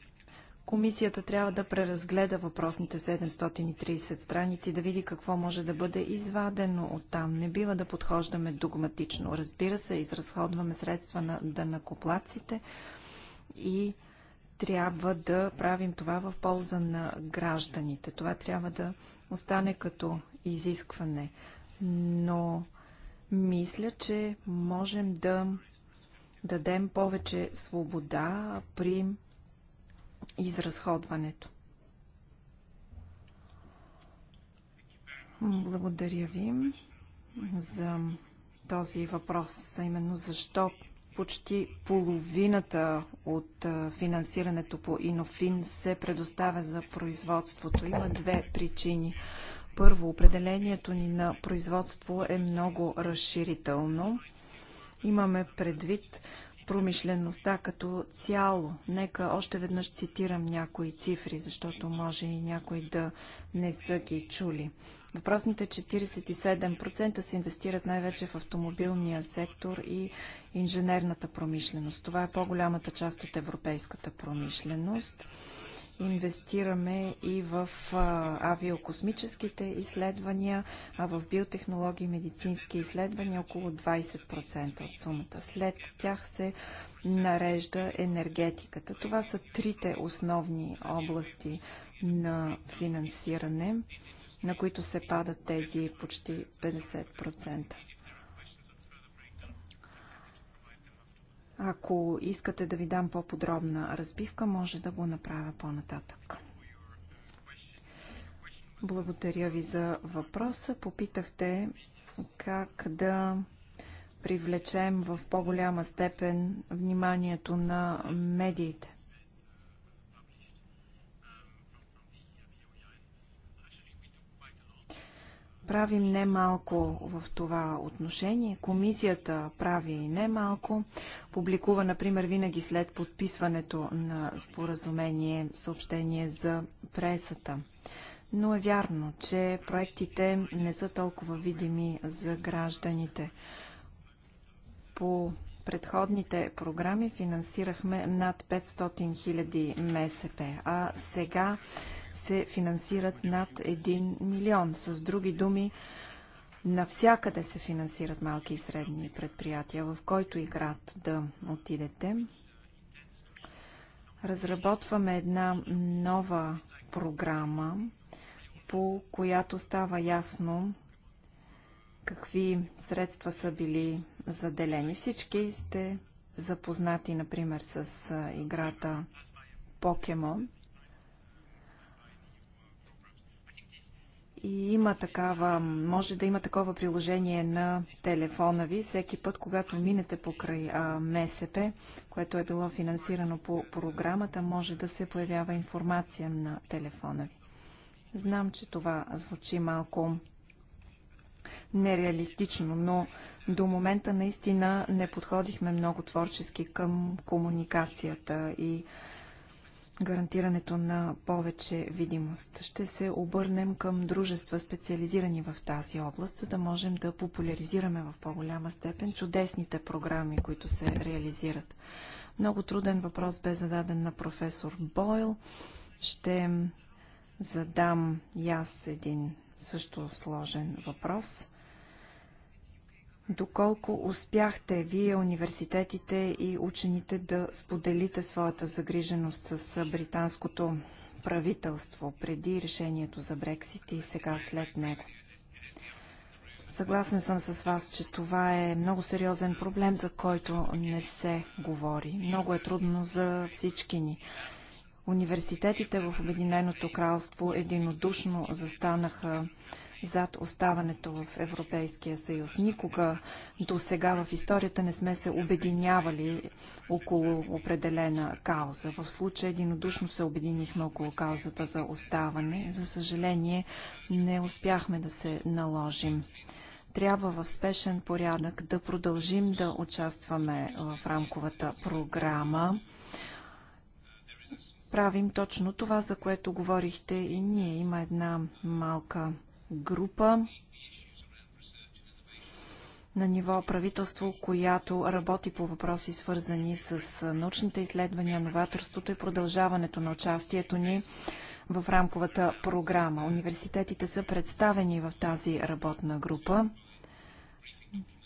комисията трябва да преразгледа въпросните 730 страници, да види какво може да бъде извадено от там. Не бива да подхождаме догматично. Разбира се, изразходваме средства на дънакоплаците и трябва да правим това в полза на гражданите. Това трябва да остане като изискване. Но мисля, че можем да дадем повече свобода при изразходването. Благодаря ви за този въпрос, а именно защо почти половината от финансирането по Инофин се предоставя за производството. Има две причини. Първо, определението ни на производство е много разширително. Имаме предвид промишлеността като цяло. Нека още веднъж цитирам някои цифри, защото може и някои да не са ги чули. Въпросните 47% се инвестират най-вече в автомобилния сектор и инженерната промишленост. Това е по-голямата част от европейската промишленост. Инвестираме и в авиокосмическите изследвания, а в биотехнологии и медицински изследвания около 20% от сумата. След тях се нарежда енергетиката. Това са трите основни области на финансиране на които се падат тези почти 50%. Ако искате да ви дам по-подробна разбивка, може да го направя по-нататък. Благодаря ви за въпроса. Попитахте как да привлечем в по-голяма степен вниманието на медиите. правим немалко в това отношение. Комисията прави немалко. Публикува, например, винаги след подписването на споразумение съобщение за пресата. Но е вярно, че проектите не са толкова видими за гражданите. По предходните програми финансирахме над 500 000 МСП, а сега се финансират над 1 милион. С други думи, навсякъде се финансират малки и средни предприятия, в който и град да отидете. Разработваме една нова програма, по която става ясно какви средства са били заделени. Всички сте запознати, например, с играта Покемон. и има такава, може да има такова приложение на телефона ви всеки път, когато минете покрай а, МСП, което е било финансирано по програмата, може да се появява информация на телефона ви. Знам, че това звучи малко нереалистично, но до момента наистина не подходихме много творчески към комуникацията и комуникацията гарантирането на повече видимост. Ще се обърнем към дружества, специализирани в тази област, за да можем да популяризираме в по-голяма степен чудесните програми, които се реализират. Много труден въпрос бе зададен на професор Бойл. Ще задам и аз един също сложен въпрос. Доколко успяхте вие, университетите и учените да споделите своята загриженост с британското правителство преди решението за Брексит и сега след него? Съгласен съм с вас, че това е много сериозен проблем, за който не се говори. Много е трудно за всички ни. Университетите в Обединеното кралство единодушно застанаха зад оставането в Европейския съюз. Никога до сега в историята не сме се обединявали около определена кауза. В случая единодушно се обединихме около каузата за оставане. За съжаление, не успяхме да се наложим трябва в спешен порядък да продължим да участваме в рамковата програма. Правим точно това, за което говорихте и ние. Има една малка група на ниво правителство, която работи по въпроси свързани с научните изследвания, новаторството и продължаването на участието ни в рамковата програма. Университетите са представени в тази работна група.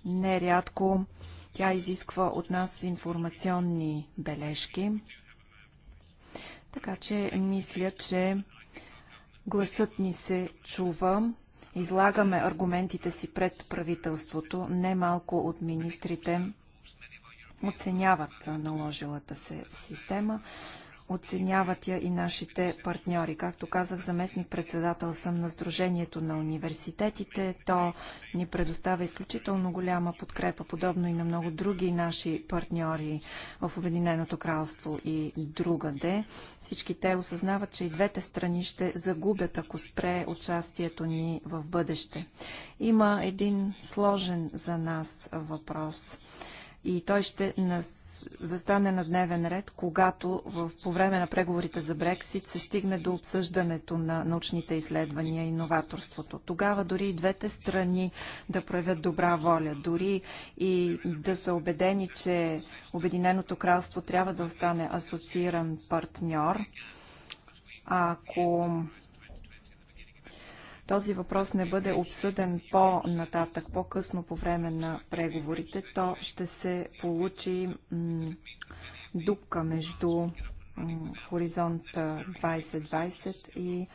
Нерядко тя изисква от нас информационни бележки. Така че мисля, че Гласът ни се чува. Излагаме аргументите си пред правителството. Немалко от министрите оценяват наложилата се система. Оценяват я и нашите партньори. Както казах, заместник-председател съм на Сдружението на университетите. То ни предоставя изключително голяма подкрепа, подобно и на много други наши партньори в Обединеното кралство и другаде. Всички те осъзнават, че и двете страни ще загубят, ако спре участието ни в бъдеще. Има един сложен за нас въпрос и той ще нас застане на дневен ред, когато в, по време на преговорите за Брексит се стигне до обсъждането на научните изследвания и новаторството. Тогава дори и двете страни да проявят добра воля, дори и да са убедени, че Обединеното кралство трябва да остане асоцииран партньор. Ако този въпрос не бъде обсъден по-нататък, по-късно по време на преговорите, то ще се получи дупка между Хоризонт 2020 и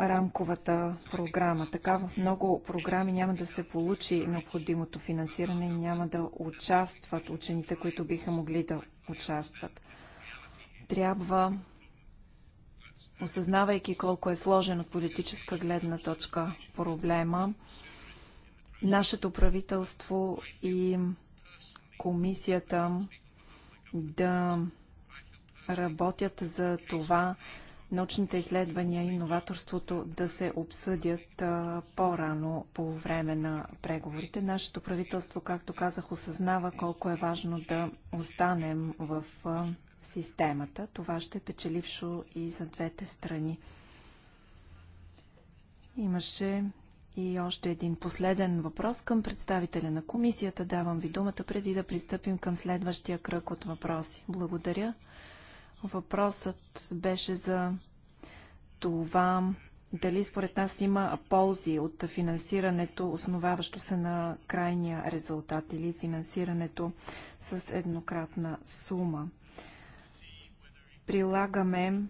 рамковата програма. Така в много програми няма да се получи необходимото финансиране и няма да участват учените, които биха могли да участват. Трябва осъзнавайки колко е сложен от политическа гледна точка проблема, нашето правителство и комисията да работят за това научните изследвания и новаторството да се обсъдят по-рано по време на преговорите. Нашето правителство, както казах, осъзнава колко е важно да останем в системата. Това ще е печелившо и за двете страни. Имаше и още един последен въпрос към представителя на комисията. Давам ви думата преди да пристъпим към следващия кръг от въпроси. Благодаря. Въпросът беше за това дали според нас има ползи от финансирането, основаващо се на крайния резултат или финансирането с еднократна сума. Прилагаме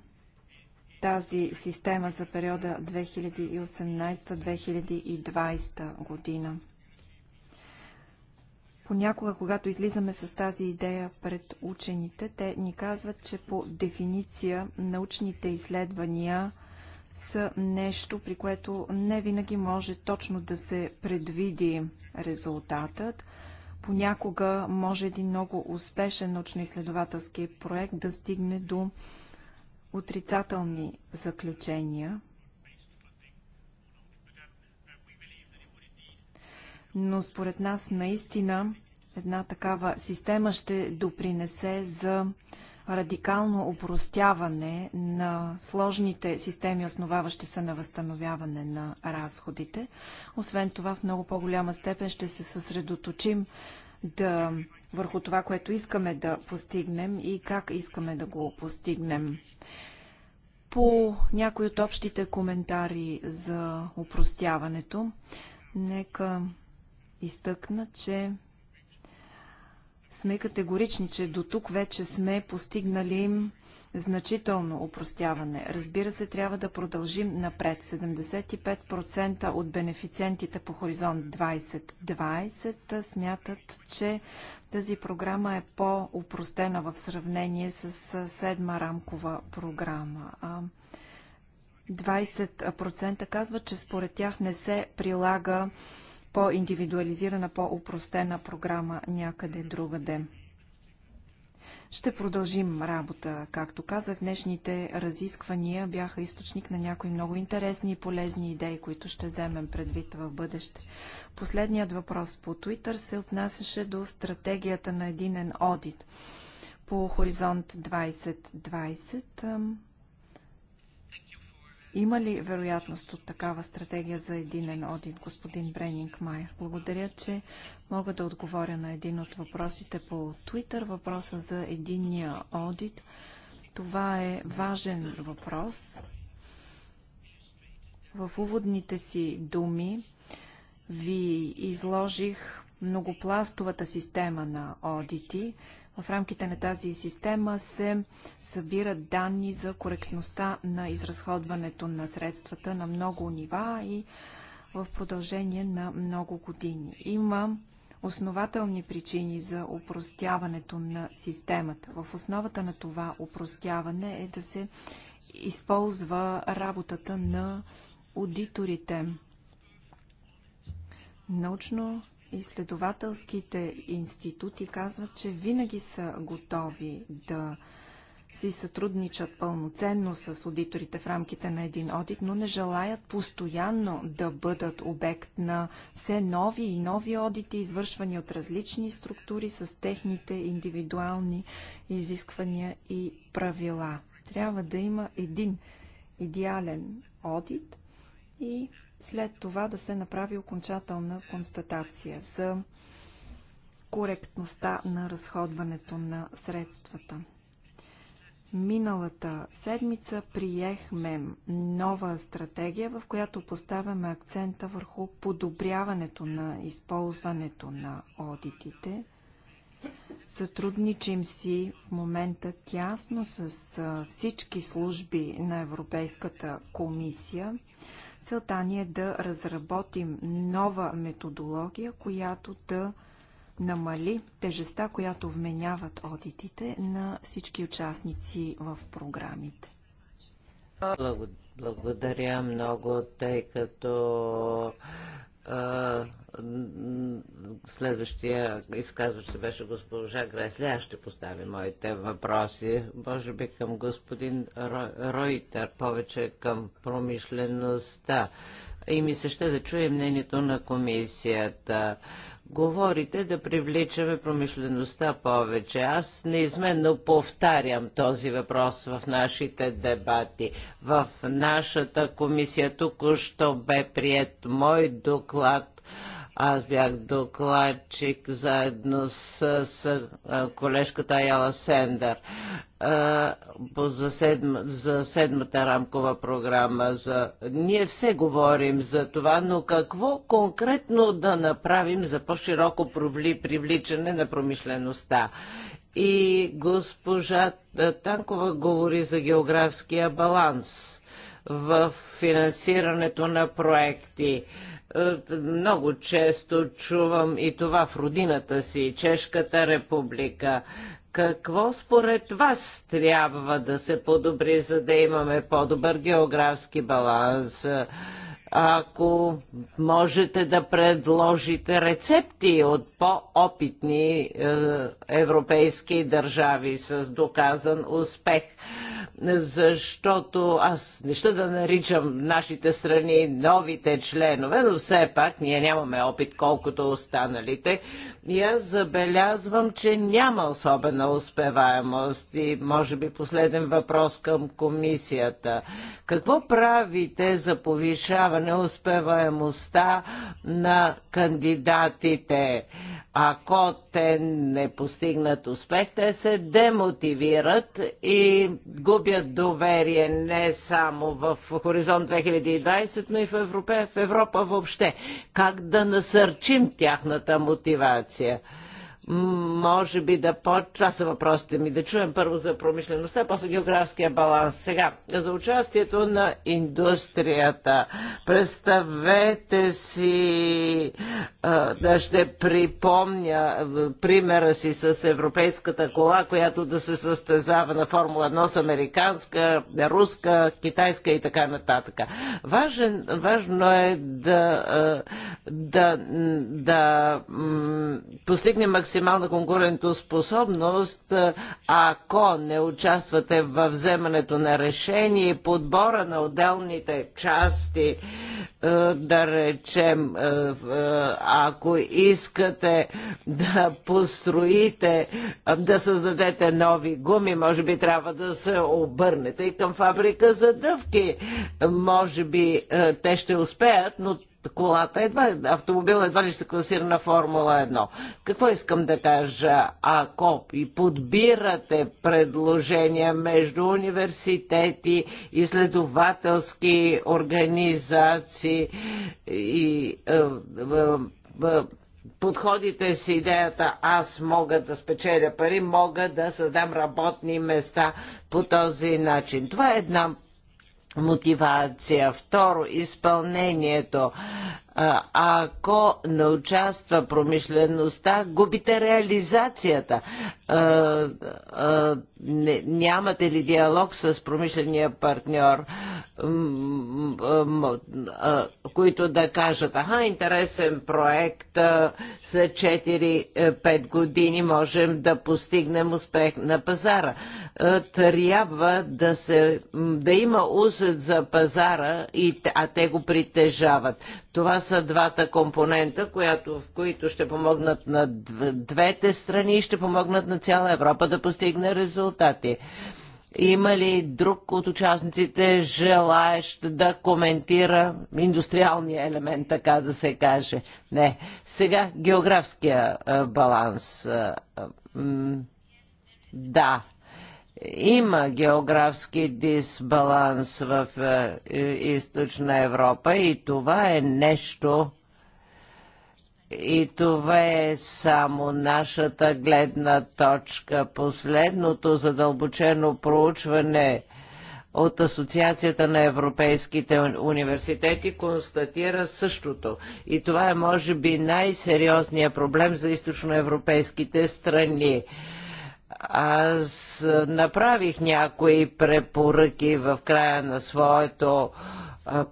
тази система за периода 2018-2020 година. Понякога, когато излизаме с тази идея пред учените, те ни казват, че по дефиниция научните изследвания са нещо, при което не винаги може точно да се предвиди резултатът. Понякога може един много успешен научно-изследователски проект да стигне до отрицателни заключения. но според нас наистина една такава система ще допринесе за радикално упростяване на сложните системи, основаващи се на възстановяване на разходите. Освен това, в много по-голяма степен ще се съсредоточим да, върху това, което искаме да постигнем и как искаме да го постигнем. По някои от общите коментари за упростяването, нека изтъкна, че сме категорични, че до тук вече сме постигнали значително упростяване. Разбира се, трябва да продължим напред. 75% от бенефициентите по Хоризонт 2020 смятат, че тази програма е по-упростена в сравнение с седма рамкова програма. 20% казват, че според тях не се прилага по-индивидуализирана, по-упростена програма някъде другаде. Ще продължим работа. Както казах, днешните разисквания бяха източник на някои много интересни и полезни идеи, които ще вземем предвид в бъдеще. Последният въпрос по Twitter се отнасяше до стратегията на единен одит по Хоризонт 2020. Има ли вероятност от такава стратегия за единен одит, господин Бренинг Майер? Благодаря, че мога да отговоря на един от въпросите по Twitter, въпроса за единния одит. Това е важен въпрос. В уводните си думи ви изложих многопластовата система на одити – в рамките на тази система се събират данни за коректността на изразходването на средствата на много нива и в продължение на много години. Има основателни причини за упростяването на системата. В основата на това упростяване е да се използва работата на аудиторите. Научно изследователските институти казват, че винаги са готови да си сътрудничат пълноценно с аудиторите в рамките на един одит, но не желаят постоянно да бъдат обект на все нови и нови одити, извършвани от различни структури с техните индивидуални изисквания и правила. Трябва да има един идеален одит и след това да се направи окончателна констатация за коректността на разходването на средствата. Миналата седмица приехме нова стратегия, в която поставяме акцента върху подобряването на използването на одитите. Сътрудничим си в момента тясно с всички служби на Европейската комисия, Целта ни е да разработим нова методология, която да намали тежеста, която вменяват одитите на всички участници в програмите. Благодаря много, тъй като следващия изказващ се беше госпожа Гресли. Аз ще поставя моите въпроси, може би към господин Ройтер, повече към промишлеността. И ми се ще да чуя мнението на комисията. Говорите да привличаме промишлеността повече. Аз неизменно повтарям този въпрос в нашите дебати. В нашата комисия тук що бе прият мой доклад аз бях докладчик заедно с, с колежката Яла Сендър за, седм, за седмата рамкова програма. За... Ние все говорим за това, но какво конкретно да направим за по-широко привличане на промишлеността? И госпожа Танкова говори за географския баланс в финансирането на проекти. Е, много често чувам и това в родината си, Чешката република. Какво според вас трябва да се подобри, за да имаме по-добър географски баланс? ако можете да предложите рецепти от по-опитни е, европейски държави с доказан успех. Защото аз не ще да наричам нашите страни новите членове, но все пак ние нямаме опит колкото останалите. И аз забелязвам, че няма особена успеваемост. И може би последен въпрос към комисията. Какво правите за повишаване Неуспеваемостта на кандидатите. Ако те не постигнат успех, те се демотивират и губят доверие не само в Хоризонт 2020, но и в Европа, в Европа въобще. Как да насърчим тяхната мотивация? Може би да по... Това са въпросите ми. Да чуем първо за промишлеността, после географския баланс. Сега, за участието на индустрията. Представете си, да ще припомня примера си с европейската кола, която да се състезава на Формула 1 с американска, руска, китайска и така нататък. Важен, важно е да, да, да, да постигне максимално максимална конкурентоспособност, ако не участвате в вземането на решение и подбора на отделните части, е, да речем, е, е, ако искате да построите, да създадете нови гуми, може би трябва да се обърнете и към фабрика за дъвки. Може би те ще успеят, но колата едва, автомобил едва ли се класира на Формула 1. Какво искам да кажа? Ако и подбирате предложения между университети, изследователски организации и е, е, е, подходите с идеята аз мога да спечеля пари, мога да създам работни места по този начин. Това е една мотивация. Второ, изпълнението ако не участва промишлеността, губите реализацията. А, а, не, нямате ли диалог с промишления партньор, които да кажат, аха, интересен проект, след 4-5 е, години можем да постигнем успех на пазара. Трябва да, се, да има усет за пазара, и, а те го притежават. Това са двата компонента, която, в които ще помогнат на двете страни и ще помогнат на цяла Европа да постигне резултати. Има ли друг от участниците желаещ да коментира индустриалния елемент, така да се каже? Не. Сега географския баланс. Да. Има географски дисбаланс в е, е, източна Европа и това е нещо, и това е само нашата гледна точка. Последното задълбочено проучване от Асоциацията на европейските университети констатира същото. И това е, може би, най-сериозният проблем за източноевропейските страни. Аз направих някои препоръки в края на своето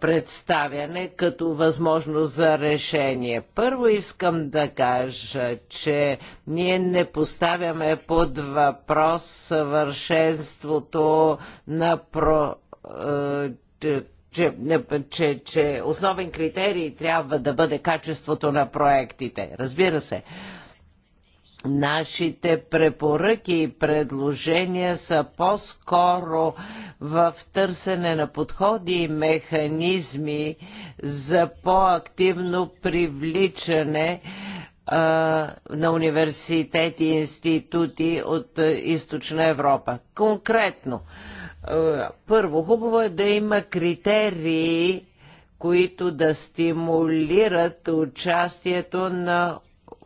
представяне като възможност за решение. Първо искам да кажа, че ние не поставяме под въпрос съвършенството на про, че, че, че основен критерий трябва да бъде качеството на проектите. Разбира се, Нашите препоръки и предложения са по-скоро в търсене на подходи и механизми за по-активно привличане на университети и институти от Източна Европа. Конкретно, първо, хубаво е да има критерии, които да стимулират участието на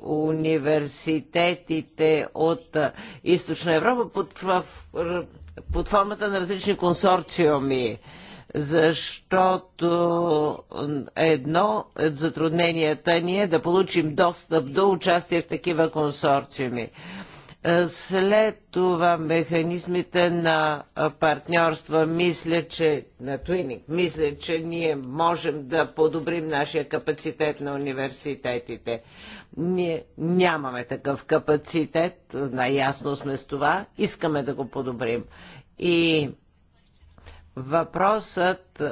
университетите от Източна Европа под, в, под формата на различни консорциуми защото едно от затрудненията ни е да получим достъп до участие в такива консорциуми. След това механизмите на партньорства, мисля, че на Туиник, мисля, че ние можем да подобрим нашия капацитет на университетите. Ние нямаме такъв капацитет, наясно сме с това, искаме да го подобрим. И въпросът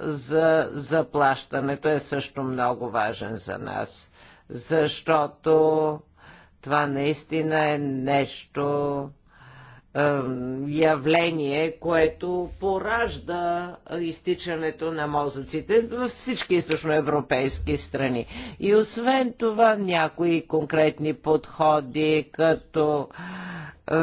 за заплащането е също много важен за нас, защото това наистина е нещо, явление, което поражда изтичането на мозъците във всички източноевропейски страни. И освен това някои конкретни подходи, като е,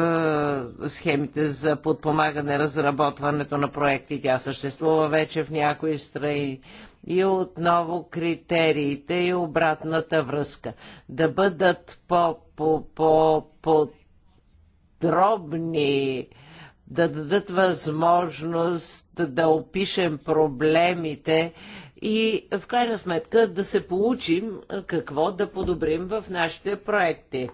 схемите за подпомагане разработването на проекти, тя съществува вече в някои страни, и отново критериите и обратната връзка. Да бъдат по-подробни, по, по, да дадат възможност да опишем проблемите и в крайна сметка да се получим какво да подобрим в нашите проекти.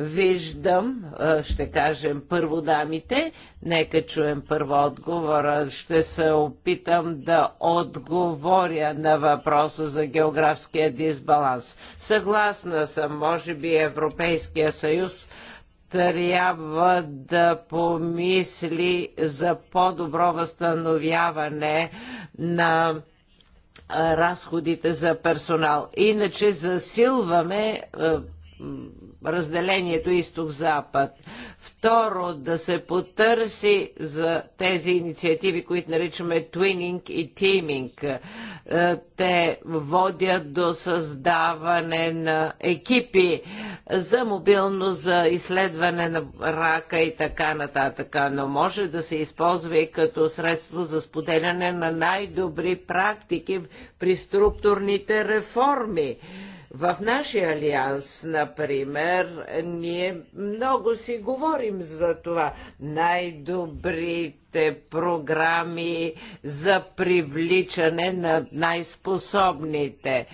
Виждам, ще кажем първо дамите, нека чуем първо отговора. Ще се опитам да отговоря на въпроса за географския дисбаланс. Съгласна съм, може би Европейския съюз трябва да помисли за по-добро възстановяване на разходите за персонал. Иначе засилваме разделението изток-запад. Второ, да се потърси за тези инициативи, които наричаме твининг и тиминг. Е, те водят до създаване на екипи за мобилност, за изследване на рака и така нататък. Но може да се използва и като средство за споделяне на най-добри практики при структурните реформи. В нашия алианс, например, ние много си говорим за това. Най-добрите програми за привличане на най-способните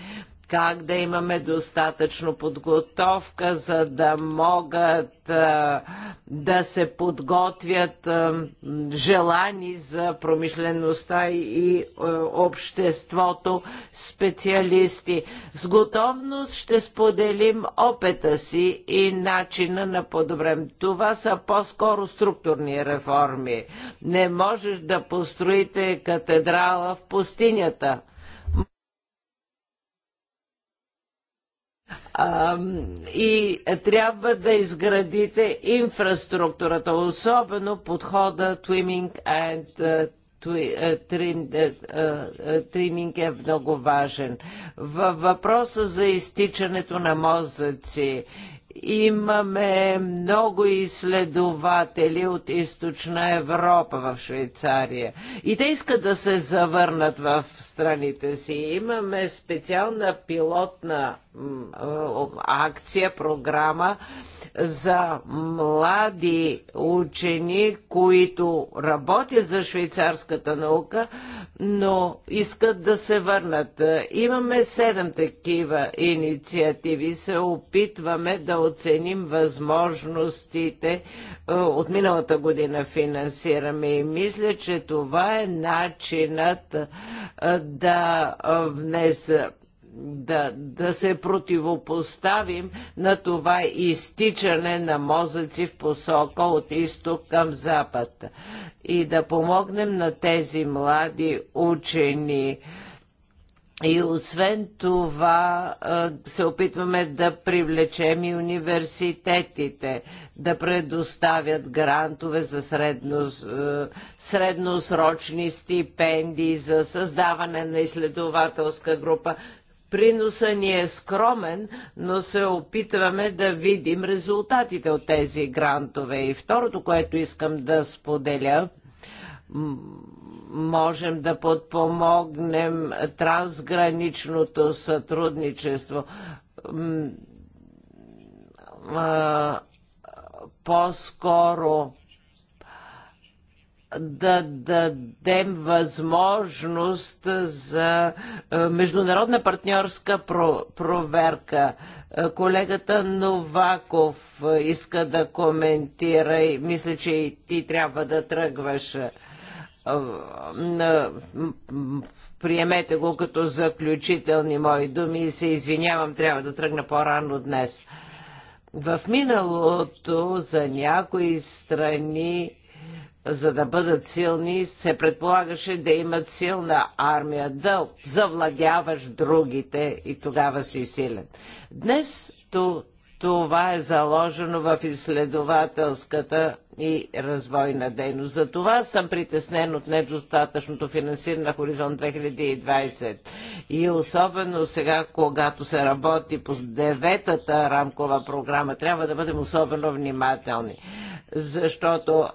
как да имаме достатъчно подготовка, за да могат а, да се подготвят а, желани за промишлеността и а, обществото специалисти. С готовност ще споделим опита си и начина на подобрем. Това са по-скоро структурни реформи. Не можеш да построите катедрала в пустинята А, и трябва да изградите инфраструктурата, особено подхода Twimming and тренинг е, е, е, е много важен. Във въпроса за изтичането на мозъци имаме много изследователи от източна Европа в Швейцария. И те искат да се завърнат в страните си. Имаме специална пилотна акция, програма за млади учени, които работят за швейцарската наука, но искат да се върнат. Имаме седем такива инициативи. Се опитваме да оценим възможностите. Е, от миналата година финансираме и мисля, че това е начинът е, да е, внесе да, да се противопоставим на това изтичане на мозъци в посока от изток към запад и да помогнем на тези млади учени. И освен това се опитваме да привлечем и университетите, да предоставят грантове за средно, средносрочни стипендии, за създаване на изследователска група, Приноса ни е скромен, но се опитваме да видим резултатите от тези грантове. И второто, което искам да споделя, можем да подпомогнем трансграничното сътрудничество по-скоро да дадем възможност за е, международна партньорска проверка. Е, колегата Новаков е, иска да коментира и мисля, че и ти трябва да тръгваш приемете го като заключителни мои думи и се извинявам, трябва да тръгна по-рано днес. В миналото за някои страни за да бъдат силни, се предполагаше да имат силна армия, да завладяваш другите и тогава си силен. Днес то това е заложено в изследователската и развойна дейност. За това съм притеснен от недостатъчното финансиране на Хоризонт 2020. И особено сега, когато се работи по деветата рамкова програма, трябва да бъдем особено внимателни. Защото е,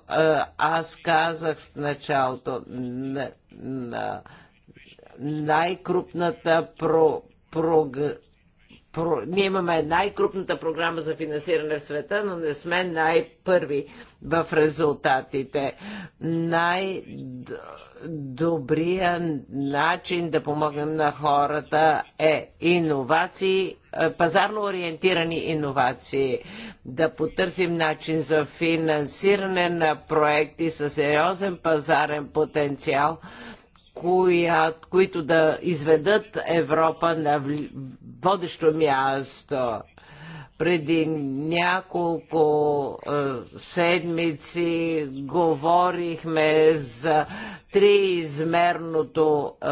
аз казах в началото, на, на най-крупната програма. Ние имаме най-крупната програма за финансиране в света, но не сме най-първи в резултатите. Най- добрия начин да помогнем на хората е иновации, е, пазарно ориентирани иновации. Да потърсим начин за финансиране на проекти с сериозен пазарен потенциал, коя, които да изведат Европа на водещо място. Преди няколко е, седмици говорихме за триизмерното е,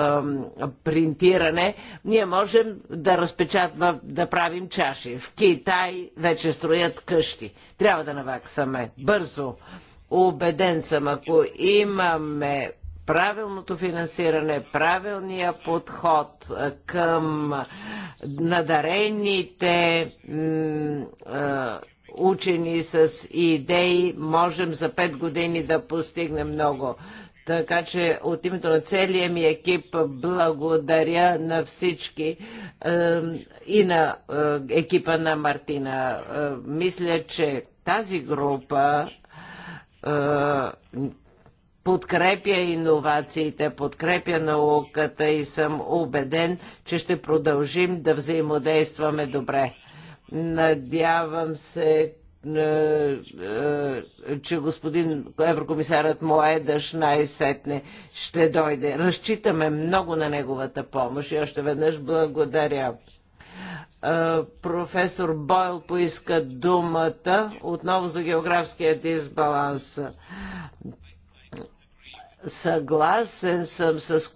принтиране. Ние можем да разпечатваме, да правим чаши. В Китай вече строят къщи. Трябва да наваксаме бързо. Убеден съм, ако имаме правилното финансиране, правилния подход към надарените учени с идеи, можем за 5 години да постигнем много. Така че от името на целия ми екип благодаря на всички и на екипа на Мартина. мисля, че тази група подкрепя иновациите, подкрепя науката и съм убеден, че ще продължим да взаимодействаме добре. Надявам се, е, е, че господин еврокомисарът Моедаш най-сетне ще дойде. Разчитаме много на неговата помощ и още веднъж благодаря. Е, професор Бойл поиска думата отново за географския дисбаланс. Съгласен съм с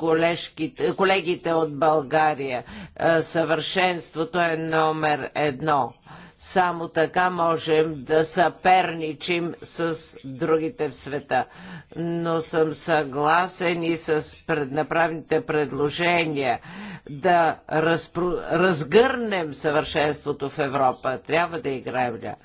колегите от България. Е, съвършенството е номер едно. Само така можем да съперничим с другите в света. Но съм съгласен и с преднаправните предложения да разгърнем съвършенството в Европа. Трябва да играем. ля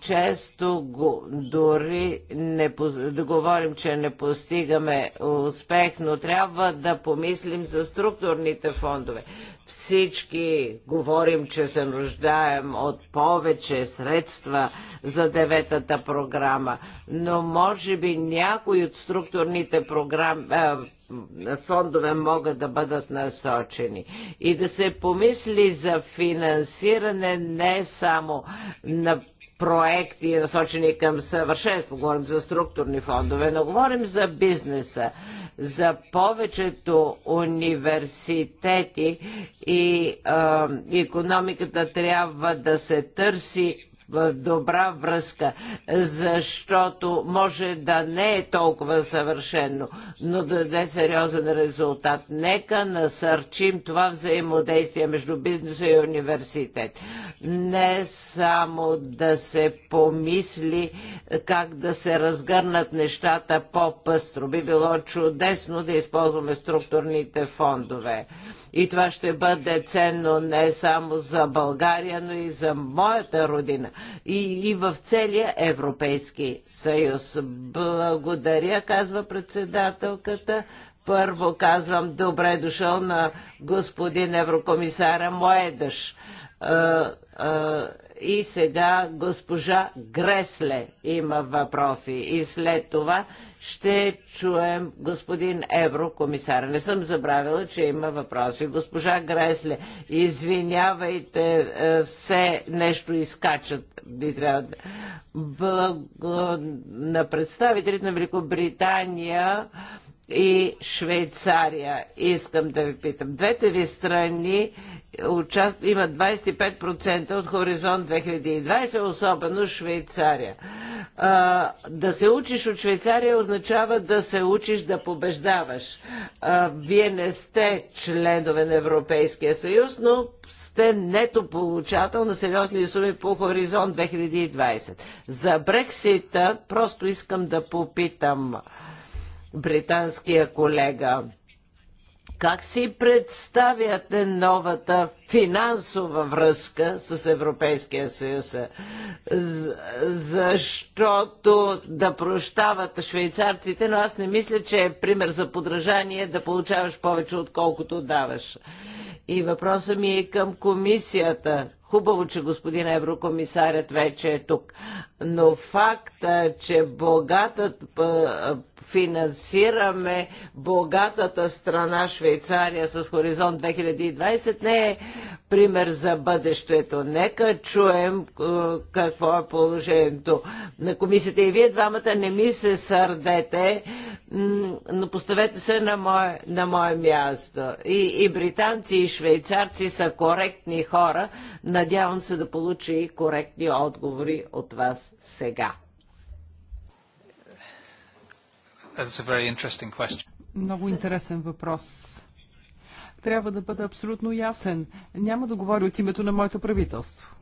често го, дори не, да говорим, че не постигаме успех, но трябва да помислим за структурните фондове. Всички говорим, че се нуждаем от повече средства за деветата програма, но може би някои от структурните програми, е, фондове могат да бъдат насочени. И да се помисли за финансиране не само на проекти, насочени към съвършенство. Говорим за структурни фондове, но говорим за бизнеса. За повечето университети и економиката трябва да се търси в е, добра връзка, защото може да не е толкова съвършено, но да даде сериозен резултат. Нека насърчим това взаимодействие между бизнеса и университет. Не само да се помисли е, как да се разгърнат нещата по-пъстро. Би било чудесно да използваме структурните фондове. И това ще бъде ценно не само за България, но и за моята родина и, и в целия Европейски съюз. Благодаря, казва председателката. Първо казвам добре дошъл на господин еврокомисара Моедъш. Е, е, и сега госпожа Гресле има въпроси. И след това ще чуем господин еврокомисар. Не съм забравила, че има въпроси. Госпожа Гресле, извинявайте, е, все нещо изкачат. Би трябва да... Благо... На представителите на Великобритания и Швейцария. Искам да ви питам. Двете ви страни участ... има 25% от Хоризонт 2020, особено Швейцария. А, да се учиш от Швейцария означава да се учиш да побеждаваш. А, вие не сте членове на Европейския съюз, но сте нето получател на сериозни суми по Хоризонт 2020. За Брексита просто искам да попитам британския колега – как си представяте новата финансова връзка с Европейския съюз? Защото да прощават швейцарците, но аз не мисля, че е пример за подражание да получаваш повече, отколкото даваш. И въпросът ми е към комисията. Хубаво, че господин еврокомисарят вече е тук но факта, че богатът финансираме богатата страна Швейцария с хоризонт 2020 не е пример за бъдещето. Нека чуем какво е положението на комисията. И вие двамата не ми се сърдете, но поставете се на мое, на мое място. И, и британци, и швейцарци са коректни хора. Надявам се да получи коректни отговори от вас сега? Много интересен въпрос. Трябва да бъда абсолютно ясен. Няма да говоря от името на моето правителство.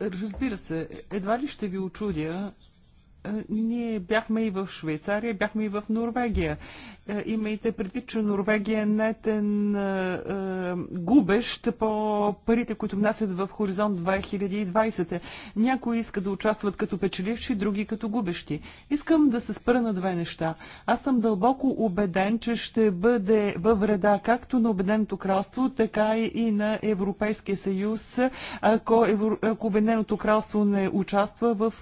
Разбира се, едва ли ще ви очудя, е, ние бяхме и в Швейцария, бяхме и в Норвегия. Е, имайте предвид, че Норвегия е нетен е, губещ по парите, които внасят в Хоризонт 2020. Някои искат да участват като печеливши, други като губещи. Искам да се спра на две неща. Аз съм дълбоко убеден, че ще бъде във вреда както на Обеденото кралство, така и на Европейския съюз, ако, Евро... ако Обединеното кралство не участва в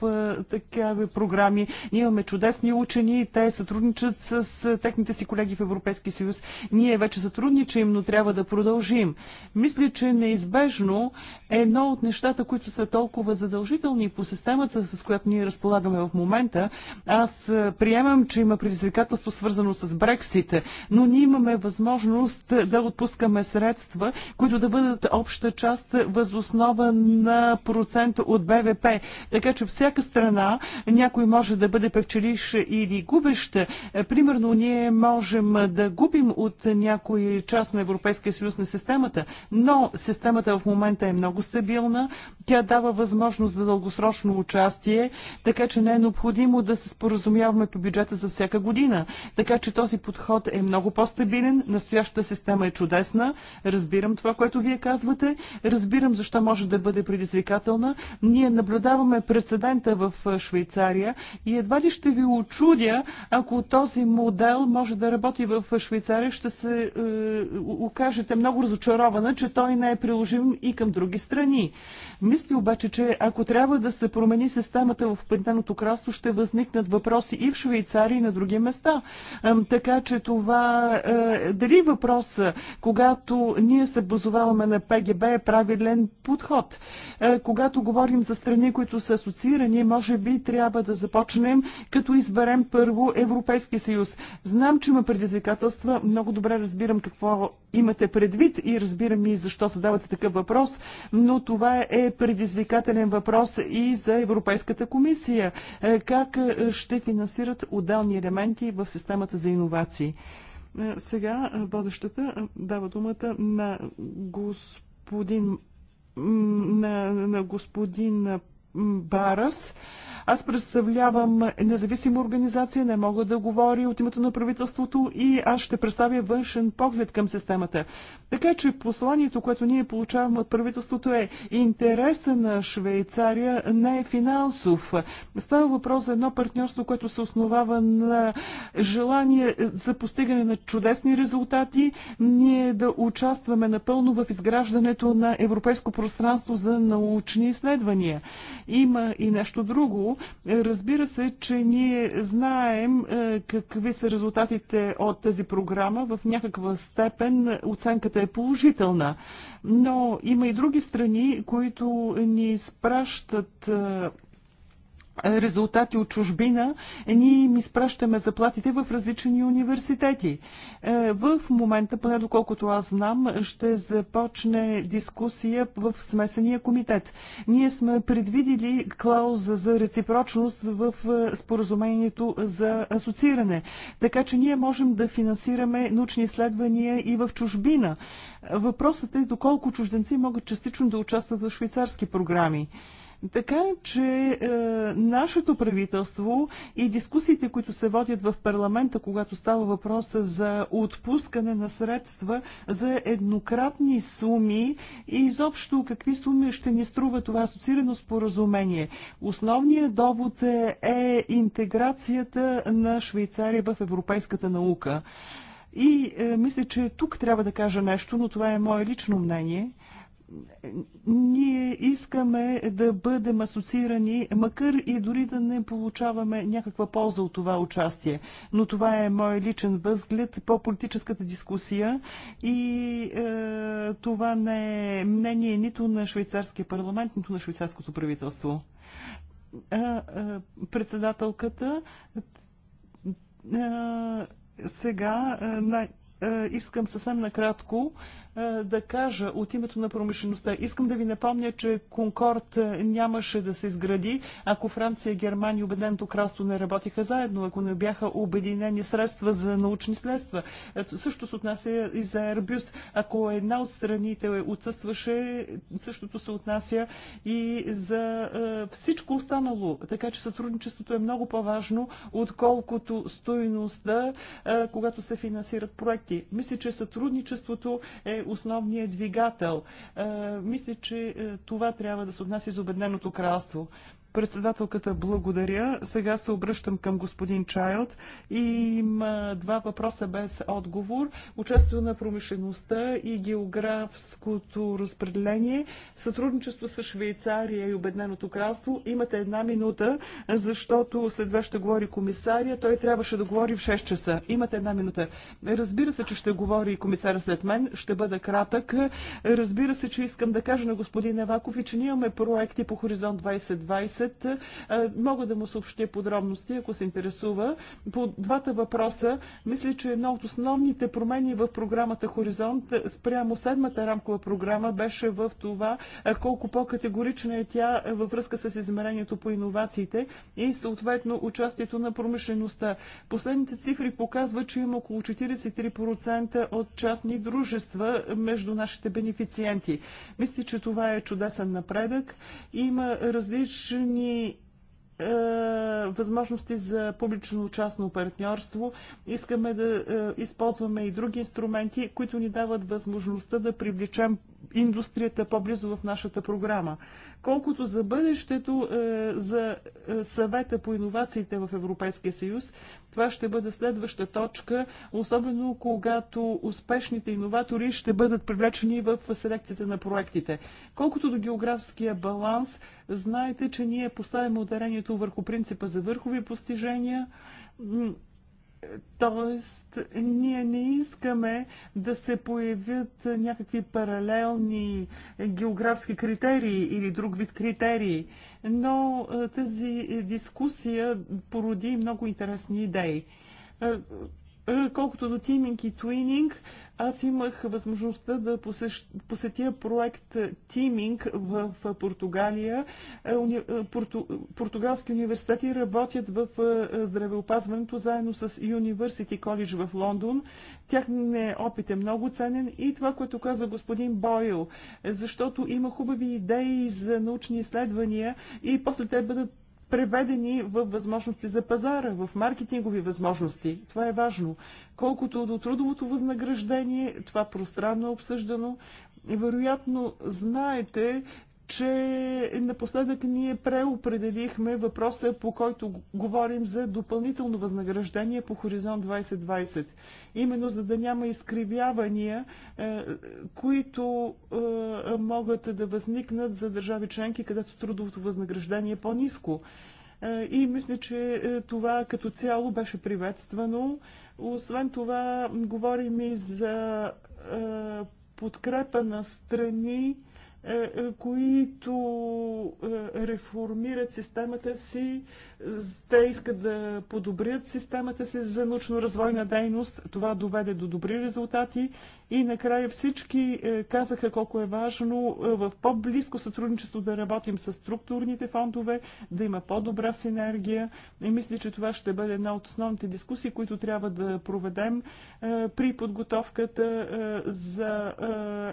такава програма програми. Ние имаме чудесни учени и те сътрудничат с техните си колеги в Европейския съюз. Ние вече сътрудничаем, но трябва да продължим. Мисля, че неизбежно е едно от нещата, които са толкова задължителни по системата, с която ние разполагаме в момента, аз е, приемам, че има предизвикателство свързано с Брексите, но ние имаме възможност да отпускаме средства, които да бъдат обща част възоснова на процент от БВП. Така че всяка страна, някой някой може да бъде печелиш или губещ. Примерно ние можем да губим от някой част на Европейския съюз на системата, но системата в момента е много стабилна. Тя дава възможност за дългосрочно участие, така че не е необходимо да се споразумяваме по бюджета за всяка година. Така че този подход е много по-стабилен. Настоящата система е чудесна. Разбирам това, което вие казвате. Разбирам защо може да бъде предизвикателна. Ние наблюдаваме прецедента в Швейцария и едва ли ще ви очудя, ако този модел може да работи в Швейцария, ще се е, окажете много разочарована, че той не е приложим и към други страни. Мисля обаче, че ако трябва да се промени системата в Обединеното кралство, ще възникнат въпроси и в Швейцария, и на други места. Е, така че това, е, дали въпроса, когато ние се базоваваме на ПГБ, е правилен подход. Е, когато говорим за страни, които са асоциирани, може би трябва да започнем, като изберем първо Европейския съюз. Знам, че има предизвикателства, много добре разбирам какво имате предвид и разбирам и защо задавате такъв въпрос, но това е предизвикателен въпрос и за Европейската комисия. Е, как е, ще финансират отделни елементи в системата за иновации? Е, сега водещата дава думата на господин на, на господин Барас. Аз представлявам независима организация, не мога да говоря от името на правителството и аз ще представя външен поглед към системата. Така че посланието, което ние получаваме от правителството е интереса на Швейцария не е финансов. Става въпрос за едно партньорство, което се основава на желание за постигане на чудесни резултати, ние да участваме напълно в изграждането на европейско пространство за научни изследвания. Има и нещо друго. Е, разбира се, че ние знаем е, какви са резултатите от тази програма. В някаква степен оценката е положителна. Но има и други страни, които ни изпращат е, резултати от чужбина, е, ние им изпращаме заплатите в различни университети. Е, в момента, поне доколкото аз знам, ще започне дискусия в смесения комитет. Ние сме предвидили клауза за реципрочност в е, споразумението за асоцииране, така че ние можем да финансираме научни изследвания и в чужбина. Въпросът е доколко чужденци могат частично да участват в швейцарски програми. Така че е, нашето правителство и дискусиите, които се водят в парламента, когато става въпроса за отпускане на средства за еднократни суми и изобщо какви суми ще ни струва това асоциирано споразумение. Основният довод е, е интеграцията на Швейцария в европейската наука. И е, мисля, че тук трябва да кажа нещо, но това е мое лично мнение ние искаме да бъдем асоциирани, макар и дори да не получаваме някаква полза от това участие. Но това е мой личен възглед по политическата дискусия и е, това не е мнение нито на швейцарския парламент, нито на швейцарското правителство. Е, е, председателката е, сега. Е, е искам съвсем накратко е, да кажа от името на промишлеността. Искам да ви напомня, че Конкорд е, нямаше да се изгради, ако Франция, Германия и Обединеното кралство не работиха заедно, ако не бяха обединени средства за научни следства. Също се отнася и за Airbus. Ако една от страните отсъстваше, същото се отнася и за е, всичко останало. Така че сътрудничеството е много по-важно, отколкото стойността, когато се финансират проекти. Мисля, че сътрудничеството е основният двигател. Е, мисля, че е, това трябва да се отнася за Обедненото кралство. Председателката благодаря. Сега се обръщам към господин Чайлд. Има два въпроса без отговор. Участие на промишлеността и географското разпределение, сътрудничество с Швейцария и Обедненото кралство. Имате една минута, защото след това ще говори комисария. Той трябваше да говори в 6 часа. Имате една минута. Разбира се, че ще говори комисаря след мен. Ще бъда кратък. Разбира се, че искам да кажа на господин Еваков, че ние имаме проекти по Хоризонт 2020 10. Мога да му съобщя подробности, ако се интересува. По двата въпроса, мисля, че едно от основните промени в програмата Хоризонт спрямо седмата рамкова програма беше в това колко по-категорична е тя във връзка с измерението по иновациите и съответно участието на промишлеността. Последните цифри показват, че има около 43% от частни дружества между нашите бенефициенти. Мисля, че това е чудесен напредък. Има различни ни е, възможности за публично-частно партньорство. Искаме да е, използваме и други инструменти, които ни дават възможността да привлечем индустрията е по-близо в нашата програма. Колкото за бъдещето, е, за е, съвета по иновациите в Европейския съюз, това ще бъде следваща точка, особено когато успешните иноватори ще бъдат привлечени в селекцията на проектите. Колкото до географския баланс, знаете, че ние поставяме ударението върху принципа за върхови постижения, Тоест, ние не искаме да се появят някакви паралелни географски критерии или друг вид критерии, но тази дискусия породи много интересни идеи. Е, колкото до тиминг и туининг, аз имах възможността да посещ, посетя проект Тиминг в, Португалия. Е, уни, е, порту, португалски университети работят в здравеопазването заедно с University College в Лондон. Тяхният опит е много ценен и това, което каза господин Бойл, защото има хубави идеи за научни изследвания и после те бъдат преведени в възможности за пазара, в маркетингови възможности. Това е важно. Колкото до трудовото възнаграждение, това пространно е обсъждано. Вероятно знаете, че напоследък ние преопределихме въпроса, по който говорим за допълнително възнаграждение по Хоризонт 2020. Именно за да няма изкривявания, е, които е, могат да възникнат за държави членки, където трудовото възнаграждение е по-низко. Е, и мисля, че това като цяло беше приветствано. Освен това, говорим и за подкрепа на страни, е, е, които е, реформират системата си, те искат да подобрят системата си за научно-развойна дейност. Това доведе до добри резултати и накрая всички казаха колко е важно в по-близко сътрудничество да работим с структурните фондове, да има по-добра синергия. И мисля, че това ще бъде една от основните дискусии, които трябва да проведем при подготовката за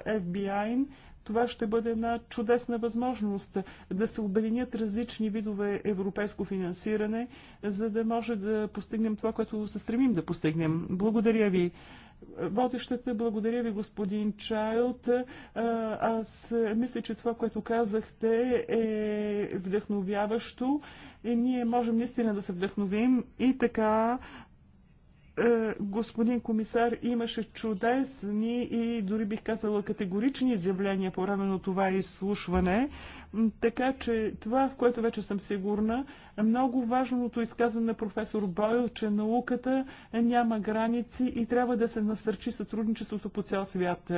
FBI това ще бъде една чудесна възможност да се обединят различни видове европейско финансиране, за да може да постигнем това, което се стремим да постигнем. Благодаря ви водещата. Благодаря ви, господин Чайлд. Аз мисля, че това, което казахте е вдъхновяващо. И е, ние можем наистина да се вдъхновим и така е, господин комисар имаше чудесни и дори бих казала категорични изявления по време на това изслушване. Така че това, в което вече съм сигурна, е много важното изказване на професор Бойл, че науката няма граници и трябва да се насърчи сътрудничеството по цял свят.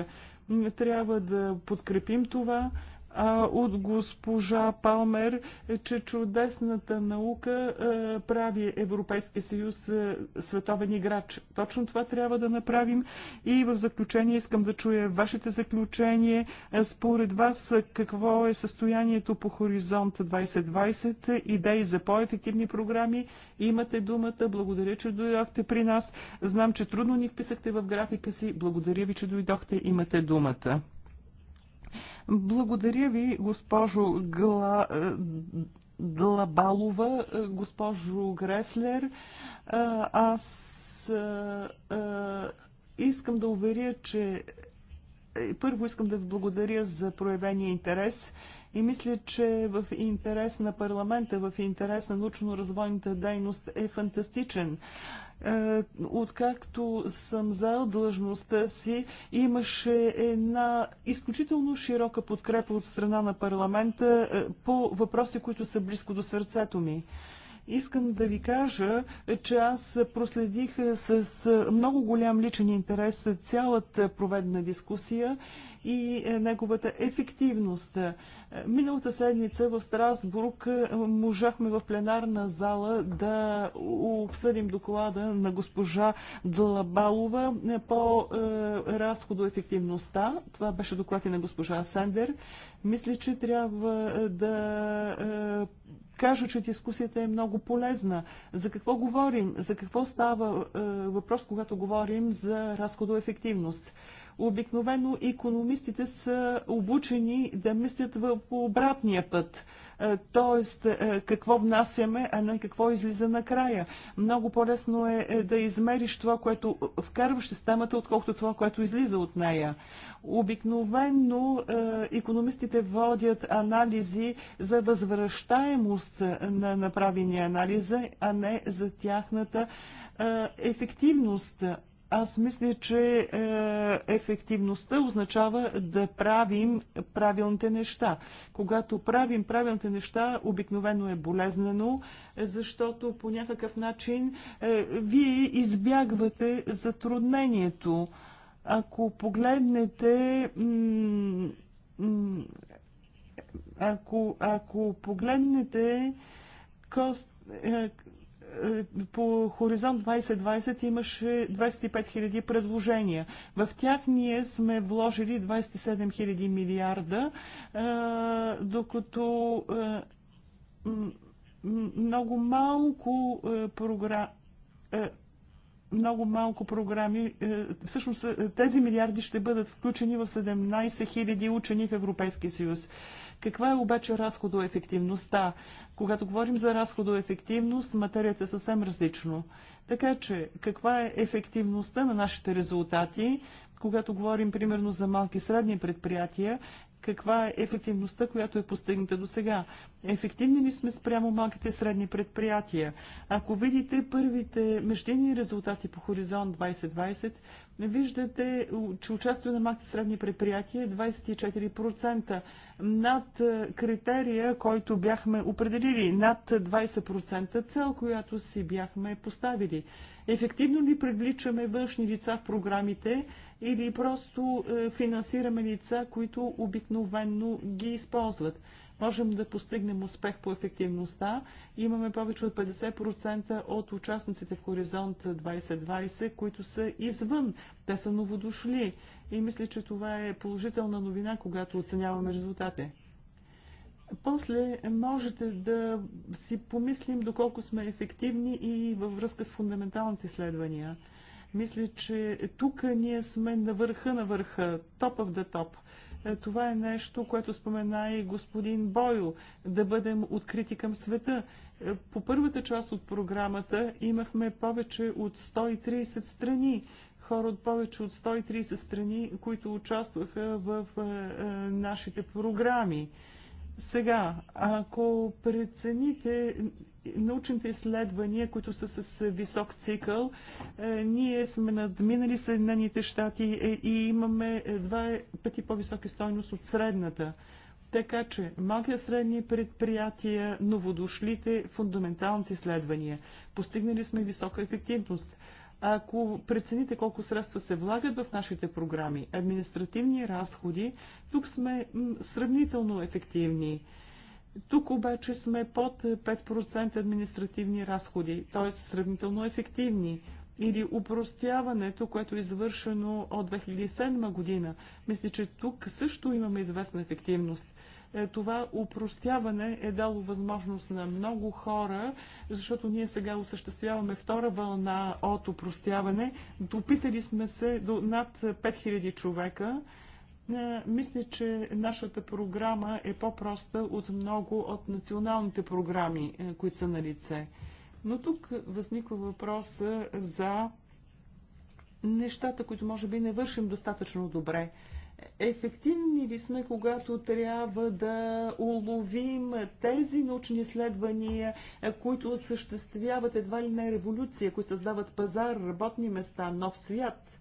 Трябва да подкрепим това а, от госпожа Палмер, че чудесната наука а, прави Европейския съюз а, световен играч. Точно това трябва да направим. И в заключение искам да чуя вашите заключения. Според вас какво е състоянието по хоризонт 2020? Идеи за по-ефективни програми? Имате думата. Благодаря, че дойдохте при нас. Знам, че трудно ни вписахте в графика си. Благодаря ви, че дойдохте. Имате думата. Благодаря ви, госпожо Гла... Е, Длабалова, е, госпожо Греслер. Е, аз а, а, искам да уверя, че първо искам да ви благодаря за проявения интерес и мисля, че в интерес на парламента, в интерес на научно-развойната дейност е фантастичен. Е, откакто съм заел длъжността си, имаше една изключително широка подкрепа от страна на парламента е, по въпроси, които са близко до сърцето ми. Искам да ви кажа, е, че аз проследих с много голям личен интерес цялата проведена дискусия и неговата ефективност. Миналата седмица в Страсбург е, можахме в пленарна зала да обсъдим доклада на госпожа Длабалова по е, разходоефективността. Това беше доклад и на госпожа Сандер. Мисля, че трябва е, да кажа, че дискусията е много полезна. За какво говорим? За какво става въпрос, когато говорим за разходоефективност? ефективност? Обикновено економистите са обучени да мислят в обратния път т.е. Е, какво внасяме, а не какво излиза накрая. Много по-лесно е, е да измериш това, което вкарваш системата, отколкото това, което излиза от нея. Обикновено економистите водят анализи за възвръщаемост на направения анализа, а не за тяхната е, ефективност. Аз мисля, че е, ефективността означава да правим правилните неща. Когато правим правилните неща, обикновено е болезнено, защото по някакъв начин е, вие избягвате затруднението. Ако погледнете ако, ако погледнете кост, е, е, по Хоризонт 2020 имаше 25 000 предложения. В тях ние сме вложили 27 000 милиарда, е, докато е, много малко програми много малко програми. Всъщност тези милиарди ще бъдат включени в 17 000 учени в Европейския съюз. Каква е обаче разходоефективността? Когато говорим за разходоефективност, материята е съвсем различно. Така че, каква е ефективността на нашите резултати? Когато говорим, примерно, за малки и средни предприятия, каква е ефективността, която е постигната до сега. Ефективни ли сме спрямо малките и средни предприятия? Ако видите първите междинни резултати по Хоризонт 2020, Виждате, че участие на малки средни предприятия е 24%. Над е, критерия, който бяхме определили, над 20% цел, която си бяхме поставили. Ефективно ли привличаме външни лица в програмите или просто е, финансираме лица, които обикновенно ги използват? можем да постигнем успех по ефективността. Имаме повече от 50% от участниците в Хоризонт 2020, които са извън. Те са новодошли. И мисля, че това е положителна новина, когато оценяваме резултати. После можете да си помислим доколко сме ефективни и във връзка с фундаменталните изследвания. Мисля, че тук ние сме на върха на върха, топ of the топ. Е, това е нещо, което спомена и господин Бойл, да бъдем открити към света. Е, по първата част от програмата имахме повече от 130 страни, хора от повече от 130 страни, които участваха в е, нашите програми. Сега, ако прецените научните изследвания, които са с висок цикъл. Е, ние сме надминали Съединените щати е, и имаме е, два пъти по-високи стойност от средната. Така че малки средни предприятия, новодошлите, фундаменталните изследвания. Постигнали сме висока ефективност. Ако прецените колко средства се влагат в нашите програми, административни разходи, тук сме сравнително ефективни. Тук обаче сме под 5% административни разходи, т.е. сравнително ефективни. Или упростяването, което е извършено от 2007 година. Мисля, че тук също имаме известна ефективност е, това упростяване е дало възможност на много хора, защото ние сега осъществяваме втора вълна от упростяване. Допитали сме се до над 5000 човека е, мисля, че нашата програма е по-проста от много от националните програми, е, които са на лице. Но тук възниква въпрос за нещата, които може би не вършим достатъчно добре. Ефективни ли сме, когато трябва да уловим тези научни изследвания, е, които осъществяват едва ли не революция, които създават пазар, работни места, нов свят?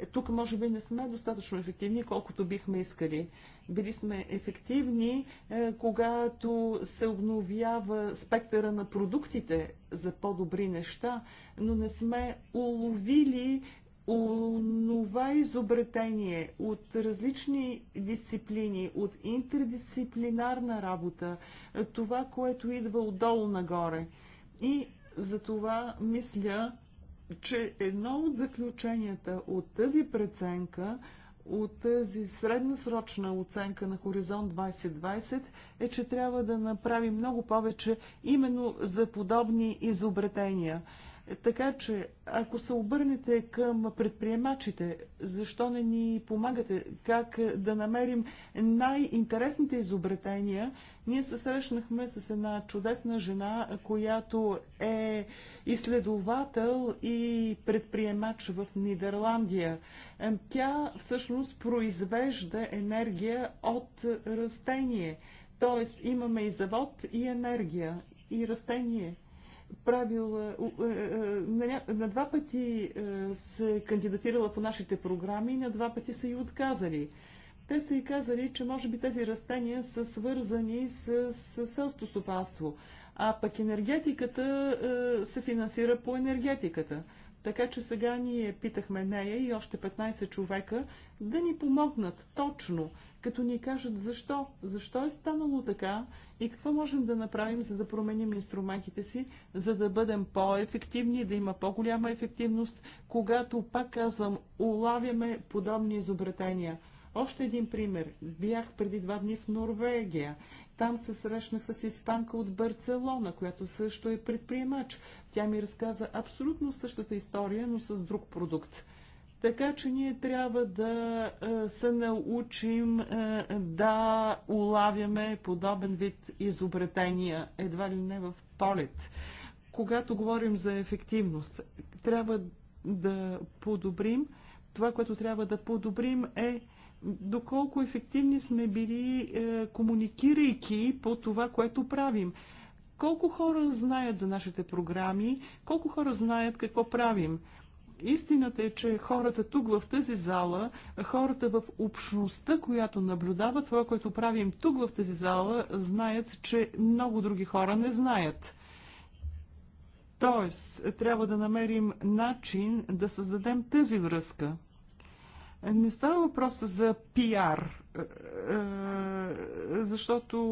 Е, тук може би не сме достатъчно ефективни, колкото бихме искали. Били сме ефективни, е, когато се обновява спектъра на продуктите за по-добри неща, но не сме уловили онова изобретение от различни дисциплини, от интердисциплинарна работа, е, това, което идва отдолу нагоре. И за това мисля, че едно от заключенията от тази преценка, от тази средносрочна оценка на Хоризонт 2020 е, че трябва да направим много повече именно за подобни изобретения. Така че, ако се обърнете към предприемачите, защо не ни помагате? Как да намерим най-интересните изобретения? Ние се срещнахме с една чудесна жена, която е изследовател и предприемач в Нидерландия. Тя всъщност произвежда енергия от растение. Тоест имаме и завод, и енергия, и растение – правила, е, е, е, на два пъти се кандидатирала по нашите програми и на два пъти са и отказали. Те са и казали, че може би тези растения са свързани с, с селско стопанство, а пък енергетиката се финансира по енергетиката. Така че сега ние питахме нея и още 15 човека да ни помогнат точно като ни кажат защо, защо е станало така и какво можем да направим, за да променим инструментите си, за да бъдем по-ефективни, да има по-голяма ефективност, когато, пак казвам, улавяме подобни изобретения. Още един пример. Бях преди два дни в Норвегия. Там се срещнах с испанка от Барселона, която също е предприемач. Тя ми разказа абсолютно същата история, но с друг продукт. Така че ние трябва да е, се научим е, да улавяме подобен вид изобретения, едва ли не в полет. Когато говорим за ефективност, трябва да подобрим. Това, което трябва да подобрим е доколко ефективни сме били е, комуникирайки по това, което правим. Колко хора знаят за нашите програми, колко хора знаят какво правим. Истината е, че хората тук в тази зала, хората в общността, която наблюдават това, което правим тук в тази зала, знаят, че много други хора не знаят. Тоест, трябва да намерим начин да създадем тази връзка. Не става въпрос за пиар, е, е, защото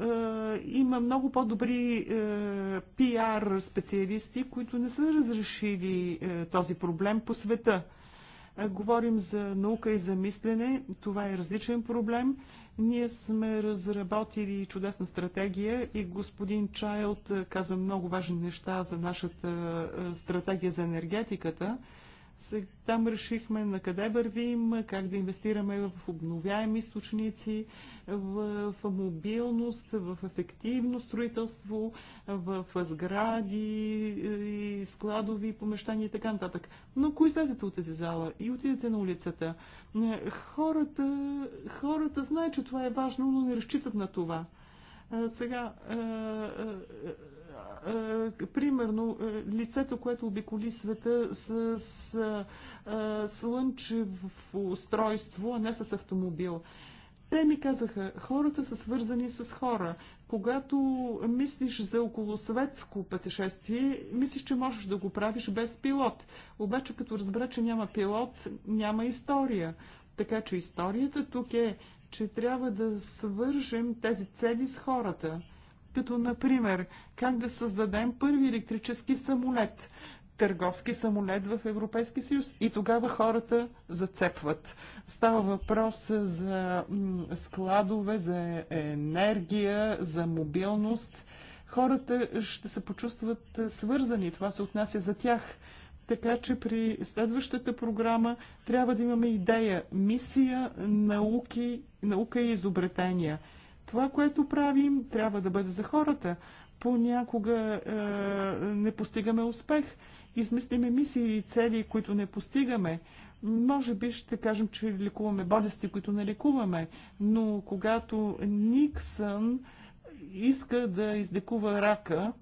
е, има много по-добри е, пиар специалисти, които не са разрешили е, този проблем по света. Говорим за наука и за мислене. Това е различен проблем. Ние сме разработили чудесна стратегия и господин Чайлд каза много важни неща за нашата стратегия за енергетиката. Там решихме на къде вървим, как да инвестираме в обновяеми източници, в, в мобилност, в ефективно строителство, в сгради, складови помещания и така нататък. Но ако излезете от тази зала и отидете на улицата, хората, хората знаят, че това е важно, но не разчитат на това. Сега, е, примерно, е, лицето, което обиколи света с, с а, е, слънчево устройство, а не с автомобил. Те ми казаха, хората са свързани с хора. Когато мислиш за околосветско пътешествие, мислиш, че можеш да го правиш без пилот. Обаче, като разбра, че няма пилот, няма история. Така че историята тук е, че трябва да свържем тези цели с хората – като например как да създадем първи електрически самолет, търговски самолет в Европейски съюз и тогава хората зацепват. Става въпрос за складове, за енергия, за мобилност. Хората ще се почувстват свързани, това се отнася за тях. Така че при следващата програма трябва да имаме идея, мисия, науки, наука и изобретения – това, което правим, трябва да бъде за хората. Понякога е, не постигаме успех. Измислиме мисии и цели, които не постигаме. Може би ще кажем, че лекуваме болести, които не лекуваме, но когато Никсън иска да излекува рака,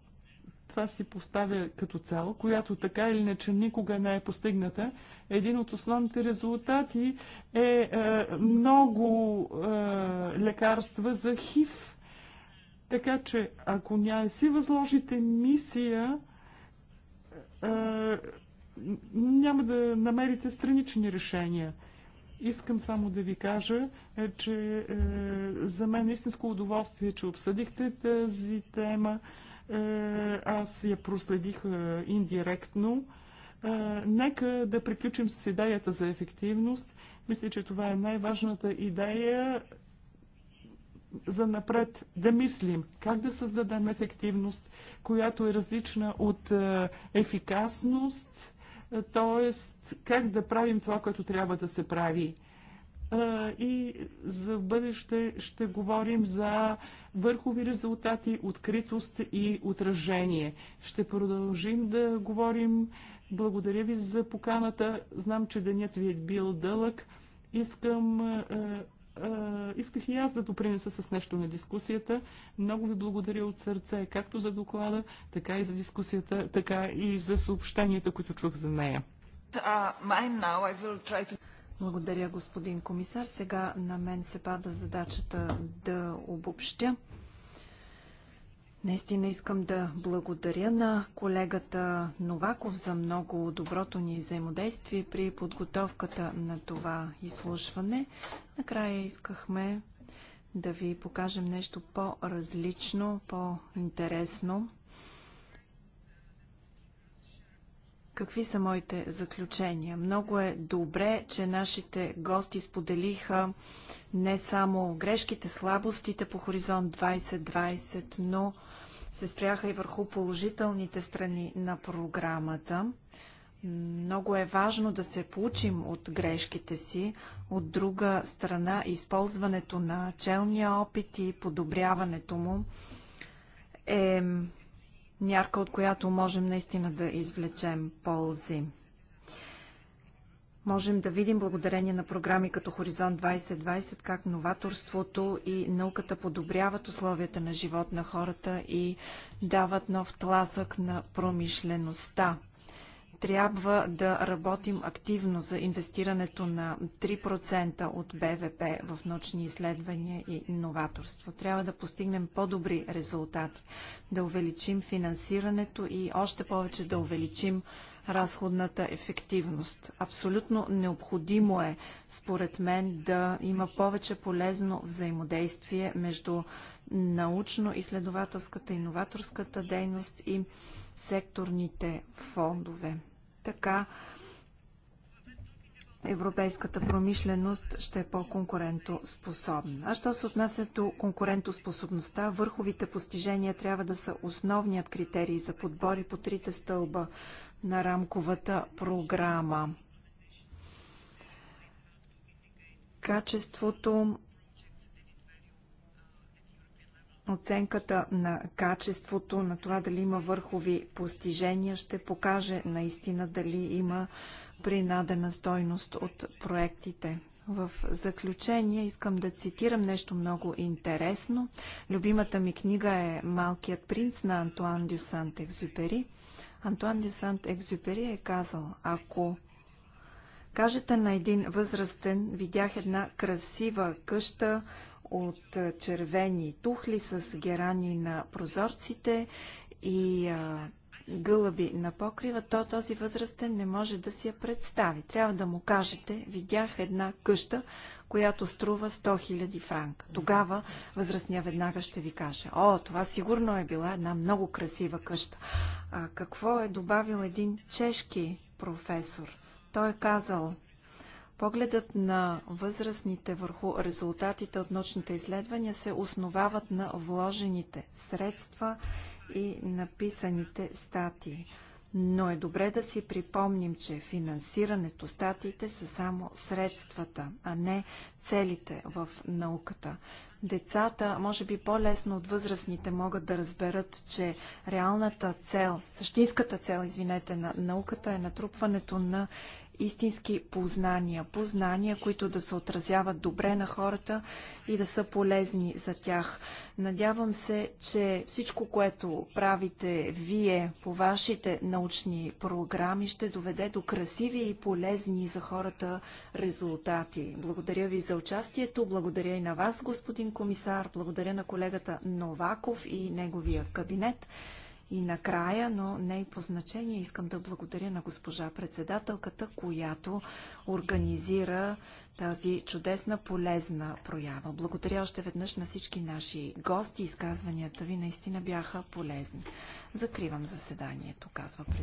това си поставя като цяло, която така или иначе никога не е постигната, един от основните резултати е, е много е, лекарства за ХИВ. Така че, ако няма си възложите мисия, е, няма да намерите странични решения. Искам само да ви кажа, е, че е, за мен е истинско удоволствие, че обсъдихте тази тема. Е, аз я проследих е, индиректно. Е, нека да приключим с идеята за ефективност. Мисля, че това е най-важната идея за напред да мислим как да създадем ефективност, която е различна от ефикасност, т.е. как да правим това, което трябва да се прави. И за бъдеще ще говорим за върхови резултати, откритост и отражение. Ще продължим да говорим. Благодаря ви за поканата. Знам, че денят ви е бил дълъг. Искам е, е, исках и аз да допринеса с нещо на дискусията. Много ви благодаря от сърце, както за доклада, така и за дискусията, така и за съобщенията, които чух за нея. Благодаря, господин комисар. Сега на мен се пада задачата да обобщя Наистина искам да благодаря на колегата Новаков за много доброто ни взаимодействие при подготовката на това изслушване. Накрая искахме да ви покажем нещо по-различно, по-интересно. Какви са моите заключения? Много е добре, че нашите гости споделиха не само грешките, слабостите по Хоризонт 2020, но се спряха и върху положителните страни на програмата. Много е важно да се получим от грешките си. От друга страна, използването на челния опит и подобряването му е мярка, от която можем наистина да извлечем ползи можем да видим благодарение на програми като Хоризонт 2020 как новаторството и науката подобряват условията на живот на хората и дават нов тласък на промишлеността. Трябва да работим активно за инвестирането на 3% от БВП в научни изследвания и новаторство. Трябва да постигнем по-добри резултати, да увеличим финансирането и още повече да увеличим разходната ефективност. Абсолютно необходимо е, според мен, да има повече полезно взаимодействие между научно-изследователската, иноваторската дейност и секторните фондове. Така европейската промишленост ще е по-конкурентоспособна. А що се отнася до конкурентоспособността, върховите постижения трябва да са основният критерий за подбори по трите стълба на рамковата програма. Качеството оценката на качеството, на това дали има върхови постижения, ще покаже наистина дали има принадена стойност от проектите. В заключение искам да цитирам нещо много интересно. Любимата ми книга е Малкият принц на Антуан Дю Сант-Екзюпери. Антуан де Сант-Екзюпери е казал, ако кажете на един възрастен, видях една красива къща от червени тухли с герани на прозорците и гълъби на покрива, то този възрастен не може да си я представи. Трябва да му кажете, видях една къща, която струва 100 000 франка. Тогава възрастния веднага ще ви каже, о, това сигурно е била една много красива къща. А какво е добавил един чешки професор? Той е казал, Погледът на възрастните върху резултатите от научните изследвания се основават на вложените средства и написаните статии но е добре да си припомним, че финансирането, статиите са само средствата, а не целите в науката. Децата, може би по-лесно от възрастните, могат да разберат, че реалната цел, същинската цел, извинете, на науката е натрупването на истински познания. Познания, които да се отразяват добре на хората и да са полезни за тях. Надявам се, че всичко, което правите вие по вашите научни програми, ще доведе до красиви и полезни за хората резултати. Благодаря ви за участието, благодаря и на вас, господин комисар, благодаря на колегата Новаков и неговия кабинет. И накрая, но не и по значение, искам да благодаря на госпожа председателката, която организира тази чудесна, полезна проява. Благодаря още веднъж на всички наши гости. Изказванията ви наистина бяха полезни. Закривам заседанието, казва председателката.